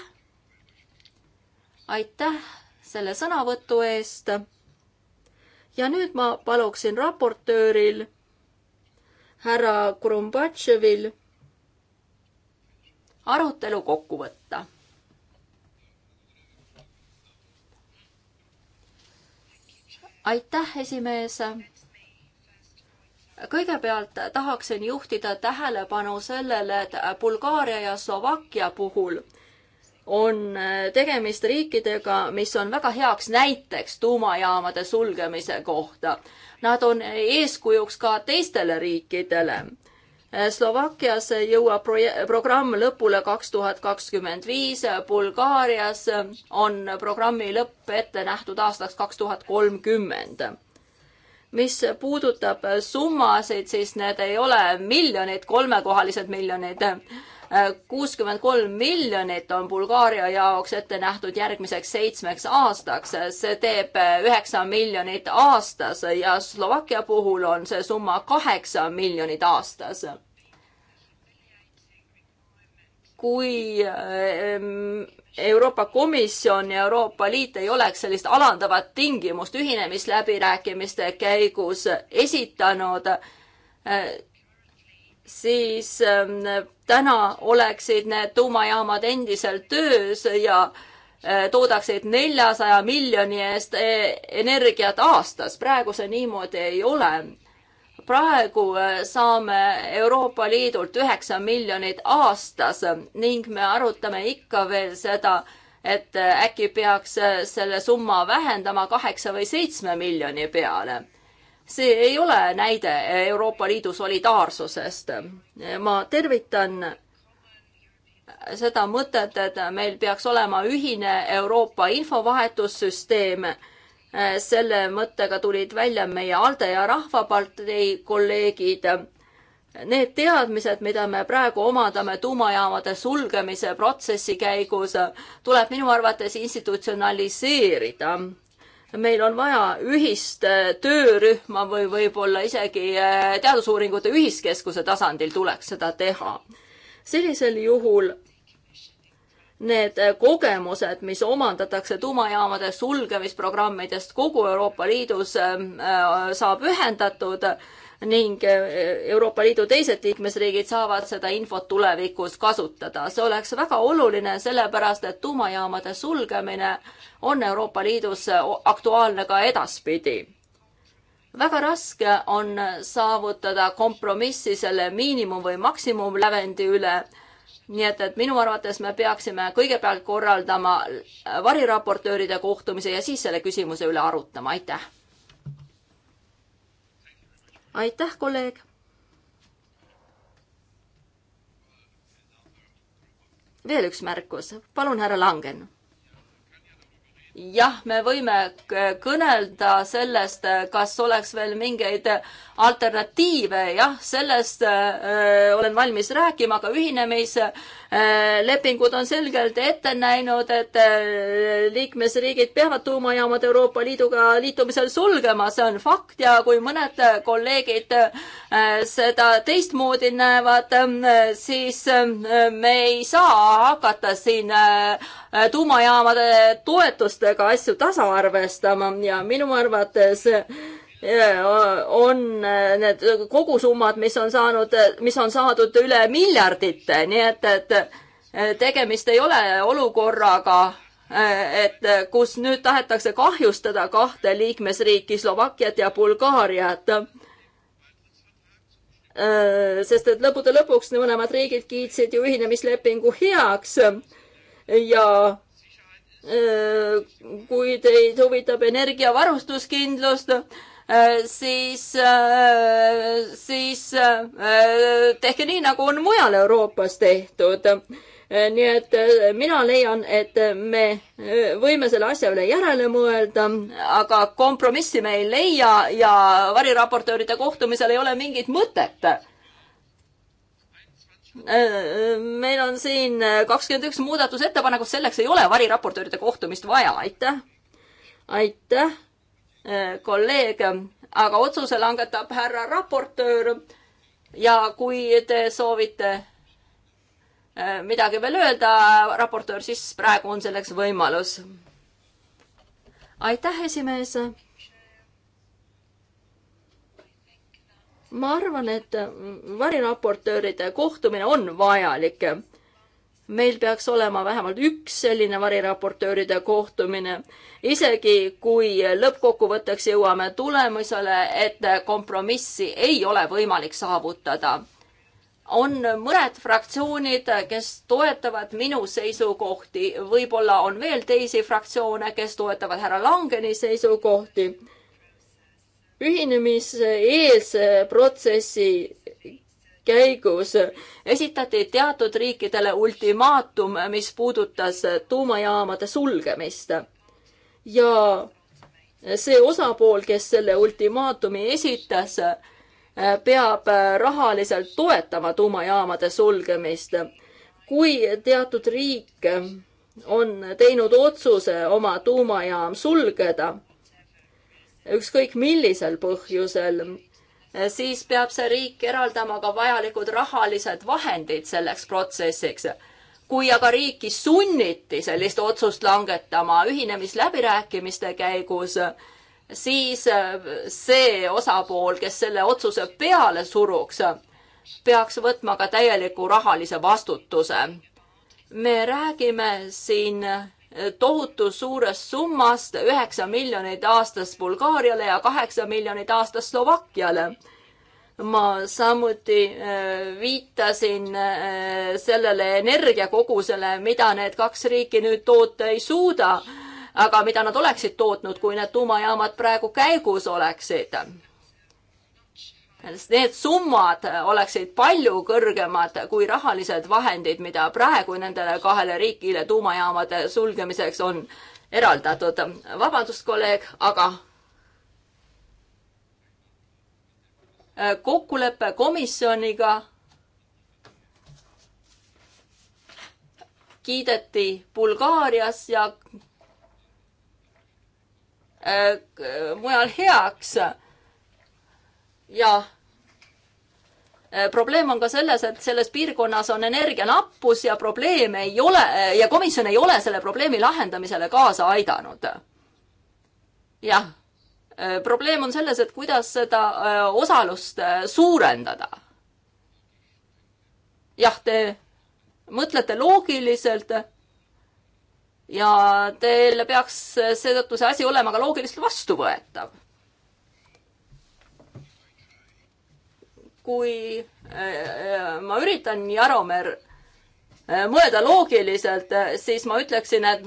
aitäh selle sõnavõtu eest. ja nüüd ma paluksin raportööril, härra Krumbatševil arutelu kokku võtta aitäh, esimees. kõigepealt tahaksin juhtida tähelepanu sellele, et Bulgaaria ja Slovakkia puhul on tegemist riikidega, mis on väga heaks näiteks tuumajaamade sulgemise kohta. Nad on eeskujuks ka teistele riikidele Eh, Slovakkias jõuab programm lõpule kaks tuhat kakskümmend viis, Bulgaarias on programmi lõpp ette nähtud aastaks kaks tuhat kolmkümmend. mis puudutab summasid, siis need ei ole miljonid, kolmekohalised miljonid, kuuskümmend kolm miljonit on Bulgaaria jaoks ette nähtud järgmiseks seitsmeks aastaks. see teeb üheksa miljonit aastas ja Slovakkia puhul on see summa kaheksa miljonit aastas. kui ehm, Euroopa Komisjon ja Euroopa Liit ei oleks sellist alandavat tingimust ühinemisläbirääkimiste käigus esitanud, eh, siis ähm, täna oleksid need tuumajaamad endiselt töös ja äh, toodaksid neljasaja miljoni eest e, energiat aastas. praegu see niimoodi ei ole. praegu äh, saame Euroopa Liidult üheksa miljonit aastas ning me arutame ikka veel seda, et äh, äkki peaks selle summa vähendama kaheksa või seitsme miljoni peale see ei ole näide Euroopa Liidu solidaarsusest. ma tervitan seda mõtet, et meil peaks olema ühine Euroopa infovahetussüsteem. selle mõttega tulid välja meie ALDE ja Rahvapartei kolleegid. Need teadmised, mida me praegu omandame tuumajaamade sulgemise protsessi käigus, tuleb minu arvates institutsionaliseerida meil on vaja ühist äh, töörühma või võib-olla isegi äh, teadusuuringute ühiskeskuse tasandil tuleks seda teha. sellisel juhul need äh, kogemused, mis omandatakse tuumajaamade sulgemisprogrammidest kogu Euroopa Liidus, ähm, saab ühendatud ning eh, Euroopa Liidu teised liikmesriigid saavad seda infot tulevikus kasutada. see oleks väga oluline, sellepärast et tuumajaamade sulgemine on Euroopa Liidus eh, aktuaalne ka edaspidi väga raske on saavutada kompromissi selle miinimum või maksimumlävendi üle. nii et, et minu arvates me peaksime kõigepealt korraldama eh, variraportööride kohtumise ja siis selle küsimuse üle arutama, aitäh aitäh, kolleeg. veel üks märkus, palun, härra Langen jah, me võime kõnelda sellest, kas oleks veel mingeid alternatiive, jah, sellest öö, äh, olen valmis rääkima, aga ühinemise Äh, lepingud on selgelt ette näinud, et äh, liikmesriigid peavad tuumajaamad Euroopa Liiduga liitumisel sulgema, see on fakt ja kui mõned kolleegid äh, seda teistmoodi näevad, siis me ei saa hakata siin tuumajaamade toetustega asju tasaarvestama ja minu arvates on need kogusummad, mis on saanud, mis on saadud üle miljardite, nii et, et tegemist ei ole olukorraga, et kus nüüd tahetakse kahjustada kahte liikmesriiki, Slovakkiat ja Bulgaariat sest et lõppude lõpuks mõlemad riigid kiitsid ju ühinemislepingu heaks ja eh, kui teid huvitab energiavarustuskindlust, Äh, siis, äh, siis äh, tehke nii, nagu on mujal Euroopas tehtud. nii et mina leian, et me võime selle asja üle järele mõelda, aga kompromissi me ei leia ja variraportööride kohtumisel ei ole mingit mõtet meil on siin kakskümmend üks muudatusettepanekut, selleks ei ole variraportööride kohtumist vaja, aitäh. aitäh kolleeg, aga otsuse langetab härra raportöör. ja kui te soovite äh, midagi veel öelda, raportöör, siis praegu on selleks võimalus. aitäh, esimees. ma arvan, et variraportööride kohtumine on vajalik meil peaks olema vähemalt üks selline variraportööride kohtumine, isegi kui lõppkokkuvõtteks jõuame tulemusele, et kompromissi ei ole võimalik saavutada. on mõned fraktsioonid, kes toetavad minu seisukohti, võib-olla on veel teisi fraktsioone, kes toetavad härra Langeni seisukohti. ühinemiseelse protsessi käigus esitati teatud riikidele ultimaatum, mis puudutas tuumajaamade sulgemist. ja see osapool, kes selle ultimaatumi esitas, peab rahaliselt toetama tuumajaamade sulgemist. kui teatud riik on teinud otsuse oma tuumajaam sulgeda, ükskõik millisel põhjusel, Eh, siis peab see riik eraldama ka vajalikud rahalised vahendid selleks protsessiks. kui aga riiki sunniti sellist otsust langetama ühinemisläbirääkimiste käigus, siis eh, see osapool, kes selle otsuse peale suruks, peaks võtma ka täieliku rahalise vastutuse. me räägime siin tohutu suurest summast, üheksa miljonit aastas Bulgaariale ja kaheksa miljonit aastas Slovakkiale. ma samuti äh, viitasin äh, sellele energiakogusele, mida need kaks riiki nüüd toota ei suuda, aga mida nad oleksid tootnud, kui need tuumajaamad praegu käigus oleksid need summad oleksid palju kõrgemad kui rahalised vahendid, mida praegu nendele kahele riigile tuumajaamade sulgemiseks on eraldatud. vabandust, kolleeg, aga kokkulepe komisjoniga kiideti Bulgaarias ja äh, mujal heaks ja Äh, probleem on ka selles, et selles piirkonnas on energianappus ja probleeme ei ole äh, ja komisjon ei ole selle probleemi lahendamisele kaasa aidanud. jah, äh, probleem on selles, et kuidas seda osalust suurendada. jah, te mõtlete loogiliselt ja teil peaks seetõttu see asi olema ka loogiliselt vastuvõetav kui äh, äh, ma üritan, Jaromer, äh, mõelda loogiliselt, siis ma ütleksin, et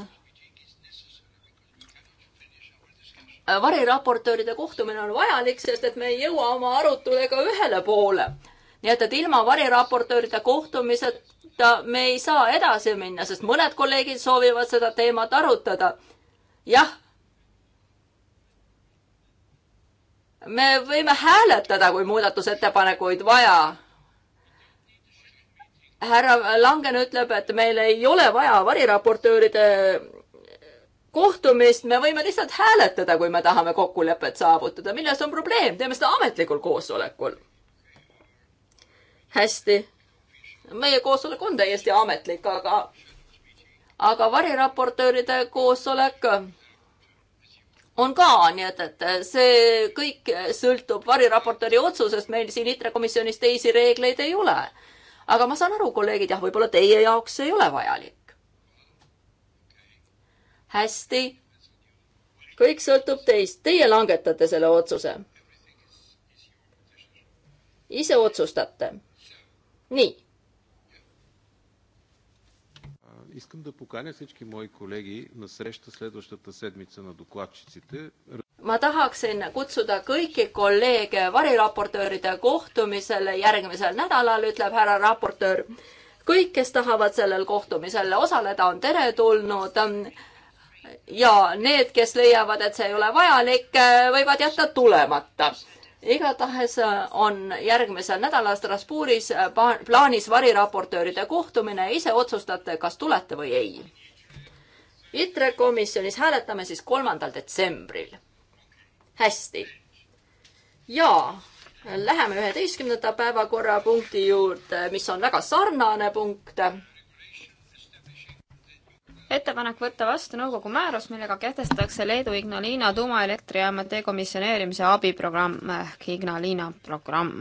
variraportööride kohtumine on vajalik, sest et me ei jõua oma aruteludega ühele poole. nii et, et ilma variraportööride kohtumiseta me ei saa edasi minna, sest mõned kolleegid soovivad seda teemat arutada. jah, me võime hääletada, kui muudatusettepanekuid vaja. härra Langen ütleb, et meil ei ole vaja variraportööride kohtumist, me võime lihtsalt hääletada, kui me tahame kokkulepet saavutada. milles on probleem, teeme seda ametlikul koosolekul. hästi. meie koosolek on täiesti ametlik, aga, aga variraportööride koosolek on ka, nii et, et see kõik sõltub variraportööri otsusest, meil siin ITRE komisjonis teisi reegleid ei ole. aga ma saan aru, kolleegid, jah, võib-olla teie jaoks see ei ole vajalik. hästi. kõik sõltub teist, teie langetate selle otsuse. ise otsustate. nii Искам да поканя всички мои колеги на среща следващата седмица на докладчиците. ma tahaksin kutsuda kõiki kolleege variraportööride kohtumisele järgmisel nädalal, ütleb härra raportöör. kõik, kes tahavad sellel kohtumisel osaleda, on teretulnud ja need, kes leiavad, et see ei ole vajalik, võivad jätta tulemata igatahes äh, on järgmisel nädalal Strasbourgis äh, plaanis variraportööride kohtumine, ise otsustate, kas tulete või ei. ITRE komisjonis hääletame siis kolmandal detsembril. hästi. ja läheme üheteistkümnenda päevakorrapunkti juurde, mis on väga sarnane punkt ettepanek võtta vastu nõukogu määrus, millega kehtestatakse Leedu Ignalina tuumaelektrijaama dekomisjoneerimise abiprogramm ehk Ignalina programm.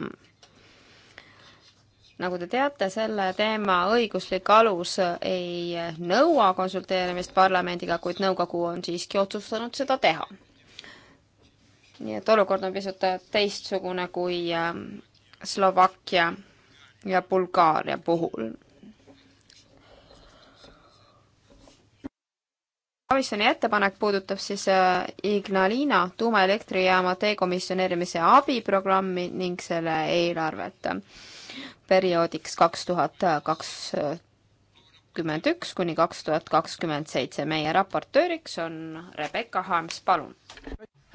nagu te teate, selle teema õiguslik alus ei nõua konsulteerimist parlamendiga, kuid nõukogu on siiski otsustanud seda teha nii et olukord on pisut teistsugune kui ähm, Slovakkia ja Bulgaaria puhul. komisjoni ettepanek puudutab siis äh, Ignalina tuumaelektrijaama dekomisjoneerimise abiprogrammi ning selle eelarvet perioodiks kaks tuhat kakskümmend üks kuni kaks tuhat kakskümmend seitse. meie raportööriks on Rebecca Harms, palun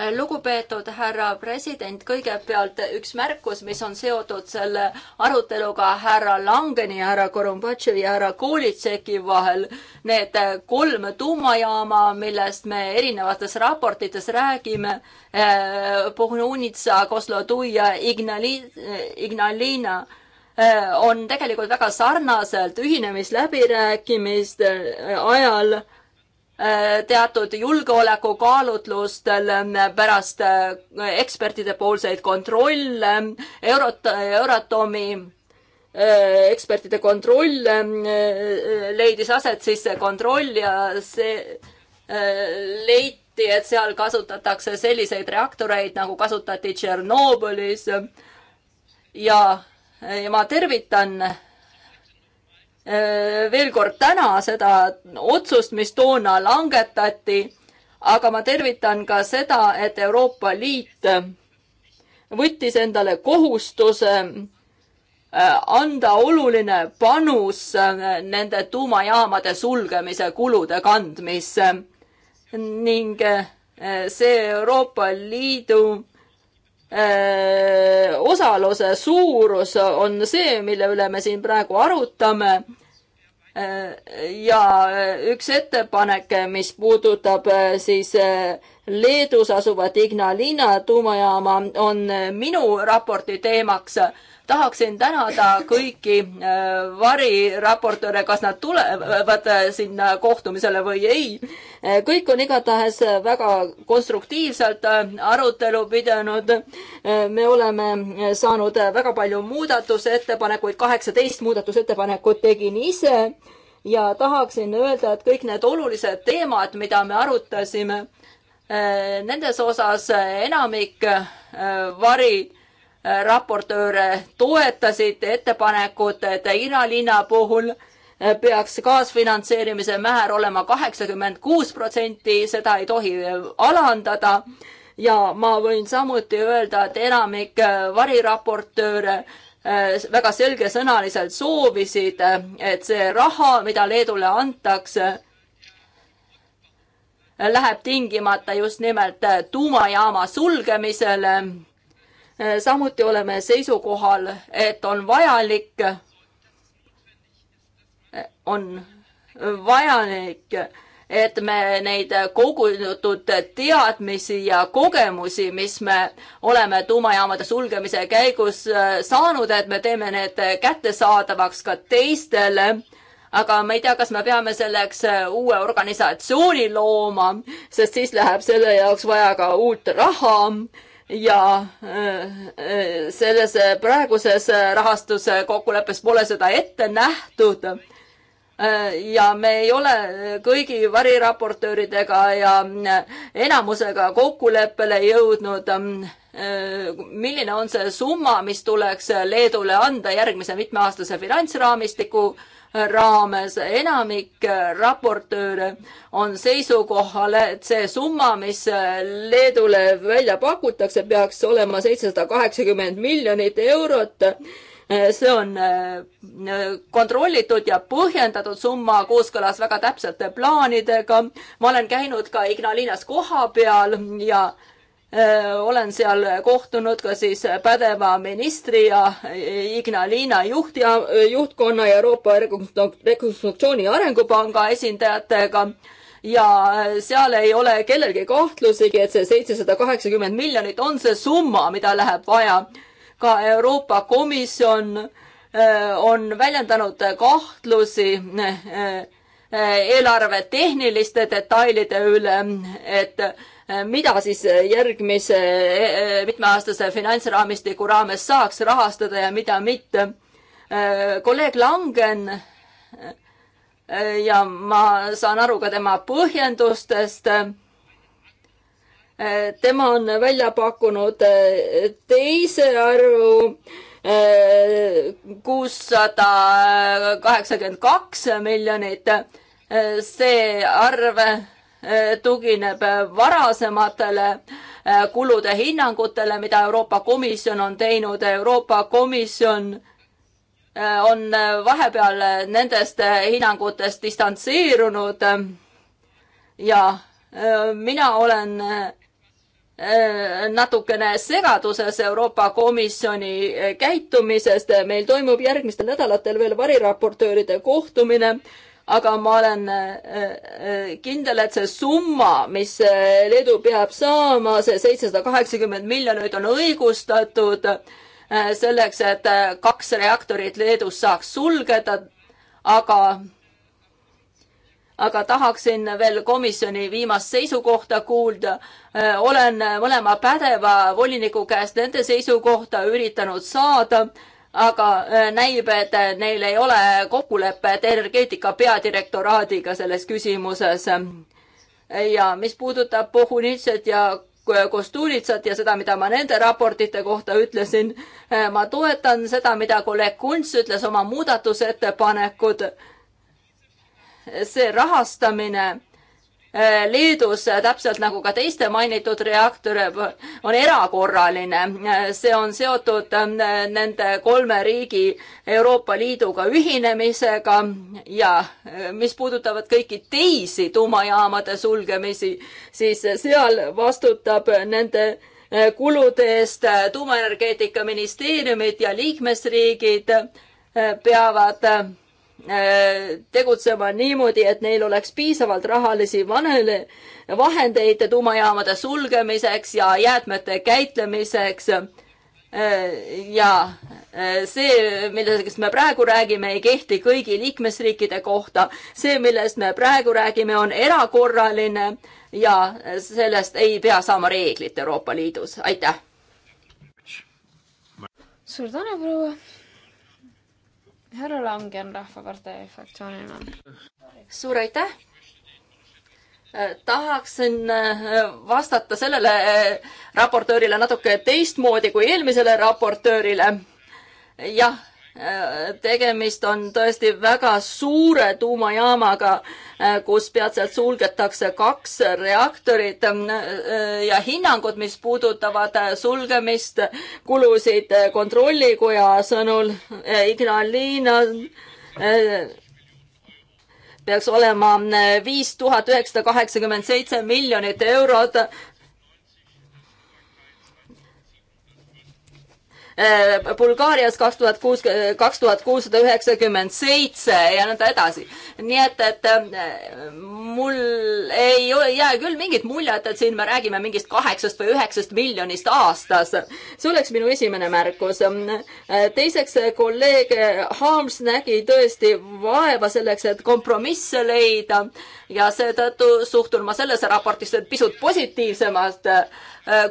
lugupeetud härra president, kõigepealt üks märkus, mis on seotud selle aruteluga härra Langeni, härra Korumbatševi ja härra Koolitseki vahel. Need kolm tuumajaama, millest me erinevates raportites räägime, eh, Puhnunitsa, Kozlodui ja Ignali-, eh, Ignalina eh, on tegelikult väga sarnaselt ühinemisläbirääkimiste ajal teatud julgeolekukaalutlustel pärast äh, ekspertide poolseid kontrolle, Eurot-, Euratomi äh, ekspertide kontroll äh, leidis aset siis see kontroll ja see leiti, et seal kasutatakse selliseid reaktoreid, nagu kasutati Tšernobõlis. ja, ja ma tervitan Äh, veel kord täna seda otsust, mis toona langetati, aga ma tervitan ka seda, et Euroopa Liit võttis endale kohustuse äh, anda oluline panus äh, nende tuumajaamade sulgemise kulude kandmisse ning see Euroopa Liidu osaluse suurus on see, mille üle me siin praegu arutame ja äh, üks ettepanek, äh, mis puudutab äh, siis Leedus asuvat Ignalina tuumajaama, on minu raporti teemaks tahaksin tänada kõiki äh, variraportööre, kas nad tulevad äh, sinna kohtumisele või ei. Äh, kõik on igatahes väga konstruktiivselt arutelu pidanud. me oleme saanud väga palju muudatusettepanekuid, kaheksateist muudatusettepanekut tegin ise ja tahaksin öelda, et kõik need olulised teemad, mida me arutasime, nendes osas enamik vari raportööre toetasid ettepanekut, et Ina linna puhul eh, peaks kaasfinantseerimise määr olema kaheksakümmend kuus protsenti, seda ei tohi eh, alandada. ja ma võin samuti öelda, et enamik eh, variraportööre väga selgesõnaliselt soovisid, et see raha, mida Leedule antakse, läheb tingimata just nimelt tuumajaama sulgemisele Äh, samuti oleme seisukohal, et on vajalik, äh, on vajalik, et me neid kogunenud teadmisi ja kogemusi, mis me oleme tuumajaamade sulgemise käigus äh, saanud, et me teeme need kättesaadavaks ka teistele aga ma ei tea, kas me peame selleks uue organisatsiooni looma, sest siis läheb selle jaoks vaja ka uut raha ja äh, äh, selles äh, praeguses rahastuse kokkuleppes pole seda ette nähtud. ja me ei ole kõigi variraportööridega ja enamusega kokkuleppele jõudnud. Ähm, milline on see summa, mis tuleks Leedule anda järgmise mitmeaastase finantsraamistiku raames. enamik äh, raportööre on seisukohal, et see summa, mis äh, Leedule välja pakutakse, peaks olema seitsesada kaheksakümmend miljonit eurot äh, see on kontrollitud ja põhjendatud summa kooskõlas väga täpsete plaanidega. ma olen käinud ka Ignalinas kohapeal ja olen seal kohtunud ka siis pädeva ministri ja Ignalina juht ja juhtkonna ja Euroopa Rekonstruktsiooni Arengupanga esindajatega ja seal ei ole kellelgi kahtlusigi, et see seitsesada kaheksakümmend miljonit on see summa, mida läheb vaja. ka Euroopa Komisjon on väljendanud kahtlusi eelarve tehniliste detailide üle, et Äh, mida siis äh, järgmise äh, mitmeaastase finantsraamistiku raames saaks rahastada ja mida mitte. kolleeg Langen ja ma saan aru ka tema põhjendustest. tema on välja pakkunud teise arvu kuussada kaheksakümmend kaks miljonit. see arv tugineb varasematele äh, kulude hinnangutele, mida Euroopa Komisjon on teinud. Euroopa Komisjon äh, on äh, vahepeal nendest hinnangutest distantseerunud ja mina olen natukene segaduses Euroopa Komisjoni käitumisest. meil toimub järgmistel nädalatel veel variraportööride kohtumine aga ma olen äh, äh, kindel, et see summa, mis äh, Leedu peab saama, see seitsesada kaheksakümmend miljonit on õigustatud selleks, et kaks reaktorit Leedus saaks sulgeda, aga aga tahaksin veel komisjoni viimast seisukohta kuulda. olen mõlema pädeva voliniku käest nende seisukohta üritanud saada aga äh, näib, et äh, neil ei ole kokkulepet energeetika peadirektoraadiga selles küsimuses. ja mis puudutab Pohunitšet ja Kostunitsat ja seda, mida ma nende raportite kohta ütlesin, äh, ma toetan seda, mida kolleeg Kunts ütles oma muudatusettepanekud. see rahastamine Äh, Leedus, äh, täpselt nagu ka teiste mainitud reaktor, äh, on erakorraline. see on seotud nende kolme riigi Euroopa Liiduga ühinemisega ja mis puudutavad kõiki teisi tuumajaamade sulgemisi, siis seal vastutab nende kulude eest tuumaenergeetikaministeeriumid ja liikmesriigid peavad tegutsema niimoodi, et neil oleks piisavalt rahalisi vanele, vahendeid tuumajaamade sulgemiseks ja jäätmete käitlemiseks. ja see, millest me praegu räägime, ei kehti kõigi liikmesriikide kohta. see, millest me praegu räägime, on erakorraline ja sellest ei pea saama reeglit Euroopa Liidus. aitäh! suur tänu, proua! härra Langen Rahvapartei fraktsiooni nimel. suur aitäh! tahaksin äh, vastata sellele äh, raportöörile natuke teistmoodi kui eelmisele raportöörile. jah Äh, tegemist on tõesti väga suure tuumajaamaga, äh, kus peatselt sulgetakse kaks reaktorit äh, ja hinnangud, mis puudutavad sulgemist, kulusid kontrollikoja sõnul Ignalina peaks olema viis tuhat üheksasada kaheksakümmend seitse miljonit eurot, Äh, Bulgaarias kaks tuhat kuus, äh, kaks tuhat kuussada üheksakümmend seitse ja nõnda edasi. nii et, et äh, mul ei jää küll mingit muljet, et siin me räägime mingist kaheksast või üheksast miljonist aastas. see oleks minu esimene märkus. teiseks, kolleeg Harms nägi tõesti vaeva selleks, et kompromisse leida ja seetõttu suhtun ma sellesse raportisse pisut positiivsemalt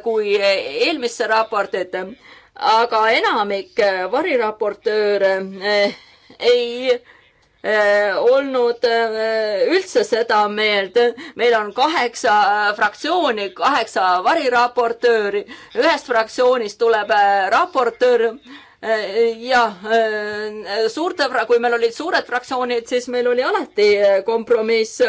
kui eelmisse raportit aga enamik äh, variraportööre äh, ei äh, olnud üldse seda meelt. meil on kaheksa fraktsiooni, kaheksa variraportööri, ühest fraktsioonist tuleb raportöör jah, suurte, kui meil olid suured fraktsioonid, siis meil oli alati kompromiss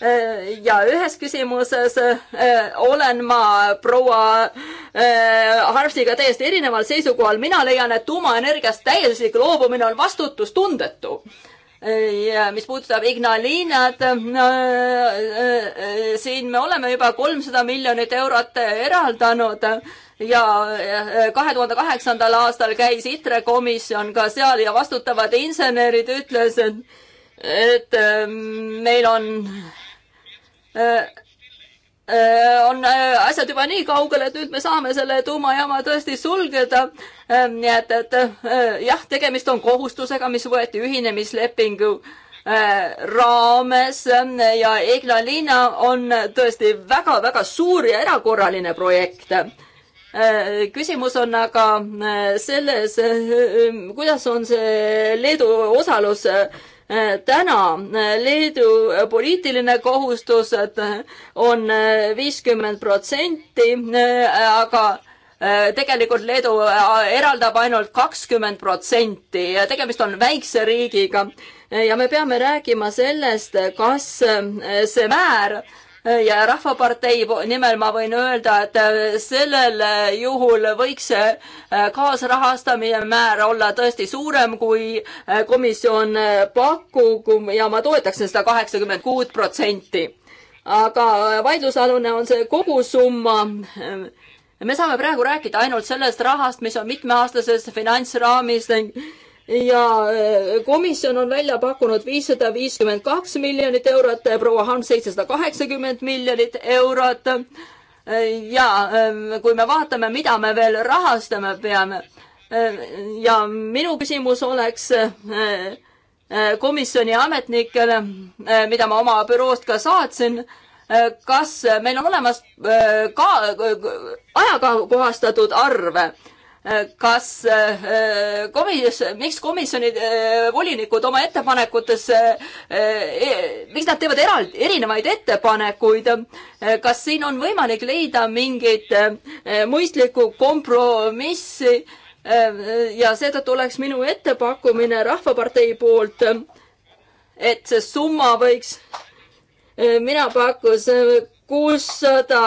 Äh, ja ühes küsimuses äh, olen ma proua äh, Harvsiga täiesti erineval seisukohal. mina leian, et tuumaenergiast täieslik loobumine on vastutustundetu. Ja mis puudutab Ignalinat, siin me oleme juba kolmsada miljonit eurot eraldanud ja kahe tuhande kaheksandal aastal käis ITRE komisjon ka seal ja vastutavad insenerid ütlesid, et meil on Äh, äh, on äh, asjad juba nii kaugel, et nüüd me saame selle tuumajaama tõesti sulgeda. Ähm, nii et, et jah, tegemist on kohustusega, mis võeti ühinemislepingu raames ähm, ja Eglalina on tõesti väga-väga suur ja erakorraline projekt küsimus on aga selles, kuidas on see Leedu osalus täna äh, Leedu äh, poliitiline kohustus äh, on viiskümmend protsenti, aga tegelikult Leedu eraldab ainult kakskümmend protsenti ja tegemist on väikse riigiga ja me peame rääkima sellest, kas see määr ja Rahvapartei nimel ma võin öelda, et äh, sellel äh, juhul võiks see äh, kaasrahastamise määr olla tõesti suurem, kui komisjon pakub ja ma toetaksin seda kaheksakümmend kuut protsenti. aga vaidlusalune on see kogusumma me saame praegu rääkida ainult sellest rahast, mis on mitmeaastases finantsraamis ning ja eh, komisjon on välja pakkunud viissada viiskümmend kaks miljonit eurot, eh, proua Hans seitsesada kaheksakümmend miljonit eurot. Eh, ja kui me vaatame, mida me veel rahastama peame ja minu küsimus oleks komisjoni ametnikele, mida ma oma büroost ka saatsin, kas meil on olemas ka ajakohastatud arve Äh, kas äh, komis-, miks komisjonid, äh, volinikud oma ettepanekutes, miks nad teevad eraldi, erinevaid ettepanekuid, kas siin on võimalik leida mingit mõistlikku kompromissi ja seetõttu oleks minu ettepakkumine Rahvapartei poolt, et see summa võiks, mina pakkusin kuussada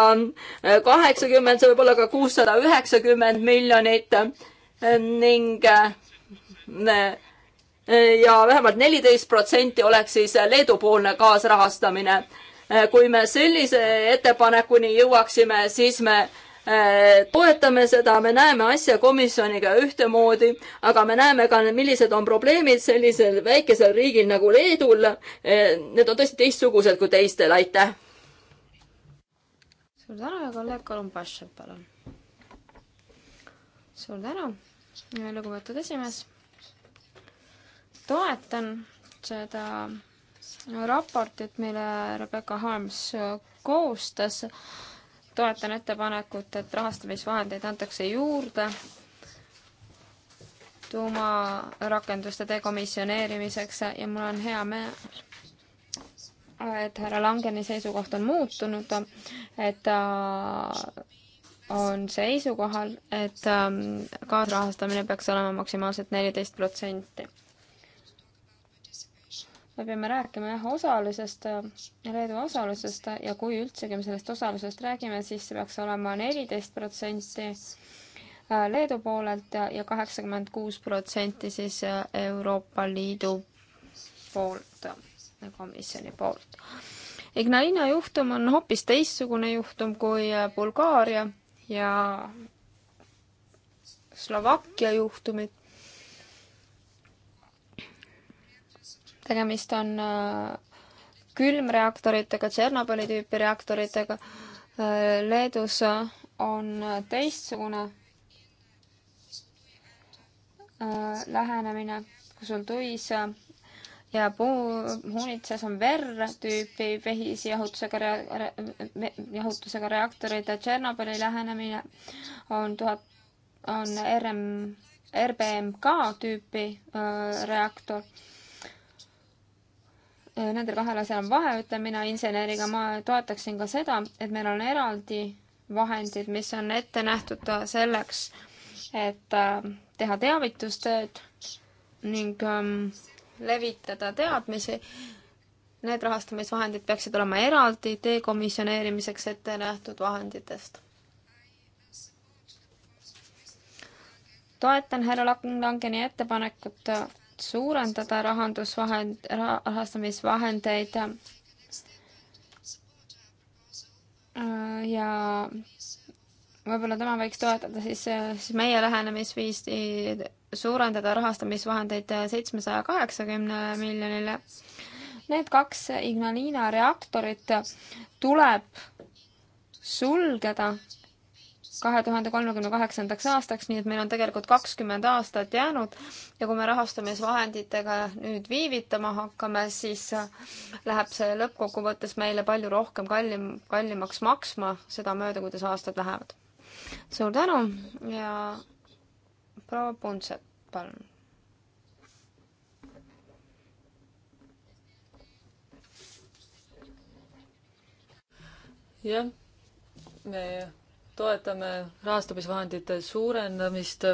eh, kaheksakümmend, see võib olla ka kuussada üheksakümmend miljonit eh, ning eh, ja vähemalt neliteist protsenti oleks siis Leedu-poolne kaasrahastamine. kui me sellise ettepanekuni jõuaksime, siis me toetame seda, me näeme asja komisjoniga ühtemoodi, aga me näeme ka, millised on probleemid sellisel väikesel riigil nagu Leedul. Need on tõesti teistsugused kui teistel, aitäh suur tänu ja kolleeg Kolumbašev, palun. suur tänu, lugupeetud esimees. toetan seda raportit, mille Rebecca Harms koostas. toetan ettepanekut, et rahastamisvahendeid antakse juurde tuumarakenduste dekomisjoneerimiseks ja mul on hea meel et härra Langeni seisukoht on muutunud, et ta on seisukohal, et ähm, kaasrahastamine peaks olema maksimaalselt neliteist protsenti. me peame rääkima jah, osalusest, äh, Leedu osalusest ja kui üldsegi me sellest osalusest räägime, siis see peaks olema neliteist protsenti äh, Leedu poolelt ja kaheksakümmend kuus protsenti siis äh, Euroopa Liidu poolt komisjoni poolt. Ignalina juhtum on hoopis teistsugune juhtum kui äh, Bulgaaria ja Slovakkia juhtumid. tegemist on äh, külmreaktoritega, Tšernobõli tüüpi reaktoritega. Äh, Leedus on teistsugune lähenemine, kus on tuis ja puunitses on verre tüüpi vehisjahutusega rea-, jahutusega reaktorid ja Tšernobõli lähenemine on tuhat, on RM, RBMK tüüpi öö, reaktor. Nendel kahel asjal on vahe, ütlen mina inseneriga, ma toetaksin ka seda, et meil on eraldi vahendid, mis on ette nähtud selleks, et öö, äh, teha teavitustööd ning öö, ähm, levitada teadmisi. Need rahastamisvahendid peaksid olema eraldi dekomisjoneerimiseks ette nähtud vahenditest. toetan härra Langeni ettepanekut suurendada rahandusvahend, rahastamisvahendeid ja võib-olla tema võiks toetada siis, äh, siis meie lähenemisviisi suurendada rahastamisvahendeid äh, seitsmesaja kaheksakümne miljonile. Need kaks Ignalina reaktorit tuleb sulgeda kahe tuhande kolmekümne kaheksandaks aastaks, nii et meil on tegelikult kakskümmend aastat jäänud ja kui me rahastamisvahenditega nüüd viivitama hakkame, siis äh, läheb see lõppkokkuvõttes meile palju rohkem kallim, kallimaks maksma sedamööda, kuidas aastad lähevad suur tänu ja proua Puntsepp, palun. jah, me toetame rahastamisvahendite suurendamist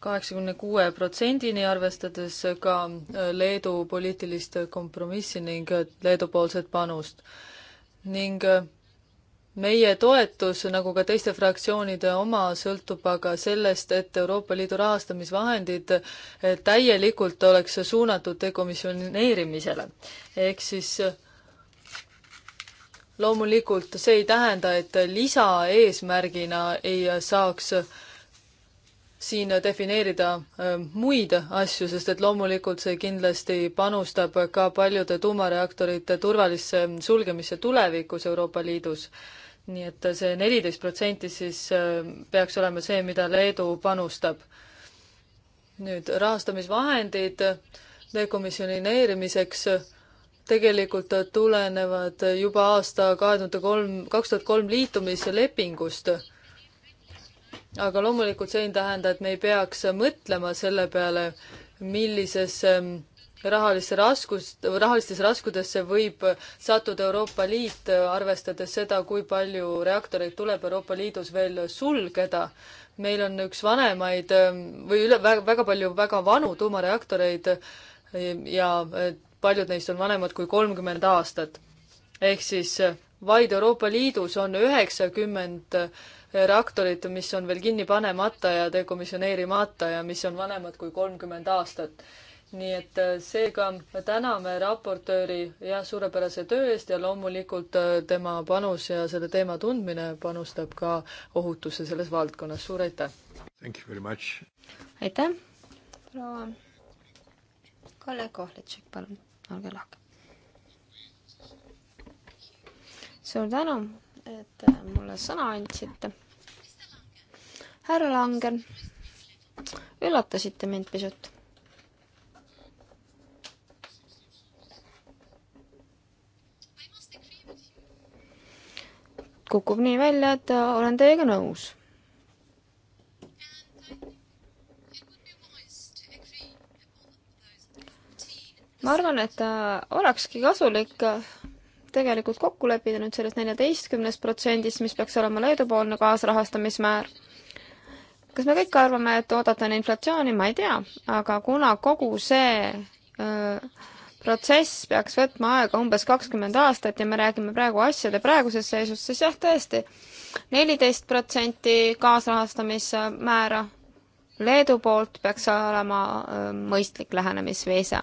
kaheksakümne kuue protsendini, arvestades ka Leedu poliitilist kompromissi ning Leedu poolset panust. ning meie toetus, nagu ka teiste fraktsioonide oma, sõltub aga sellest, et Euroopa Liidu rahastamisvahendid eh, täielikult oleks suunatud dekomisjoneerimisele. ehk siis loomulikult see ei tähenda, et lisaeesmärgina ei saaks siin defineerida eh, muid asju, sest et loomulikult see kindlasti panustab ka paljude tuumareaktorite turvalisse sulgemisse tulevikus Euroopa Liidus nii et see neliteist protsenti siis äh, peaks olema see, mida Leedu panustab. nüüd rahastamisvahendid dekomisjoneerimiseks tegelikult tulenevad juba aasta kahe tuhande kolm, kaks tuhat kolm liitumislepingust. aga loomulikult see ei tähenda, et me ei peaks mõtlema selle peale, millisesse ähm, rahalisse raskust, rahalistesse raskudesse võib sattuda Euroopa Liit, arvestades seda, kui palju reaktoreid tuleb Euroopa Liidus veel sulgeda. meil on üks vanemaid ähm, või üle, väga palju väga vanu tuumareaktoreid ähm, ja äh, paljud neist on vanemad kui kolmkümmend aastat. ehk siis äh, vaid Euroopa Liidus on üheksakümmend äh, reaktorit, mis on veel kinni panemata ja dekomisjoneerimata ja mis on vanemad kui kolmkümmend aastat nii et äh, seega täname raportööri jah, suurepärase töö eest ja loomulikult äh, tema panus ja selle teema tundmine panustab ka ohutusse selles valdkonnas, suur aitäh! aitäh, proua Kalle Kohlitšek, palun, olge lahke! suur tänu, et äh, mulle sõna andsite. härra Langen, üllatasite mind pisut kukub nii välja, et äh, olen teiega nõus. ma arvan, et äh, olekski kasulik äh, tegelikult kokku leppida nüüd selles neljateistkümnes protsendis, mis peaks olema Leedu-poolne kaasrahastamismäär. kas me kõik arvame, et oodata on inflatsiooni, ma ei tea, aga kuna kogu see öö, protsess peaks võtma aega umbes kakskümmend aastat ja me räägime praegu asjade praeguses seisus, siis jah, tõesti, neliteist protsenti kaasrahastamismäära Leedu poolt peaks olema mõistlik lähenemisviise.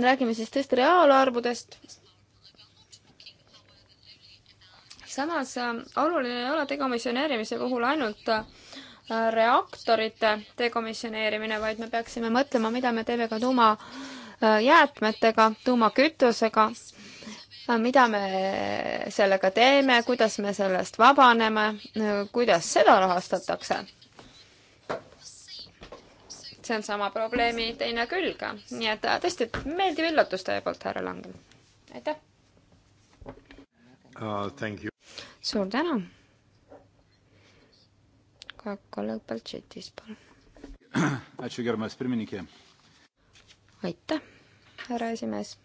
räägime siis tõesti reaalarvudest. samas oluline ei ole tegu missioneerimise puhul ainult äh, reaktorite dekomisjoneerimine, vaid me peaksime mõtlema, mida me teeme ka tuumajäätmetega, äh, tuumakütusega, äh, mida me sellega teeme, kuidas me sellest vabaneme, äh, kuidas seda rahastatakse. see on sama probleemi teine külg, nii et tõesti meeldiv üllatus teie poolt, härra Langen. aitäh uh,! suur tänu! ka kolleeg Baltšetis, palun. (clears throat) aitäh, härra esimees.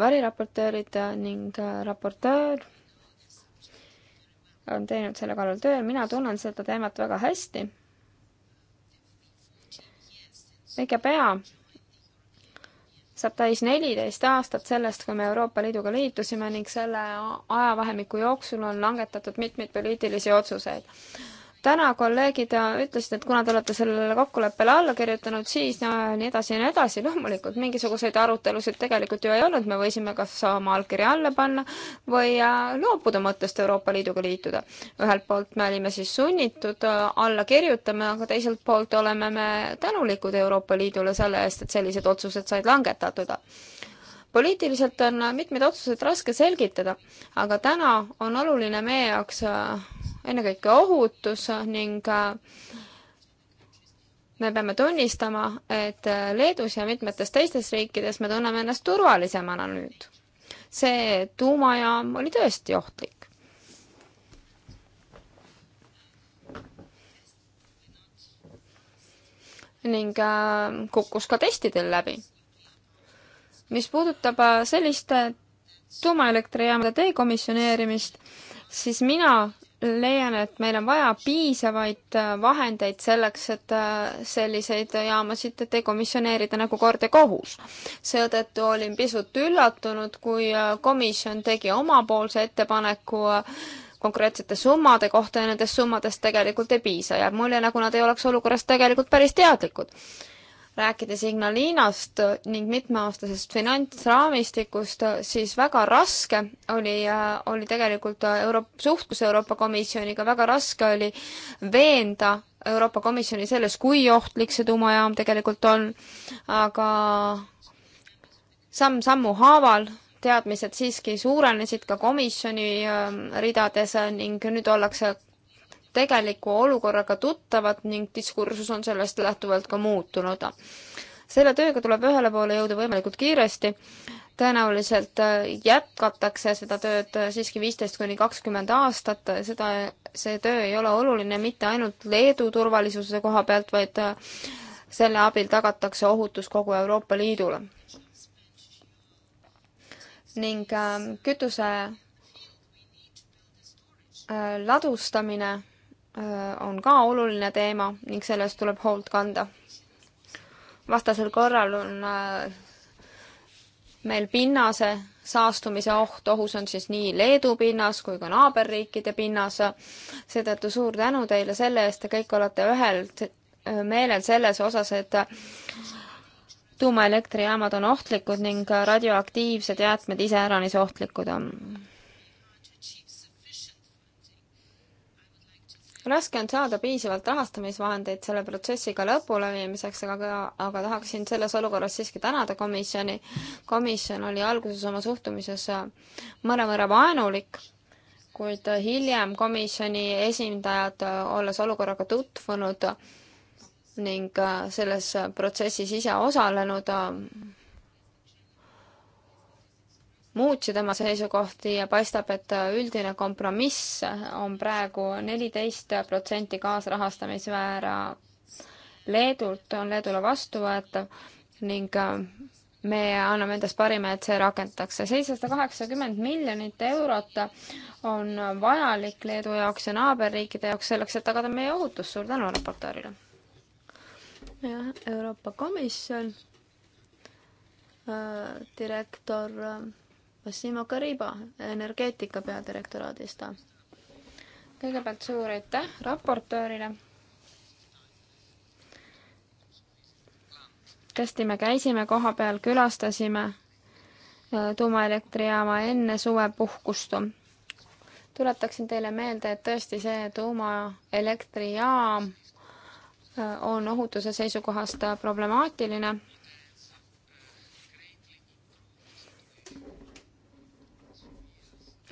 variraportöörid ning raportöör on teinud selle kallal töö, mina tunnen seda teemat väga hästi. õige pea saab täis neliteist aastat sellest, kui me Euroopa Liiduga liitusime ning selle ajavahemiku jooksul on langetatud mitmeid poliitilisi otsuseid täna kolleegid äh, ütlesid, et kuna te olete sellele kokkuleppele alla kirjutanud, siis no, äh, nii edasi ja nii edasi, loomulikult mingisuguseid arutelusid tegelikult ju ei olnud, me võisime kas oma allkirja alla panna või äh, loobuda mõttest Euroopa Liiduga liituda. ühelt poolt me olime siis sunnitud alla kirjutama, aga teiselt poolt oleme me tänulikud Euroopa Liidule selle eest, et sellised otsused said langetatud poliitiliselt on mitmeid otsuseid raske selgitada, aga täna on oluline meie jaoks ennekõike ohutus ning äh, me peame tunnistama, et äh, Leedus ja mitmetes teistes riikides me tunneme ennast turvalisemana nüüd. see tuumajaam oli tõesti ohtlik. ning äh, kukkus ka testidel läbi. mis puudutab selliste tuumaelektrijaamade dekomisjoneerimist, siis mina leian, et meil on vaja piisavaid äh, vahendeid selleks, et äh, selliseid jaamasid dekomisjoneerida nagu kord ja kohus. seetõttu olin pisut üllatunud, kui äh, komisjon tegi omapoolse ettepaneku konkreetsete summade kohta ja nendest summadest tegelikult ei piisa, jääb mulje, nagu nad ei oleks olukorrast tegelikult päris teadlikud rääkides Ignalinast ning mitmeaastasest finantsraamistikust, siis väga raske oli, äh, oli tegelikult euro-, suhtlus Euroopa Komisjoniga, väga raske oli veenda Euroopa Komisjoni selles, kui ohtlik see tuumajaam tegelikult on, aga samm-sammu haaval teadmised siiski suurenesid ka komisjoni ähm, ridades ning nüüd ollakse tegeliku olukorraga tuttavad ning diskursus on sellest lähtuvalt ka muutunud. selle tööga tuleb ühele poole jõuda võimalikult kiiresti, tõenäoliselt äh, jätkatakse seda tööd äh, siiski viisteist kuni kakskümmend aastat, seda, see töö ei ole oluline mitte ainult Leedu turvalisuse koha pealt, vaid äh, selle abil tagatakse ohutus kogu Euroopa Liidule. ning ähm, kütuse ladustamine Äh, on ka oluline teema ning selle eest tuleb hoolt kanda. vastasel korral on äh, meil pinnase saastumise oht, ohus on siis nii Leedu pinnas kui ka naaberriikide pinnas. seetõttu suur tänu teile selle eest, te kõik olete ühel äh, meelel selles osas, et tuumaelektrijaamad on ohtlikud ning radioaktiivsed jäätmed iseäranis ohtlikud on raske on saada piisavalt rahastamisvahendeid selle protsessiga lõpule viimiseks, aga, aga tahaksin selles olukorras siiski tänada komisjoni. komisjon oli alguses oma suhtumises mõnevõrra vaenulik, kuid hiljem komisjoni esindajad, olles olukorraga tutvunud ning selles protsessis ise osalenud, muutsid oma seisukohti ja paistab, et üldine kompromiss on praegu neliteist protsenti kaasrahastamismäära Leedult, on Leedule vastuvõetav ning äh, me anname endast parima, et see rakendatakse. seitsesada kaheksakümmend miljonit eurot on vajalik Leedu jaoks ja naaberriikide jaoks selleks, et tagada meie ohutus. suur tänu raportöörile! jah, Euroopa Komisjon äh, direktor äh, Massimo Kariba energeetika peadirektoraadist. kõigepealt suur aitäh raportöörile. tõesti, me käisime koha peal, külastasime äh, tuumaelektrijaama enne suvepuhkust. tuletaksin teile meelde, et tõesti see tuumaelektrijaam äh, on ohutuse seisukohast problemaatiline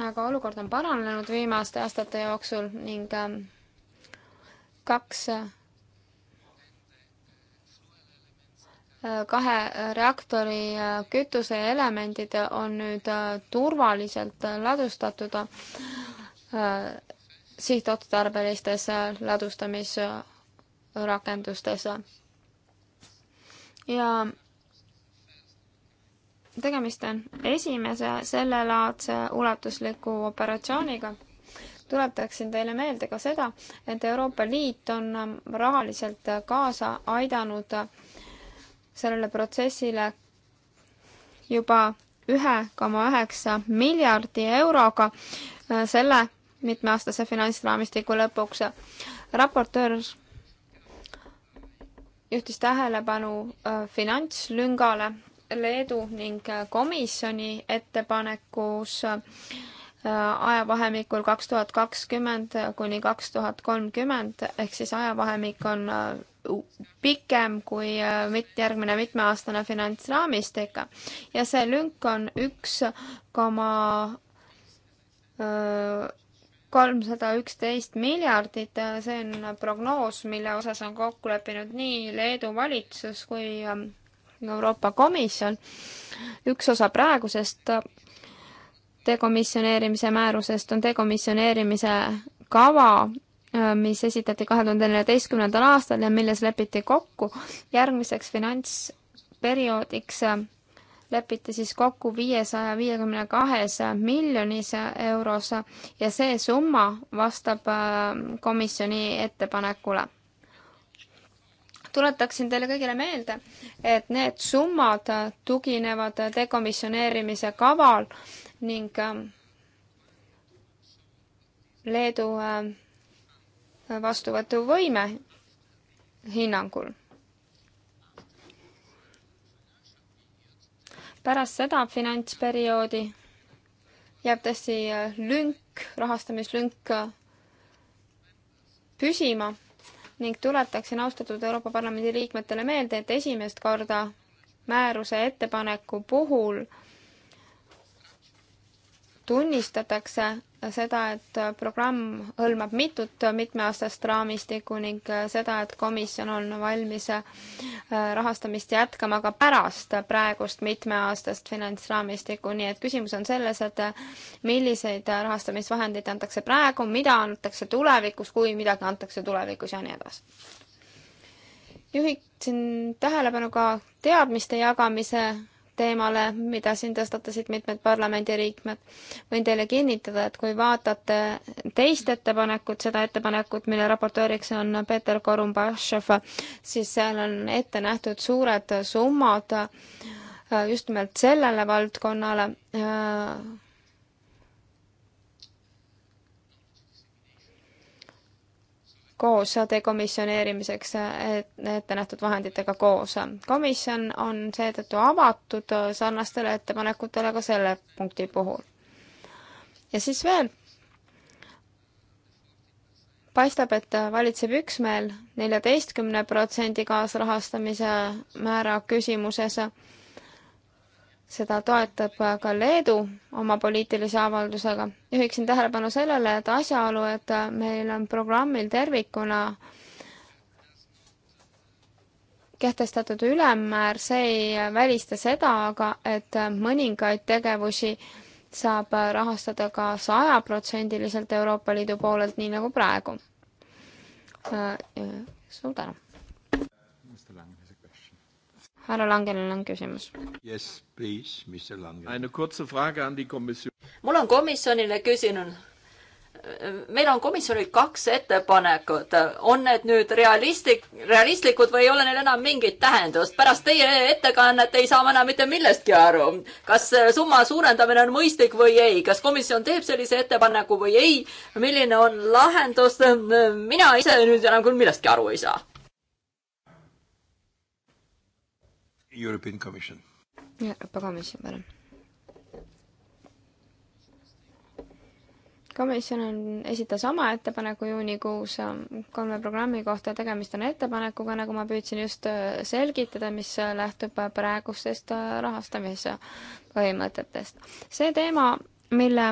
aga olukord on paranenud viimaste aastate jooksul ning ähm, kaks äh, kahe reaktori äh, kütuseelemendid on nüüd äh, turvaliselt ladustatud sihtotstarbelistes ladustamisrakendustes. ja tegemist on esimese sellelaadse ulatusliku operatsiooniga. tuletaksin teile meelde ka seda, et Euroopa Liit on ähm, rahaliselt kaasa aidanud sellele protsessile juba ühe koma üheksa miljardi euroga äh, selle mitmeaastase finantsraamistiku lõpuks. raportöör juhtis tähelepanu äh, finantslüngale Leedu ning äh, komisjoni ettepanekus äh, ajavahemikul kaks tuhat kakskümmend kuni kaks tuhat kolmkümmend, ehk siis ajavahemik on äh, pikem kui mit-, järgmine mitmeaastane finantsraamistik ja see lünk on üks koma kolmsada üksteist miljardit, see on prognoos, mille osas on kokku leppinud nii Leedu valitsus kui ähm, Euroopa Komisjon, üks osa praegusest dekomisjoneerimise määrusest on dekomisjoneerimise kava, mis esitati kahe tuhande neljateistkümnendal aastal ja milles lepiti kokku järgmiseks finantsperioodiks lepiti siis kokku viiesaja viiekümne kahes miljonis euros ja see summa vastab äh, komisjoni ettepanekule tuletaksin teile kõigile meelde, et need summad tuginevad dekomisjoneerimise kaval ning ähm, Leedu ähm, vastuvõtuvõime hinnangul. pärast seda finantsperioodi jääb tõesti äh, lünk, rahastamislünk äh, püsima ning tuletaksin austatud Euroopa Parlamendi liikmetele meelde, et esimest korda määruse ettepaneku puhul tunnistatakse seda, et programm hõlmab mitut mitmeaastast raamistikku ning seda, et komisjon on valmis äh, rahastamist jätkama ka pärast praegust mitmeaastast finantsraamistikku, nii et küsimus on selles, et milliseid rahastamisvahendeid antakse praegu, mida antakse tulevikus, kui midagi antakse tulevikus ja nii edasi. juhiksin tähelepanu ka teadmiste jagamise teemale, mida siin tõstatasid mitmed parlamendiliikmed. võin teile kinnitada, et kui vaatate teist ettepanekut, seda ettepanekut, mille raportööriks on Peeter Korumbašev, siis seal on ette nähtud suured summad äh, just nimelt sellele valdkonnale äh, koos dekomisjoneerimiseks ette nähtud vahenditega koos. komisjon on seetõttu avatud sarnastele ettepanekutele ka selle punkti puhul. ja siis veel, paistab, et valitseb üksmeel neljateistkümne protsendi kaasrahastamise määra küsimuses seda toetab ka Leedu oma poliitilise avaldusega. juhiksin tähelepanu sellele, et asjaolu, et meil on programmil tervikuna kehtestatud ülemmäär, see ei välista seda aga, et mõningaid tegevusi saab rahastada ka sajaprotsendiliselt Euroopa Liidu poolelt, nii nagu praegu. Äh, suur tänu! härra Langenil on küsimus. Yes, please, Mr Langen. mul on komisjonile küsinud meil on komisjonil kaks ettepanekut, on need nüüd realistlik, realistlikud või ei ole neil enam mingit tähendust. pärast teie ettekannet ei saa ma enam mitte millestki aru. kas summa suurendamine on mõistlik või ei, kas komisjon teeb sellise ettepaneku või ei, milline on lahendus? mina ise nüüd enam küll millestki aru ei saa. European Commission. Euroopa Komisjon, palun. komisjon on, esitas oma ettepaneku juunikuus ähm, kolme programmi kohta, tegemist on ettepanekuga, nagu ma püüdsin just äh, selgitada, mis lähtub äh, praegustest äh, rahastamise põhimõtetest. see teema, mille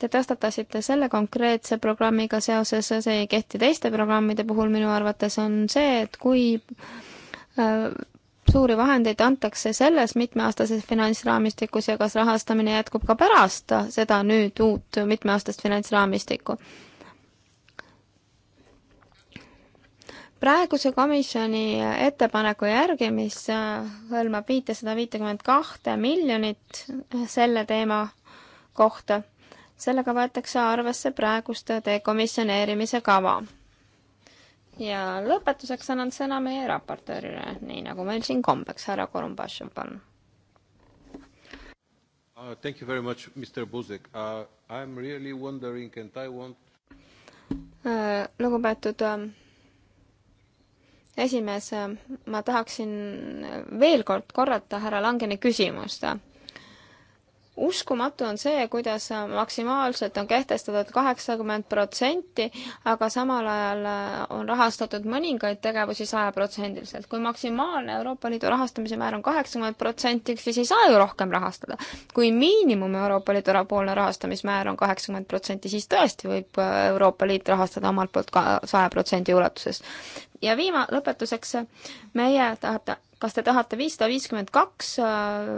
te tõstatasite selle konkreetse programmiga seoses, see ei kehti teiste programmide puhul minu arvates, on see, et kui suuri vahendeid antakse selles mitmeaastases finantsraamistikus ja kas rahastamine jätkub ka pärast seda nüüd uut mitmeaastast finantsraamistikku? praeguse komisjoni ettepaneku järgi, mis äh, hõlmab viitesada viitekümmet kahte miljonit äh, selle teema kohta, sellega võetakse arvesse praegust dekomisjoneerimise kava ja lõpetuseks annan sõna meie raportöörile, nii nagu meil siin kombeks, härra Korumbašov, palun uh,. Thank you very much, Mr Buzek uh,. I am really wondering and I want uh,. lugupeetud um, uh, esimees, ma tahaksin veel kord korrata härra Langeni küsimust uskumatu on see, kuidas maksimaalselt on kehtestatud kaheksakümmend protsenti, aga samal ajal äh, on rahastatud mõningaid tegevusi sajaprotsendiliselt. kui maksimaalne Euroopa Liidu rahastamise määr on kaheksakümmend protsenti, siis ei saa ju rohkem rahastada. kui miinimum Euroopa Liidu poolne rahastamismäär on kaheksakümmend protsenti, siis tõesti võib äh, Euroopa Liit rahastada omalt poolt ka saja protsendi ulatuses. ja viima-, lõpetuseks äh, meie tahab ta kas te tahate viissada viiskümmend kaks, äh,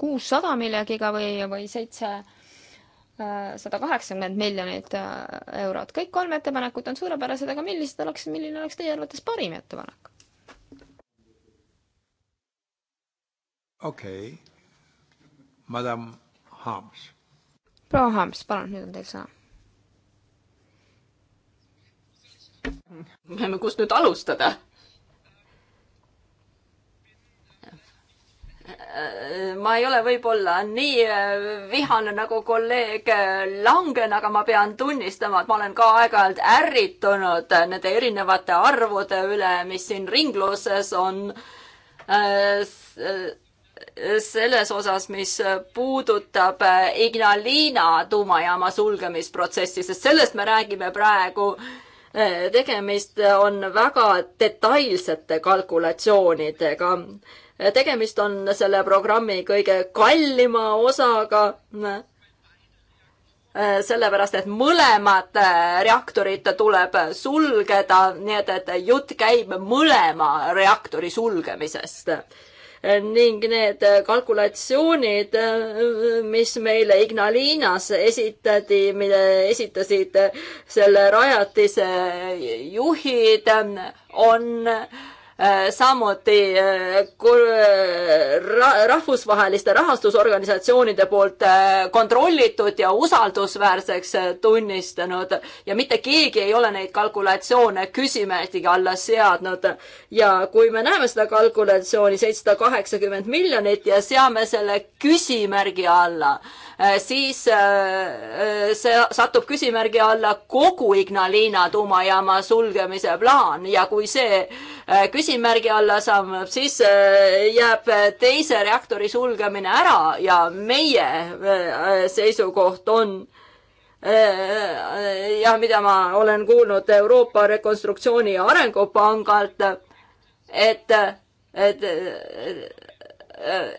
kuussada millegagi või, või seitse äh, sada kaheksakümmend miljonit äh, eurot, kõik kolm ettepanekut on suurepärased, aga millised oleks, milline oleks teie arvates parim ettepanek? okei okay., madam Harms. proua Harms, palun, nüüd on teil sõna. me peame, kust nüüd alustada ma ei ole võib-olla nii äh, vihane nagu kolleeg äh, Langen, aga ma pean tunnistama, et ma olen ka aeg-ajalt ärritunud nende erinevate arvude üle, mis siin ringluses on äh, selles osas, mis puudutab Ignalina tuumajaama sulgemisprotsessi, sest sellest me räägime praegu. tegemist on väga detailsete kalkulatsioonidega tegemist on selle programmi kõige kallima osaga sellepärast, et mõlemad reaktorid tuleb sulgeda, nii et, et jutt käib mõlema reaktori sulgemisest. ning need kalkulatsioonid, mis meile Ignalinas esitati, mille esitasid selle rajatise juhid, on äh, Äh, samuti äh, äh, rahvusvaheliste rahastusorganisatsioonide poolt kontrollitud ja usaldusväärseks tunnistanud ja mitte keegi ei ole neid kalkulatsioone küsimärgiga alla seadnud. ja kui me näeme seda kalkulatsiooni seitsesada kaheksakümmend miljonit ja seame selle küsimärgi alla, siis see satub küsimärgi alla kogu Ignalina tuumajaama sulgemise plaan ja kui see Äh, küsimärgi alla saab, siis äh, jääb äh, teise reaktori sulgemine ära ja meie seisukoht on jah, mida ma olen kuulnud Euroopa Rekonstruktsiooni ja Arengupangalt, et, et,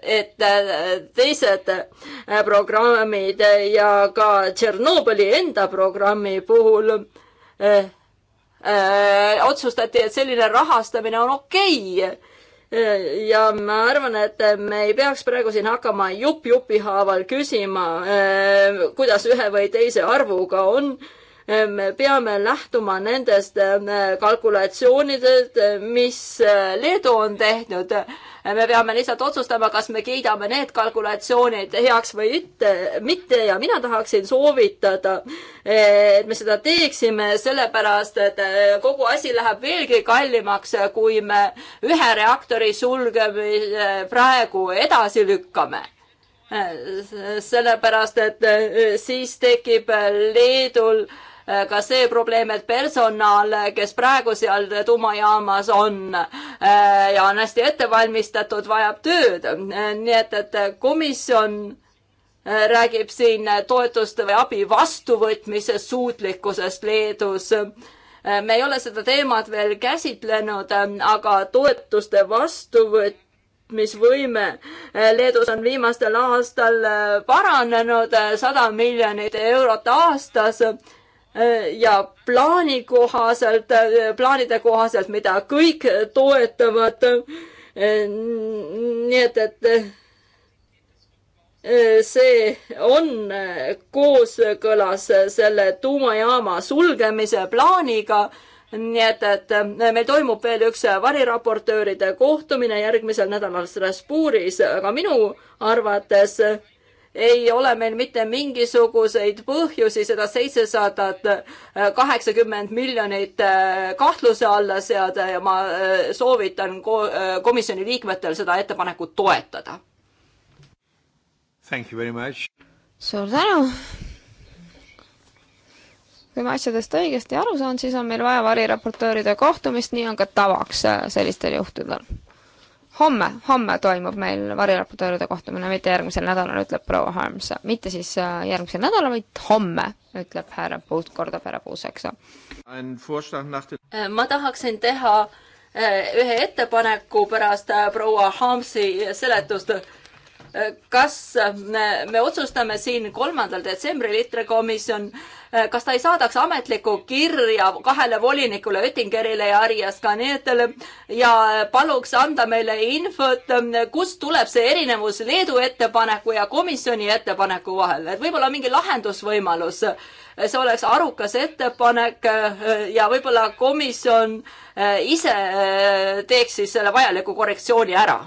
et et teised programmid ja ka Tšernobõli enda programmi puhul Äh, otsustati, et selline rahastamine on okei okay äh, ja ma arvan, et me ei peaks praegu siin hakkama jupp jupi haaval küsima, äh, kuidas ühe või teise arvuga on. me peame lähtuma nendest kalkulatsioonidest, mis Leedu on tehtud me peame lihtsalt otsustama, kas me kiidame need kalkulatsioonid heaks või mitte, mitte ja mina tahaksin soovitada, et me seda teeksime, sellepärast et kogu asi läheb veelgi kallimaks, kui me ühe reaktori sulgemise praegu edasi lükkame sellepärast, et siis tekib Leedul äh, Äh, ka see probleem, et personal, kes praegu seal tuumajaamas on äh, ja on hästi ettevalmistatud, vajab tööd. Äh, nii et, et komisjon räägib siin toetuste või abi vastuvõtmise suutlikkusest Leedus me ei ole seda teemat veel käsitlenud, aga toetuste vastuvõtmisvõime Leedus on viimastel aastal paranenud sada miljonit eurot aastas Äh, ja plaani kohaselt, äh, plaanide kohaselt, mida kõik toetavad. Äh, nii et, et see on kooskõlas selle tuumajaama sulgemise plaaniga. nii et, et meil toimub veel üks variraportööride kohtumine järgmisel nädalal Strasbourgis, aga minu arvates ei ole meil mitte mingisuguseid põhjusi seda seitsesadat äh, kaheksakümmend miljonit äh, kahtluse alla seada ja ma äh, soovitan komisjoni liikmetel seda ettepanekut toetada. suur tänu. kui ma asjadest õigesti aru saan, siis on meil vaja variraportööride kohtumist, nii on ka tavaks sellistel juhtudel homme, homme toimub meil variraportööride kohtumine, mitte järgmisel nädalal, ütleb proua Harms. mitte siis äh, järgmisel nädalal, vaid homme, ütleb härra Puut, kordab härra Puuseks. Äh, ma tahaksin teha äh, ühe ettepaneku pärast proua Harmsi seletust kas me, me otsustame siin kolmandal detsembril ITRE komisjon, kas ta ei saadaks ametlikku kirja kahele volinikule, Oettingerile ja Arias Kanetele ja paluks anda meile infot, kust tuleb see erinevus Leedu ettepaneku ja komisjoni ettepaneku vahel, et võib-olla mingi lahendusvõimalus see oleks arukas ettepanek ja võib-olla komisjon ise teeks siis selle vajaliku korrektsiooni ära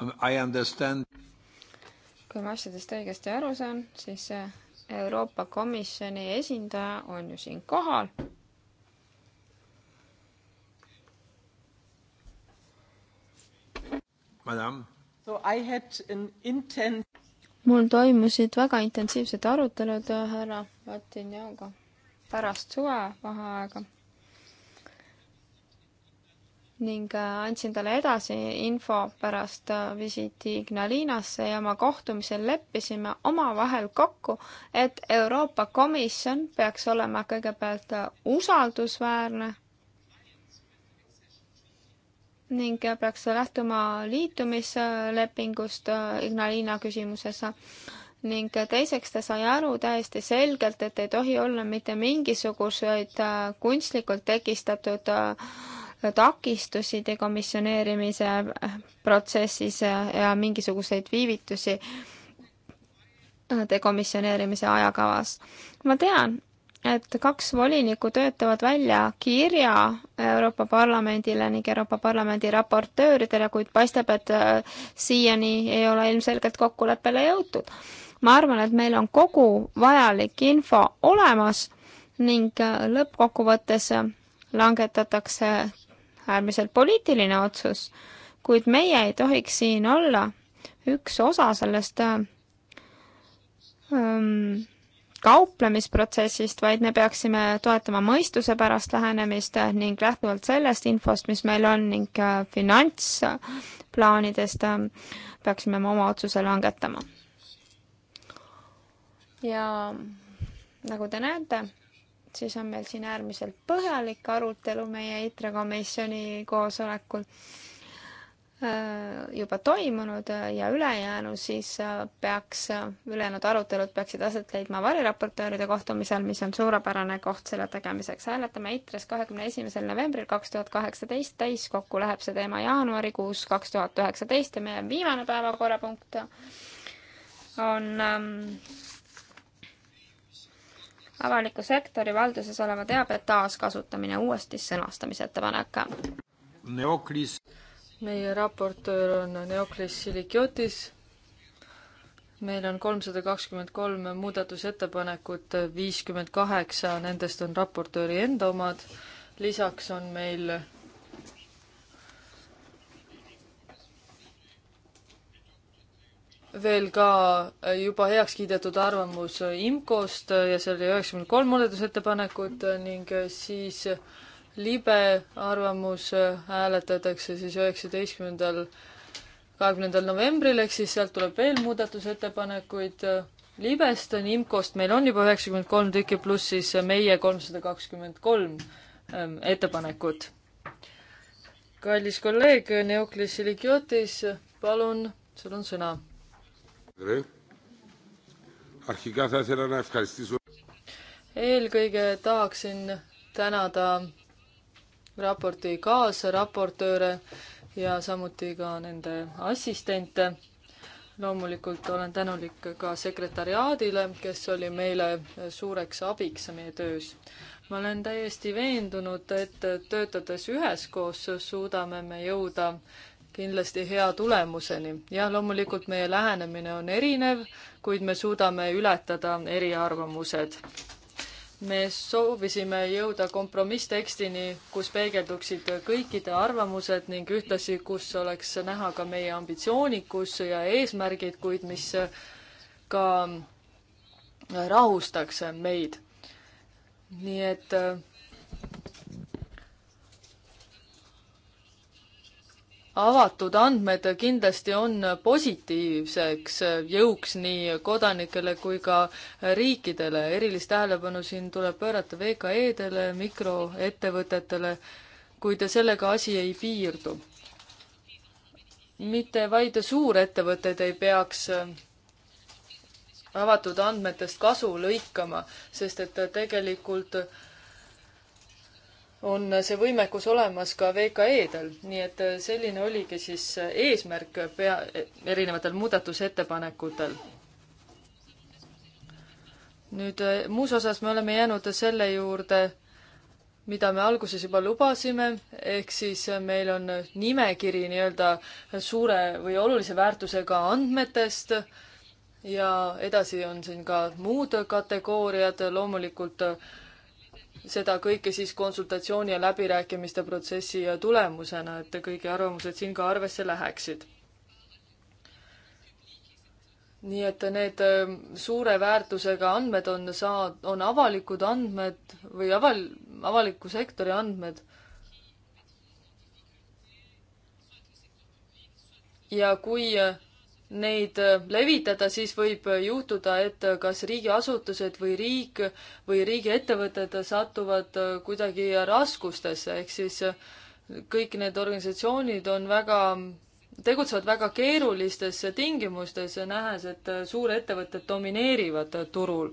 kui ma asjadest õigesti aru saan, siis äh, Euroopa Komisjoni esindaja on ju siin kohal. Madame. mul toimusid väga intensiivsed arutelud äh, härra Martin Jaoga pärast suvevaheaega ning äh, andsin talle edasi info pärast äh, visiiti Ignalinasse ja oma kohtumisel leppisime omavahel kokku, et Euroopa Komisjon peaks olema kõigepealt äh, usaldusväärne ning peaks lähtuma liitumislepingust Ignalina küsimuses ning teiseks ta sai aru täiesti selgelt, et ei tohi olla mitte mingisuguseid kunstlikult tekistatud takistusi dekomisjoneerimise protsessis ja mingisuguseid viivitusi dekomisjoneerimise ajakavas. ma tean, et kaks volinikku töötavad välja kirja Euroopa Parlamendile ning Euroopa Parlamendi raportööridele, kuid paistab, et äh, siiani ei ole ilmselgelt kokkuleppele jõutud. ma arvan, et meil on kogu vajalik info olemas ning äh, lõppkokkuvõttes äh, langetatakse äärmiselt poliitiline otsus, kuid meie ei tohiks siin olla üks osa sellest ähm, kauplemisprotsessist, vaid me peaksime toetama mõistusepärast lähenemist ning lähtuvalt sellest infost, mis meil on ning äh, finantsplaanidest ähm, peaksime me oma otsuse langetama. ja nagu te näete, siis on meil siin äärmiselt põhjalik arutelu meie ITRE komisjoni koosolekul äh, juba toimunud ja ülejäänu siis äh, peaks, äh, ülejäänud arutelud peaksid aset leidma variraportööride kohtumisel, mis on suurepärane koht selle tegemiseks. hääletame ITRES kahekümne esimesel novembril kaks tuhat kaheksateist, täiskokku läheb see teema jaanuarikuus kaks tuhat üheksateist ja meie viimane päevakorrapunkt on ähm, avaliku sektori valduses oleva teabe taaskasutamine, uuesti sõnastamise ettepanek. Neoklis. meie raportöör on Neoklis Silikiotis. meil on kolmsada kakskümmend kolm muudatusettepanekut, viiskümmend kaheksa nendest on raportööri enda omad. lisaks on meil veel ka juba heaks kiidetud arvamus IMCO-st ja seal oli üheksakümmend kolm muudatusettepanekut ning siis libe arvamus hääletatakse siis üheksateistkümnendal, kahekümnendal novembril, ehk siis sealt tuleb veel muudatusettepanekuid libest, on IMCO-st, meil on juba üheksakümmend kolm tükki, pluss siis meie kolmsada kakskümmend kolm ähm, ettepanekut. kallis kolleeg Neoklis Ilikiotis, palun, sul on sõna eelkõige tahaksin tänada raporti kaasraportööre ja samuti ka nende assistente. loomulikult olen tänulik ka sekretariaadile, kes oli meile suureks abiks meie töös. ma olen täiesti veendunud, et töötades üheskoos, suudame me jõuda kindlasti hea tulemuseni. jah, loomulikult meie lähenemine on erinev, kuid me suudame ületada eriarvamused. me soovisime jõuda kompromisstekstini, kus peegelduksid kõikide arvamused ning ühtlasi, kus oleks näha ka meie ambitsioonikus ja eesmärgid, kuid mis ka rahustaks meid. nii et avatud andmed kindlasti on positiivseks jõuks nii kodanikele kui ka riikidele. erilist tähelepanu siin tuleb pöörata VKE-dele, mikroettevõtetele, kuid sellega asi ei piirdu. mitte vaid suurettevõtted ei peaks avatud andmetest kasu lõikama, sest et tegelikult äh, on see võimekus olemas ka VKE-del, nii et äh, selline oligi siis äh, eesmärk pea, erinevatel muudatusettepanekutel. nüüd äh, muus osas me oleme jäänud selle juurde, mida me alguses juba lubasime, ehk siis meil on nimekiri nii-öelda suure või olulise väärtusega andmetest ja edasi on siin ka muud kategooriad, loomulikult äh, seda kõike siis konsultatsiooni ja läbirääkimiste protsessi tulemusena, et kõigi arvamused siin ka arvesse läheksid. nii et need ähm, suure väärtusega andmed on saa-, on avalikud andmed või aval-, avaliku sektori andmed ja kui äh, neid äh, levitada, siis võib äh, juhtuda, et äh, kas riigiasutused või riik või riigiettevõtted satuvad kuidagi raskustesse, ehk siis kõik need organisatsioonid on väga, tegutsevad väga keerulistes tingimustes, nähes, et suurettevõtted domineerivad turul.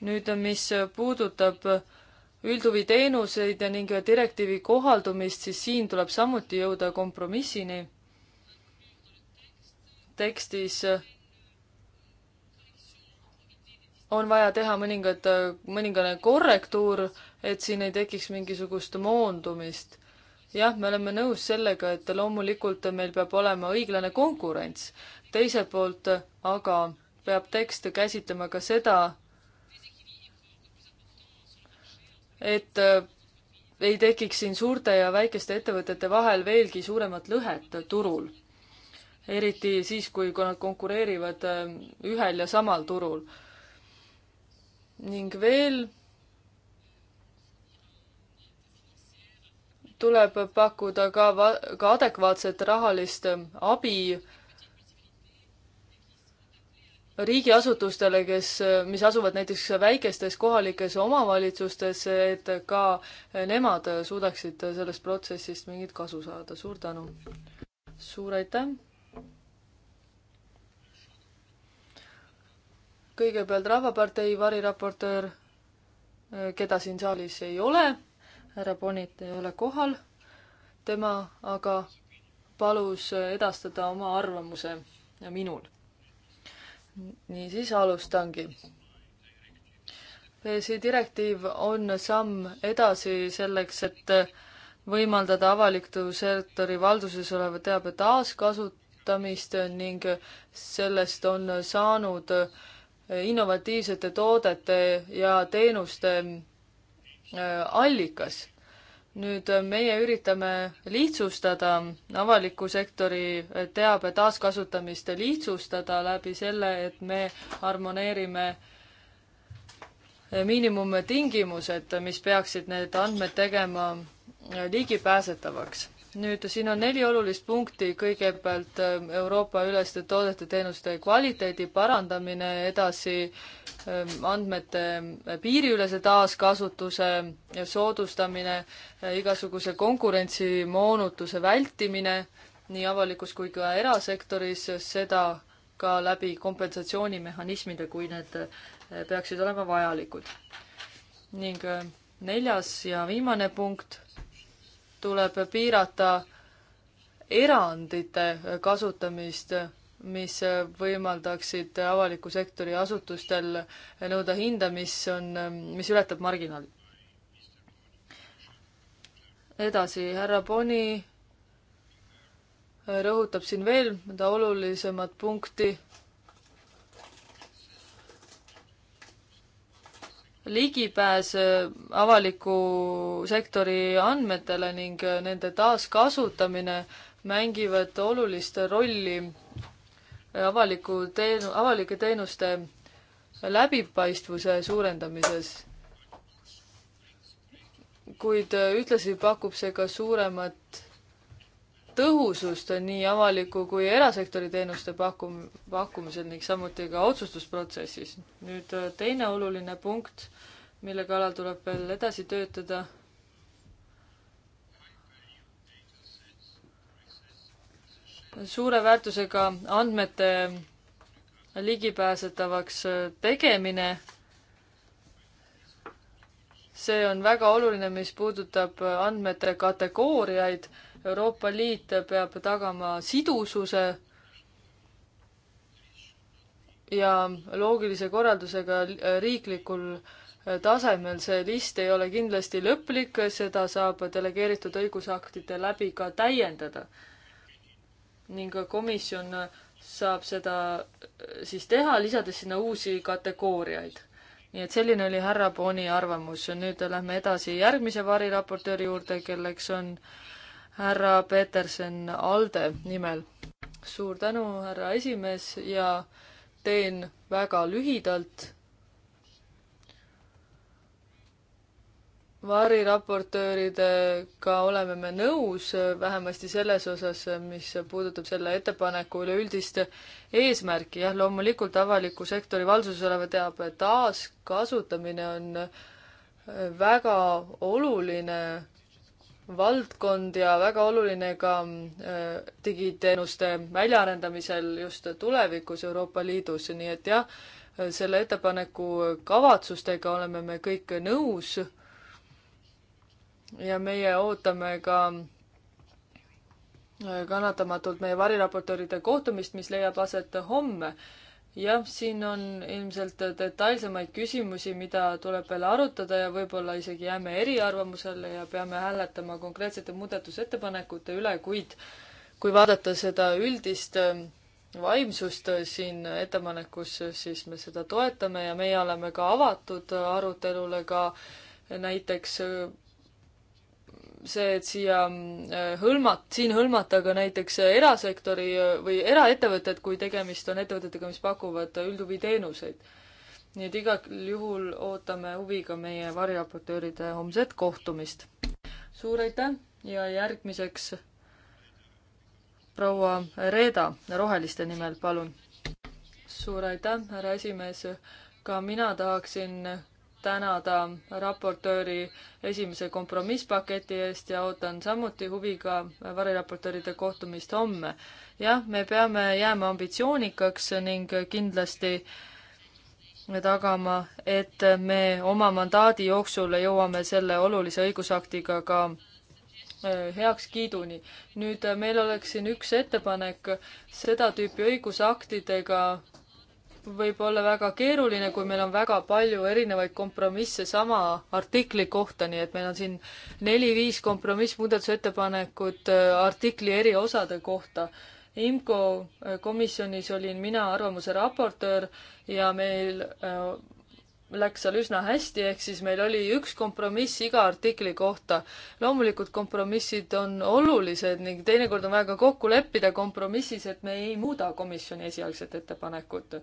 nüüd, mis puudutab üldhuviteenuseid ning direktiivi kohaldumist, siis siin tuleb samuti jõuda kompromissini tekstis eh, on vaja teha mõningad, eh, mõningane korrektuur, et siin ei tekiks mingisugust moondumist. jah, me oleme nõus sellega, et loomulikult meil peab olema õiglane konkurents. teiselt poolt aga peab tekst käsitlema ka seda, et eh, ei tekiks siin suurte ja väikeste ettevõtete vahel veelgi suuremat lõhet turul eriti siis, kui nad konkureerivad äh, ühel ja samal turul. ning veel tuleb pakkuda ka, ka adekvaatset rahalist äh, abi riigiasutustele, kes, äh, mis asuvad näiteks väikestes kohalikes omavalitsustes, et ka nemad suudaksid sellest protsessist mingit kasu saada. suur tänu! suur aitäh! kõigepealt Rahvapartei variraportöör, keda siin saalis ei ole, härra Bonit ei ole kohal, tema aga palus edastada oma arvamuse minul. niisiis alustangi. see direktiiv on samm edasi selleks, et võimaldada avaliku sektori valduses oleva teabe taaskasutamist ning sellest on saanud äh, innovatiivsete toodete ja teenuste äh, allikas. nüüd äh, meie üritame lihtsustada avaliku sektori äh, teabe taaskasutamist, lihtsustada läbi selle, et me harmoneerime miinimumtingimused, mis peaksid need andmed tegema ligipääsetavaks nüüd siin on neli olulist punkti, kõigepealt ähm, Euroopa-üleste toodete teenuste kvaliteedi parandamine, edasi ähm, andmete äh, piiriülese taaskasutuse äh, soodustamine, äh, igasuguse konkurentsimoonutuse vältimine nii avalikus kui ka erasektoris, seda ka läbi kompensatsioonimehhanismide, kui need peaksid olema vajalikud. ning neljas ja viimane punkt tuleb piirata erandite kasutamist, mis võimaldaksid avaliku sektori asutustel nõuda hinda, mis on, mis ületab marginaali. edasi, härra Boni rõhutab siin veel mõnda olulisemat punkti ligipääs äh, avaliku sektori andmetele ning äh, nende taaskasutamine mängivad olulist rolli äh, avaliku teen-, avalike teenuste läbipaistvuse suurendamises. kuid ühtlasi pakub see ka suuremat tõhusust nii avaliku kui erasektori teenuste pakum-, pakkumisel ning samuti ka otsustusprotsessis. nüüd äh, teine oluline punkt, mille kallal tuleb veel edasi töötada, suure väärtusega andmete ligipääsetavaks äh, tegemine see on väga oluline, mis puudutab äh, andmete kategooriaid Euroopa Liit peab tagama sidususe ja loogilise korraldusega riiklikul tasemel. see list ei ole kindlasti lõplik, seda saab delegeeritud õigusaktide läbi ka täiendada. ning komisjon saab seda siis teha, lisades sinna uusi kategooriaid nii et selline oli härra Boni arvamus. nüüd lähme edasi järgmise variraportööri juurde, kelleks on härra Peterson ALDE nimel. suur tänu, härra esimees ja teen väga lühidalt. variraportööridega oleme me nõus, vähemasti selles osas, mis puudutab selle ettepaneku üleüldist eesmärki. jah, loomulikult avaliku sektori valduses oleva teabe taaskasutamine on väga oluline valdkond ja väga oluline ka äh, digiteenuste väljaarendamisel just tulevikus Euroopa Liidus, nii et jah, selle ettepaneku kavatsustega oleme me kõik nõus. ja meie ootame ka äh, kannatamatult meie variraportööride kohtumist, mis leiab aset homme jah, siin on ilmselt detailsemaid küsimusi, mida tuleb veel arutada ja võib-olla isegi jääme eriarvamusele ja peame hääletama konkreetsete muudatusettepanekute üle, kuid kui vaadata seda üldist ähm, vaimsust äh, siin ettepanekus, äh, siis me seda toetame ja meie oleme ka avatud arutelule ka näiteks äh, see, et siia äh, hõlmat-, siin hõlmata ka näiteks erasektori äh, või eraettevõtted, kui tegemist on ettevõtetega, mis pakuvad üldhuviteenuseid. nii et igal juhul ootame huviga meie variraportööride homset kohtumist. suur aitäh ja järgmiseks proua Reeda Roheliste nimel, palun. suur aitäh, härra esimees. ka mina tahaksin tänada raportööri esimese kompromisspaketi eest ja ootan samuti huviga variraportööride kohtumist homme. jah, me peame jääma ambitsioonikaks ning kindlasti tagama, et me oma mandaadi jooksul jõuame selle olulise õigusaktiga ka äh, heakskiiduni. nüüd äh, meil oleks siin üks ettepanek seda tüüpi õigusaktidega võib olla väga keeruline, kui meil on väga palju erinevaid kompromisse sama artikli kohta, nii et meil on siin neli-viis kompromissmuudatusettepanekut äh, artikli eri osade kohta. IMCO äh, komisjonis olin mina arvamuse raportöör ja meil äh, läks seal üsna hästi, ehk siis meil oli üks kompromiss iga artikli kohta. loomulikult kompromissid on olulised ning teinekord on vaja ka kokku leppida kompromissis, et me ei muuda komisjoni esialgset ettepanekut.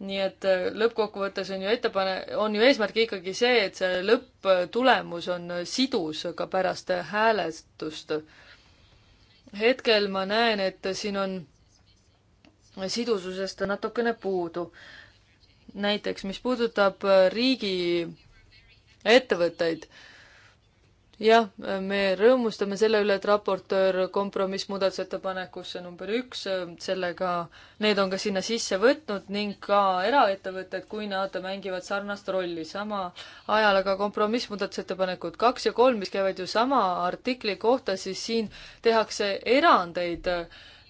nii et äh, lõppkokkuvõttes on ju ettepane-, on ju eesmärk ikkagi see, et see lõpptulemus on sidus ka pärast hääletust. hetkel ma näen, et siin on sidususest natukene puudu näiteks, mis puudutab äh, riigi ettevõtteid. jah, äh, me rõõmustame selle üle, et raportöör kompromissmuudatusettepanekusse number üks äh, sellega, need on ka sinna sisse võtnud ning ka eraettevõtted, kui nad mängivad sarnast rolli, sama ajal aga kompromissmuudatusettepanekud kaks ja kolm, mis käivad ju sama artikli kohta, siis siin tehakse erandeid äh,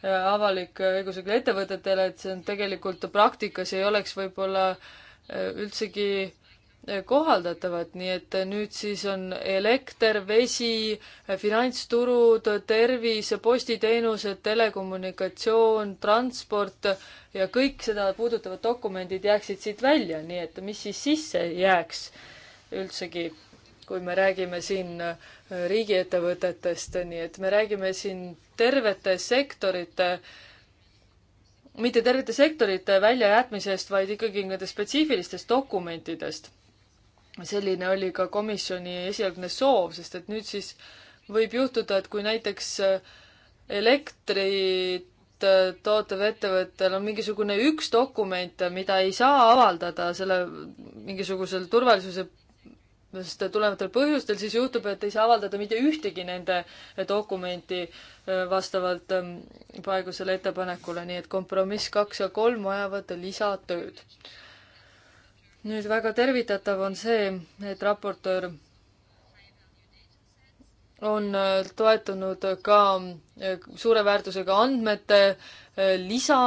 avalik-õiguslikele ettevõtetele, et see on tegelikult praktikas ei oleks võib-olla äh, üldsegi äh, kohaldatavad, nii et nüüd siis on elekter, vesi, äh, finantsturud, tervis, postiteenused, telekommunikatsioon, transport ja kõik seda puudutavad dokumendid jääksid siit välja, nii et mis siis sisse jääks üldsegi kui me räägime siin äh, riigiettevõtetest, nii et me räägime siin tervete sektorite mitte tervete sektorite väljajätmisest, vaid ikkagi nende spetsiifilistest dokumentidest. selline oli ka komisjoni esialgne soov, sest et nüüd siis võib juhtuda, et kui näiteks äh, elektrit äh, tootev ettevõttel on mingisugune üks dokument, mida ei saa avaldada selle mingisugusel turvalisuse sest tulevatel põhjustel siis juhtub, et ei saa avaldada mitte ühtegi nende dokumenti äh, vastavalt ähm, praegusele ettepanekule, nii et kompromiss kaks ja kolm vajavad lisatööd. nüüd väga tervitatav on see, et raportöör on äh, toetunud ka äh, suure väärtusega andmete lisa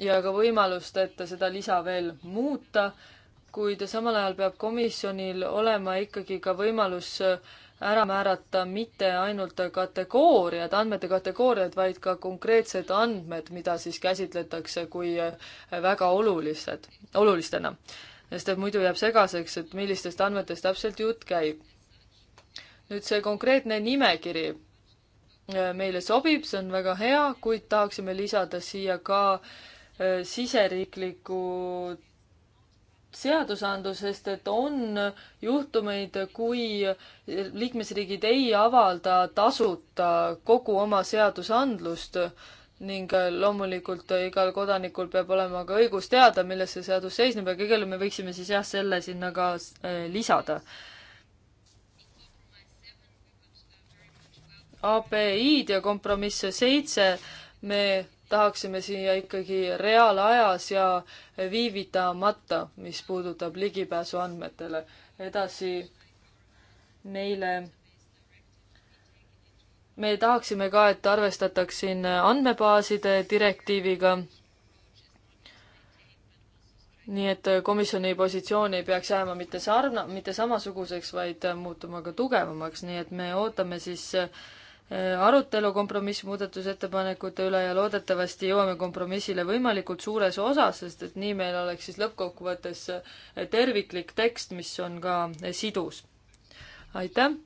ja ka võimalust, et seda lisa veel muuta kuid samal ajal peab komisjonil olema ikkagi ka võimalus äh, ära määrata mitte ainult kategooriad, andmete kategooriad, vaid ka konkreetsed andmed, mida siis käsitletakse kui äh, väga olulised, olulistena. sest et muidu jääb segaseks, et millistest andmetest täpselt jutt käib. nüüd see konkreetne nimekiri äh, meile sobib, see on väga hea, kuid tahaksime lisada siia ka siseriiklikud seadusandlusest, et on juhtumeid, kui liikmesriigid ei avalda tasuta kogu oma seadusandlust ning loomulikult igal kodanikul peab olema ka õigus teada, milles see seadus seisneb, aga igal juhul me võiksime siis jah, selle sinna ka eh, lisada. API-d ja kompromiss seitse me tahaksime siia ikkagi reaalajas ja viivitamata, mis puudutab ligipääsu andmetele. edasi meile, me tahaksime ka, et arvestataks siin andmebaaside direktiiviga. nii et komisjoni positsioon ei peaks jääma mitte sarna-, mitte samasuguseks, vaid muutuma ka tugevamaks, nii et me ootame siis äh, Äh, arutelu kompromissmuudatusettepanekute üle ja loodetavasti jõuame kompromissile võimalikult suures osas, sest et nii meil oleks siis lõppkokkuvõttes äh, terviklik tekst, mis on ka äh, sidus. aitäh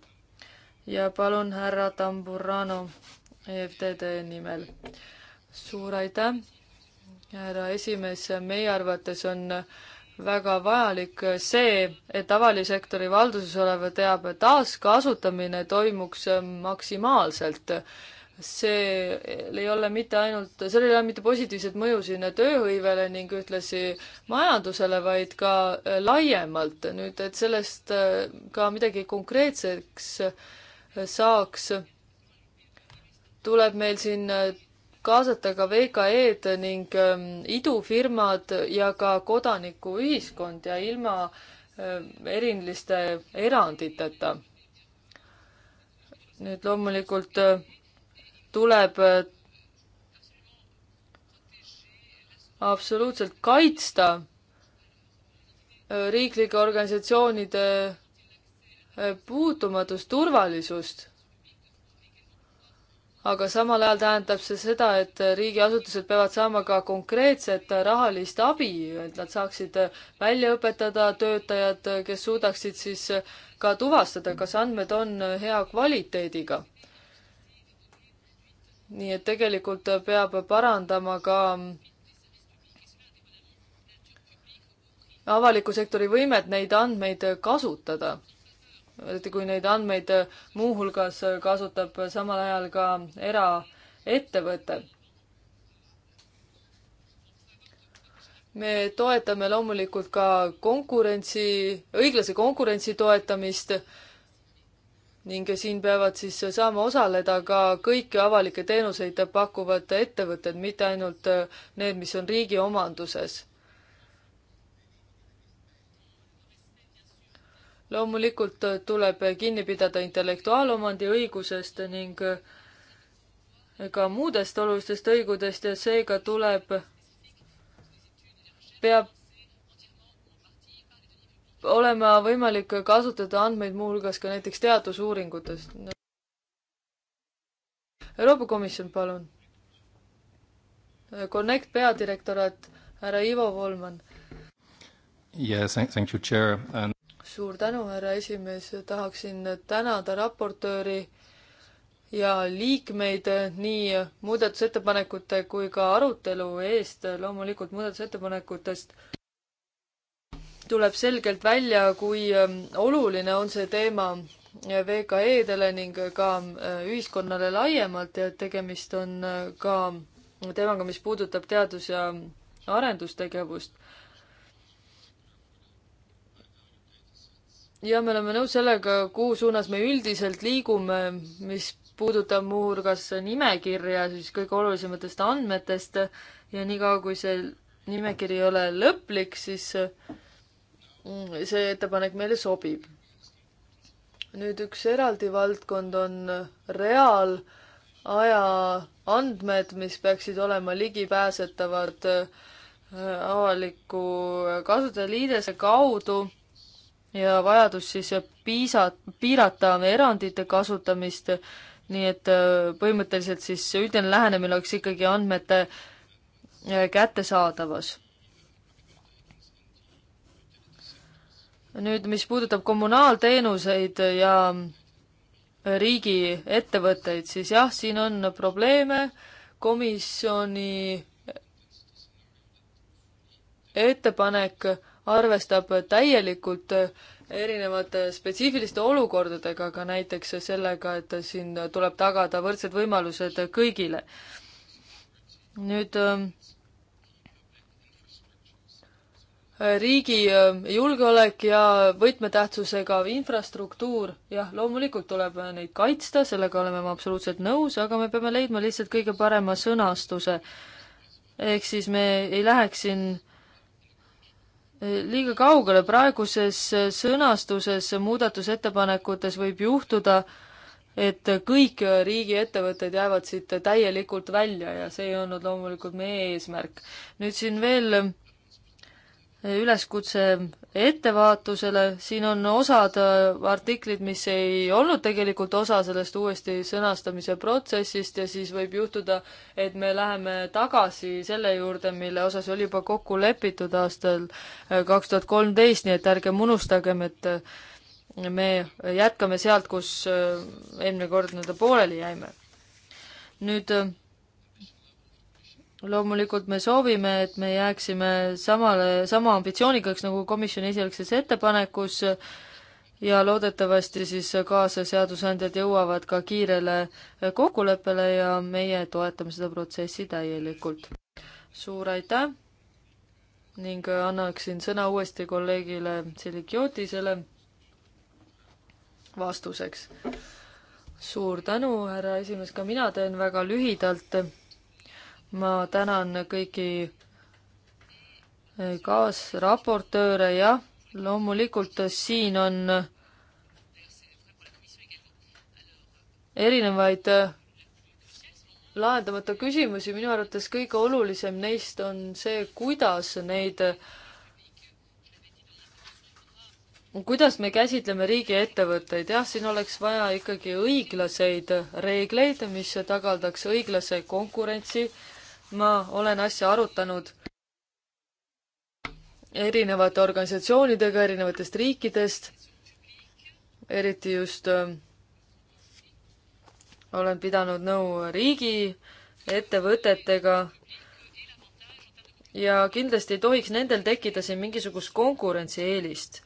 ja palun härra Tamburano EFTD nimel. suur aitäh, härra esimees, meie arvates on äh, väga vajalik see, et avalisektori valduses oleva teabe taaskasutamine toimuks maksimaalselt. see ei ole mitte ainult, sellel ei ole mitte positiivset mõju sinna tööhõivele ning ühtlasi majandusele, vaid ka laiemalt. nüüd, et sellest äh, ka midagi konkreetseks saaks, tuleb meil siin kaasata ka VKE-d ning ähm, idufirmad ja ka kodanikuühiskond ja ilma ähm, eriliste eranditeta. nüüd loomulikult äh, tuleb äh, absoluutselt kaitsta äh, riiklike organisatsioonide puutumatust, turvalisust aga samal ajal tähendab see seda, et riigiasutused peavad saama ka konkreetset rahalist abi, et nad saaksid välja õpetada töötajad, kes suudaksid siis ka tuvastada, kas andmed on hea kvaliteediga. nii et tegelikult peab parandama ka avaliku sektori võimet neid andmeid kasutada vaadati, kui neid andmeid äh, muuhulgas äh, kasutab samal ajal ka eraettevõte. me toetame loomulikult ka konkurentsi, õiglase konkurentsi toetamist ning siin peavad siis saama osaleda ka kõiki avalikke teenuseid pakkuvad ettevõtted, mitte ainult äh, need, mis on riigi omanduses loomulikult äh, tuleb kinni pidada intellektuaalomandi õigusest ning äh, ka muudest olulistest õigudest ja seega tuleb, peab olema võimalik kasutada andmeid muuhulgas ka näiteks teadusuuringutest. Euroopa Komisjon, palun. Connect peadirektorat, härra Ivo Volman. Yes, thank you, chair and suur tänu, härra esimees, tahaksin tänada raportööri ja liikmeid nii muudatusettepanekute kui ka arutelu eest. loomulikult muudatusettepanekutest tuleb selgelt välja, kui ähm, oluline on see teema VKE-dele ning ka äh, ühiskonnale laiemalt ja et tegemist on äh, ka teemaga, mis puudutab teadus- ja arendustegevust. ja me oleme nõus sellega, kuhu suunas me üldiselt liigume, mis puudutab muuhulgas nimekirja siis kõige olulisematest andmetest ja niikaua, kui see nimekiri ei ole lõplik, siis mm, see ettepanek meile sobib. nüüd üks eraldi valdkond on reaalaja andmed, mis peaksid olema ligipääsetavad äh, avaliku kasutajaliidese kaudu ja vajadus siis piisa, piirata erandite kasutamist, nii et äh, põhimõtteliselt siis üldine lähenemine oleks ikkagi andmete äh, kättesaadavus. nüüd, mis puudutab kommunaalteenuseid ja riigiettevõtteid, siis jah, siin on probleeme, komisjoni ettepanek arvestab täielikult äh, erinevate spetsiifiliste olukordadega, ka näiteks sellega, et siin tuleb tagada võrdsed võimalused kõigile. nüüd äh, riigi äh, julgeolek ja võtmetähtsusega infrastruktuur, jah, loomulikult tuleb neid kaitsta, sellega oleme me absoluutselt nõus, aga me peame leidma lihtsalt kõige parema sõnastuse. ehk siis me ei läheks siin äh, liiga kaugele, praeguses sõnastuses muudatusettepanekutes võib juhtuda, et kõik riigiettevõtted jäävad siit täielikult välja ja see ei olnud loomulikult meie eesmärk. nüüd siin veel üleskutse ettevaatusele, siin on osad äh, artiklid, mis ei olnud tegelikult osa sellest uuesti sõnastamise protsessist ja siis võib juhtuda, et me läheme tagasi selle juurde, mille osas oli juba kokku lepitud aastal äh, kaks tuhat kolmteist, nii et ärgem unustagem, et äh, me jätkame sealt, kus eelmine kord nii-öelda pooleli jäime. nüüd loomulikult me soovime, et me jääksime samale, sama ambitsioonikaks nagu komisjoni esialgses ettepanekus ja loodetavasti siis kaasseadusandjad jõuavad ka kiirele kokkuleppele ja meie toetame seda protsessi täielikult. suur aitäh ning annaksin sõna uuesti kolleegile Tselikiotisele vastuseks. suur tänu, härra esimees, ka mina teen väga lühidalt ma tänan kõiki eh, kaasraportööre, jah, loomulikult siin on erinevaid eh, lahendamata küsimusi, minu arvates kõige olulisem neist on see, kuidas neid, kuidas me käsitleme riigiettevõtteid, jah, siin oleks vaja ikkagi õiglaseid reegleid, mis tagaldaks õiglase konkurentsi äh, ma olen asja arutanud erinevate organisatsioonidega erinevatest riikidest, eriti just öö, äh, olen pidanud nõu riigi ettevõtetega ja kindlasti ei tohiks nendel tekkida siin mingisugust konkurentsieelist.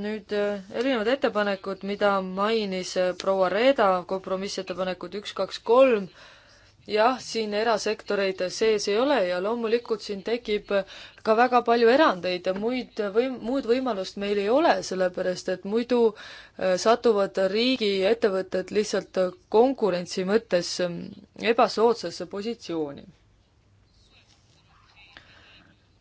nüüd äh, erinevad ettepanekud, mida mainis äh, proua Reeda, kompromissettepanekud üks, kaks, kolm, jah, siin erasektoreid sees ei ole ja loomulikult siin tekib ka väga palju erandeid ja muid või muud võimalust meil ei ole, sellepärast et muidu äh, satuvad riigiettevõtted lihtsalt konkurentsi mõttes ähm, ebasoodsasse positsiooni.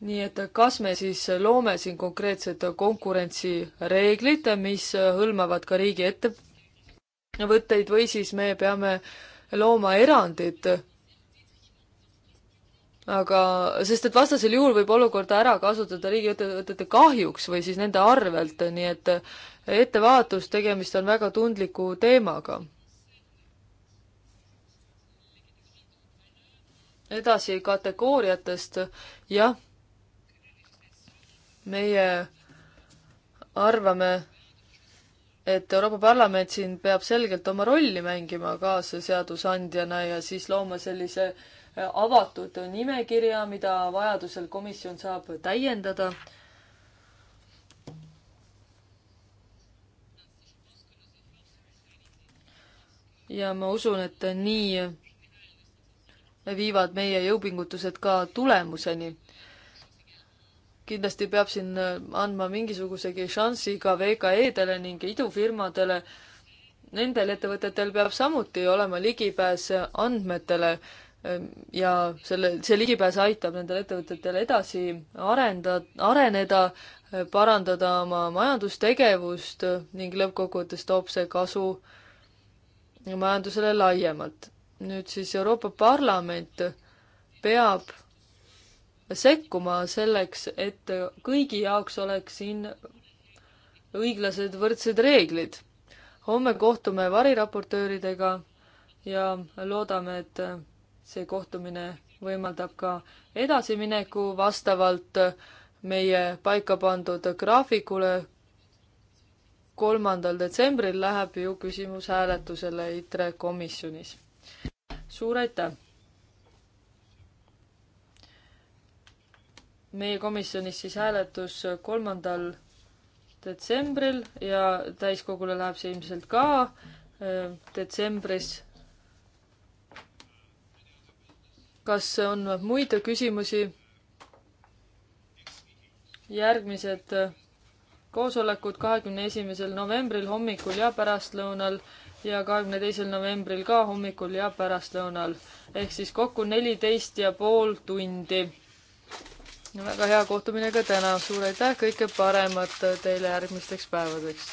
nii et kas me siis loome siin konkreetsed konkurentsireeglid, mis hõlmavad ka riigiettevõtteid või siis me peame äh, looma erandid. aga, sest et vastasel juhul võib olukorda ära kasutada riigiettevõtete kahjuks või siis nende arvelt, nii et ettevaatus, tegemist on väga tundliku teemaga. edasi kategooriatest, jah, meie arvame, et Euroopa Parlament siin peab selgelt oma rolli mängima kaasseadusandjana ja siis looma sellise äh, avatud nimekirja, mida vajadusel komisjon saab täiendada. ja ma usun, et nii viivad meie jõupingutused ka tulemuseni kindlasti peab siin äh, andma mingisugusegi šansi ka VKE-dele ning idufirmadele. Nendel ettevõtetel peab samuti olema ligipääs andmetele ähm, ja selle, see ligipääs aitab nendel ettevõtetel edasi arenda, areneda, äh, parandada oma majandustegevust äh, ning lõppkokkuvõttes toob see kasu majandusele laiemalt. nüüd siis Euroopa Parlament peab sekkuma selleks, et kõigi jaoks oleks siin õiglased võrdsed reeglid. homme kohtume variraportööridega ja loodame, et see kohtumine võimaldab ka edasimineku vastavalt meie paika pandud graafikule. kolmandal detsembril läheb ju küsimus hääletusele ITRE komisjonis. suur aitäh! meie komisjonis siis hääletus kolmandal detsembril ja täiskogule läheb see ilmselt ka äh, detsembris. kas on muid küsimusi? järgmised äh, koosolekud kahekümne esimesel novembril hommikul ja pärastlõunal ja kahekümne teisel novembril ka hommikul ja pärastlõunal ehk siis kokku neliteist ja pool tundi väga hea kohtumine ka täna, suur aitäh, kõike paremat teile järgmisteks päevadeks!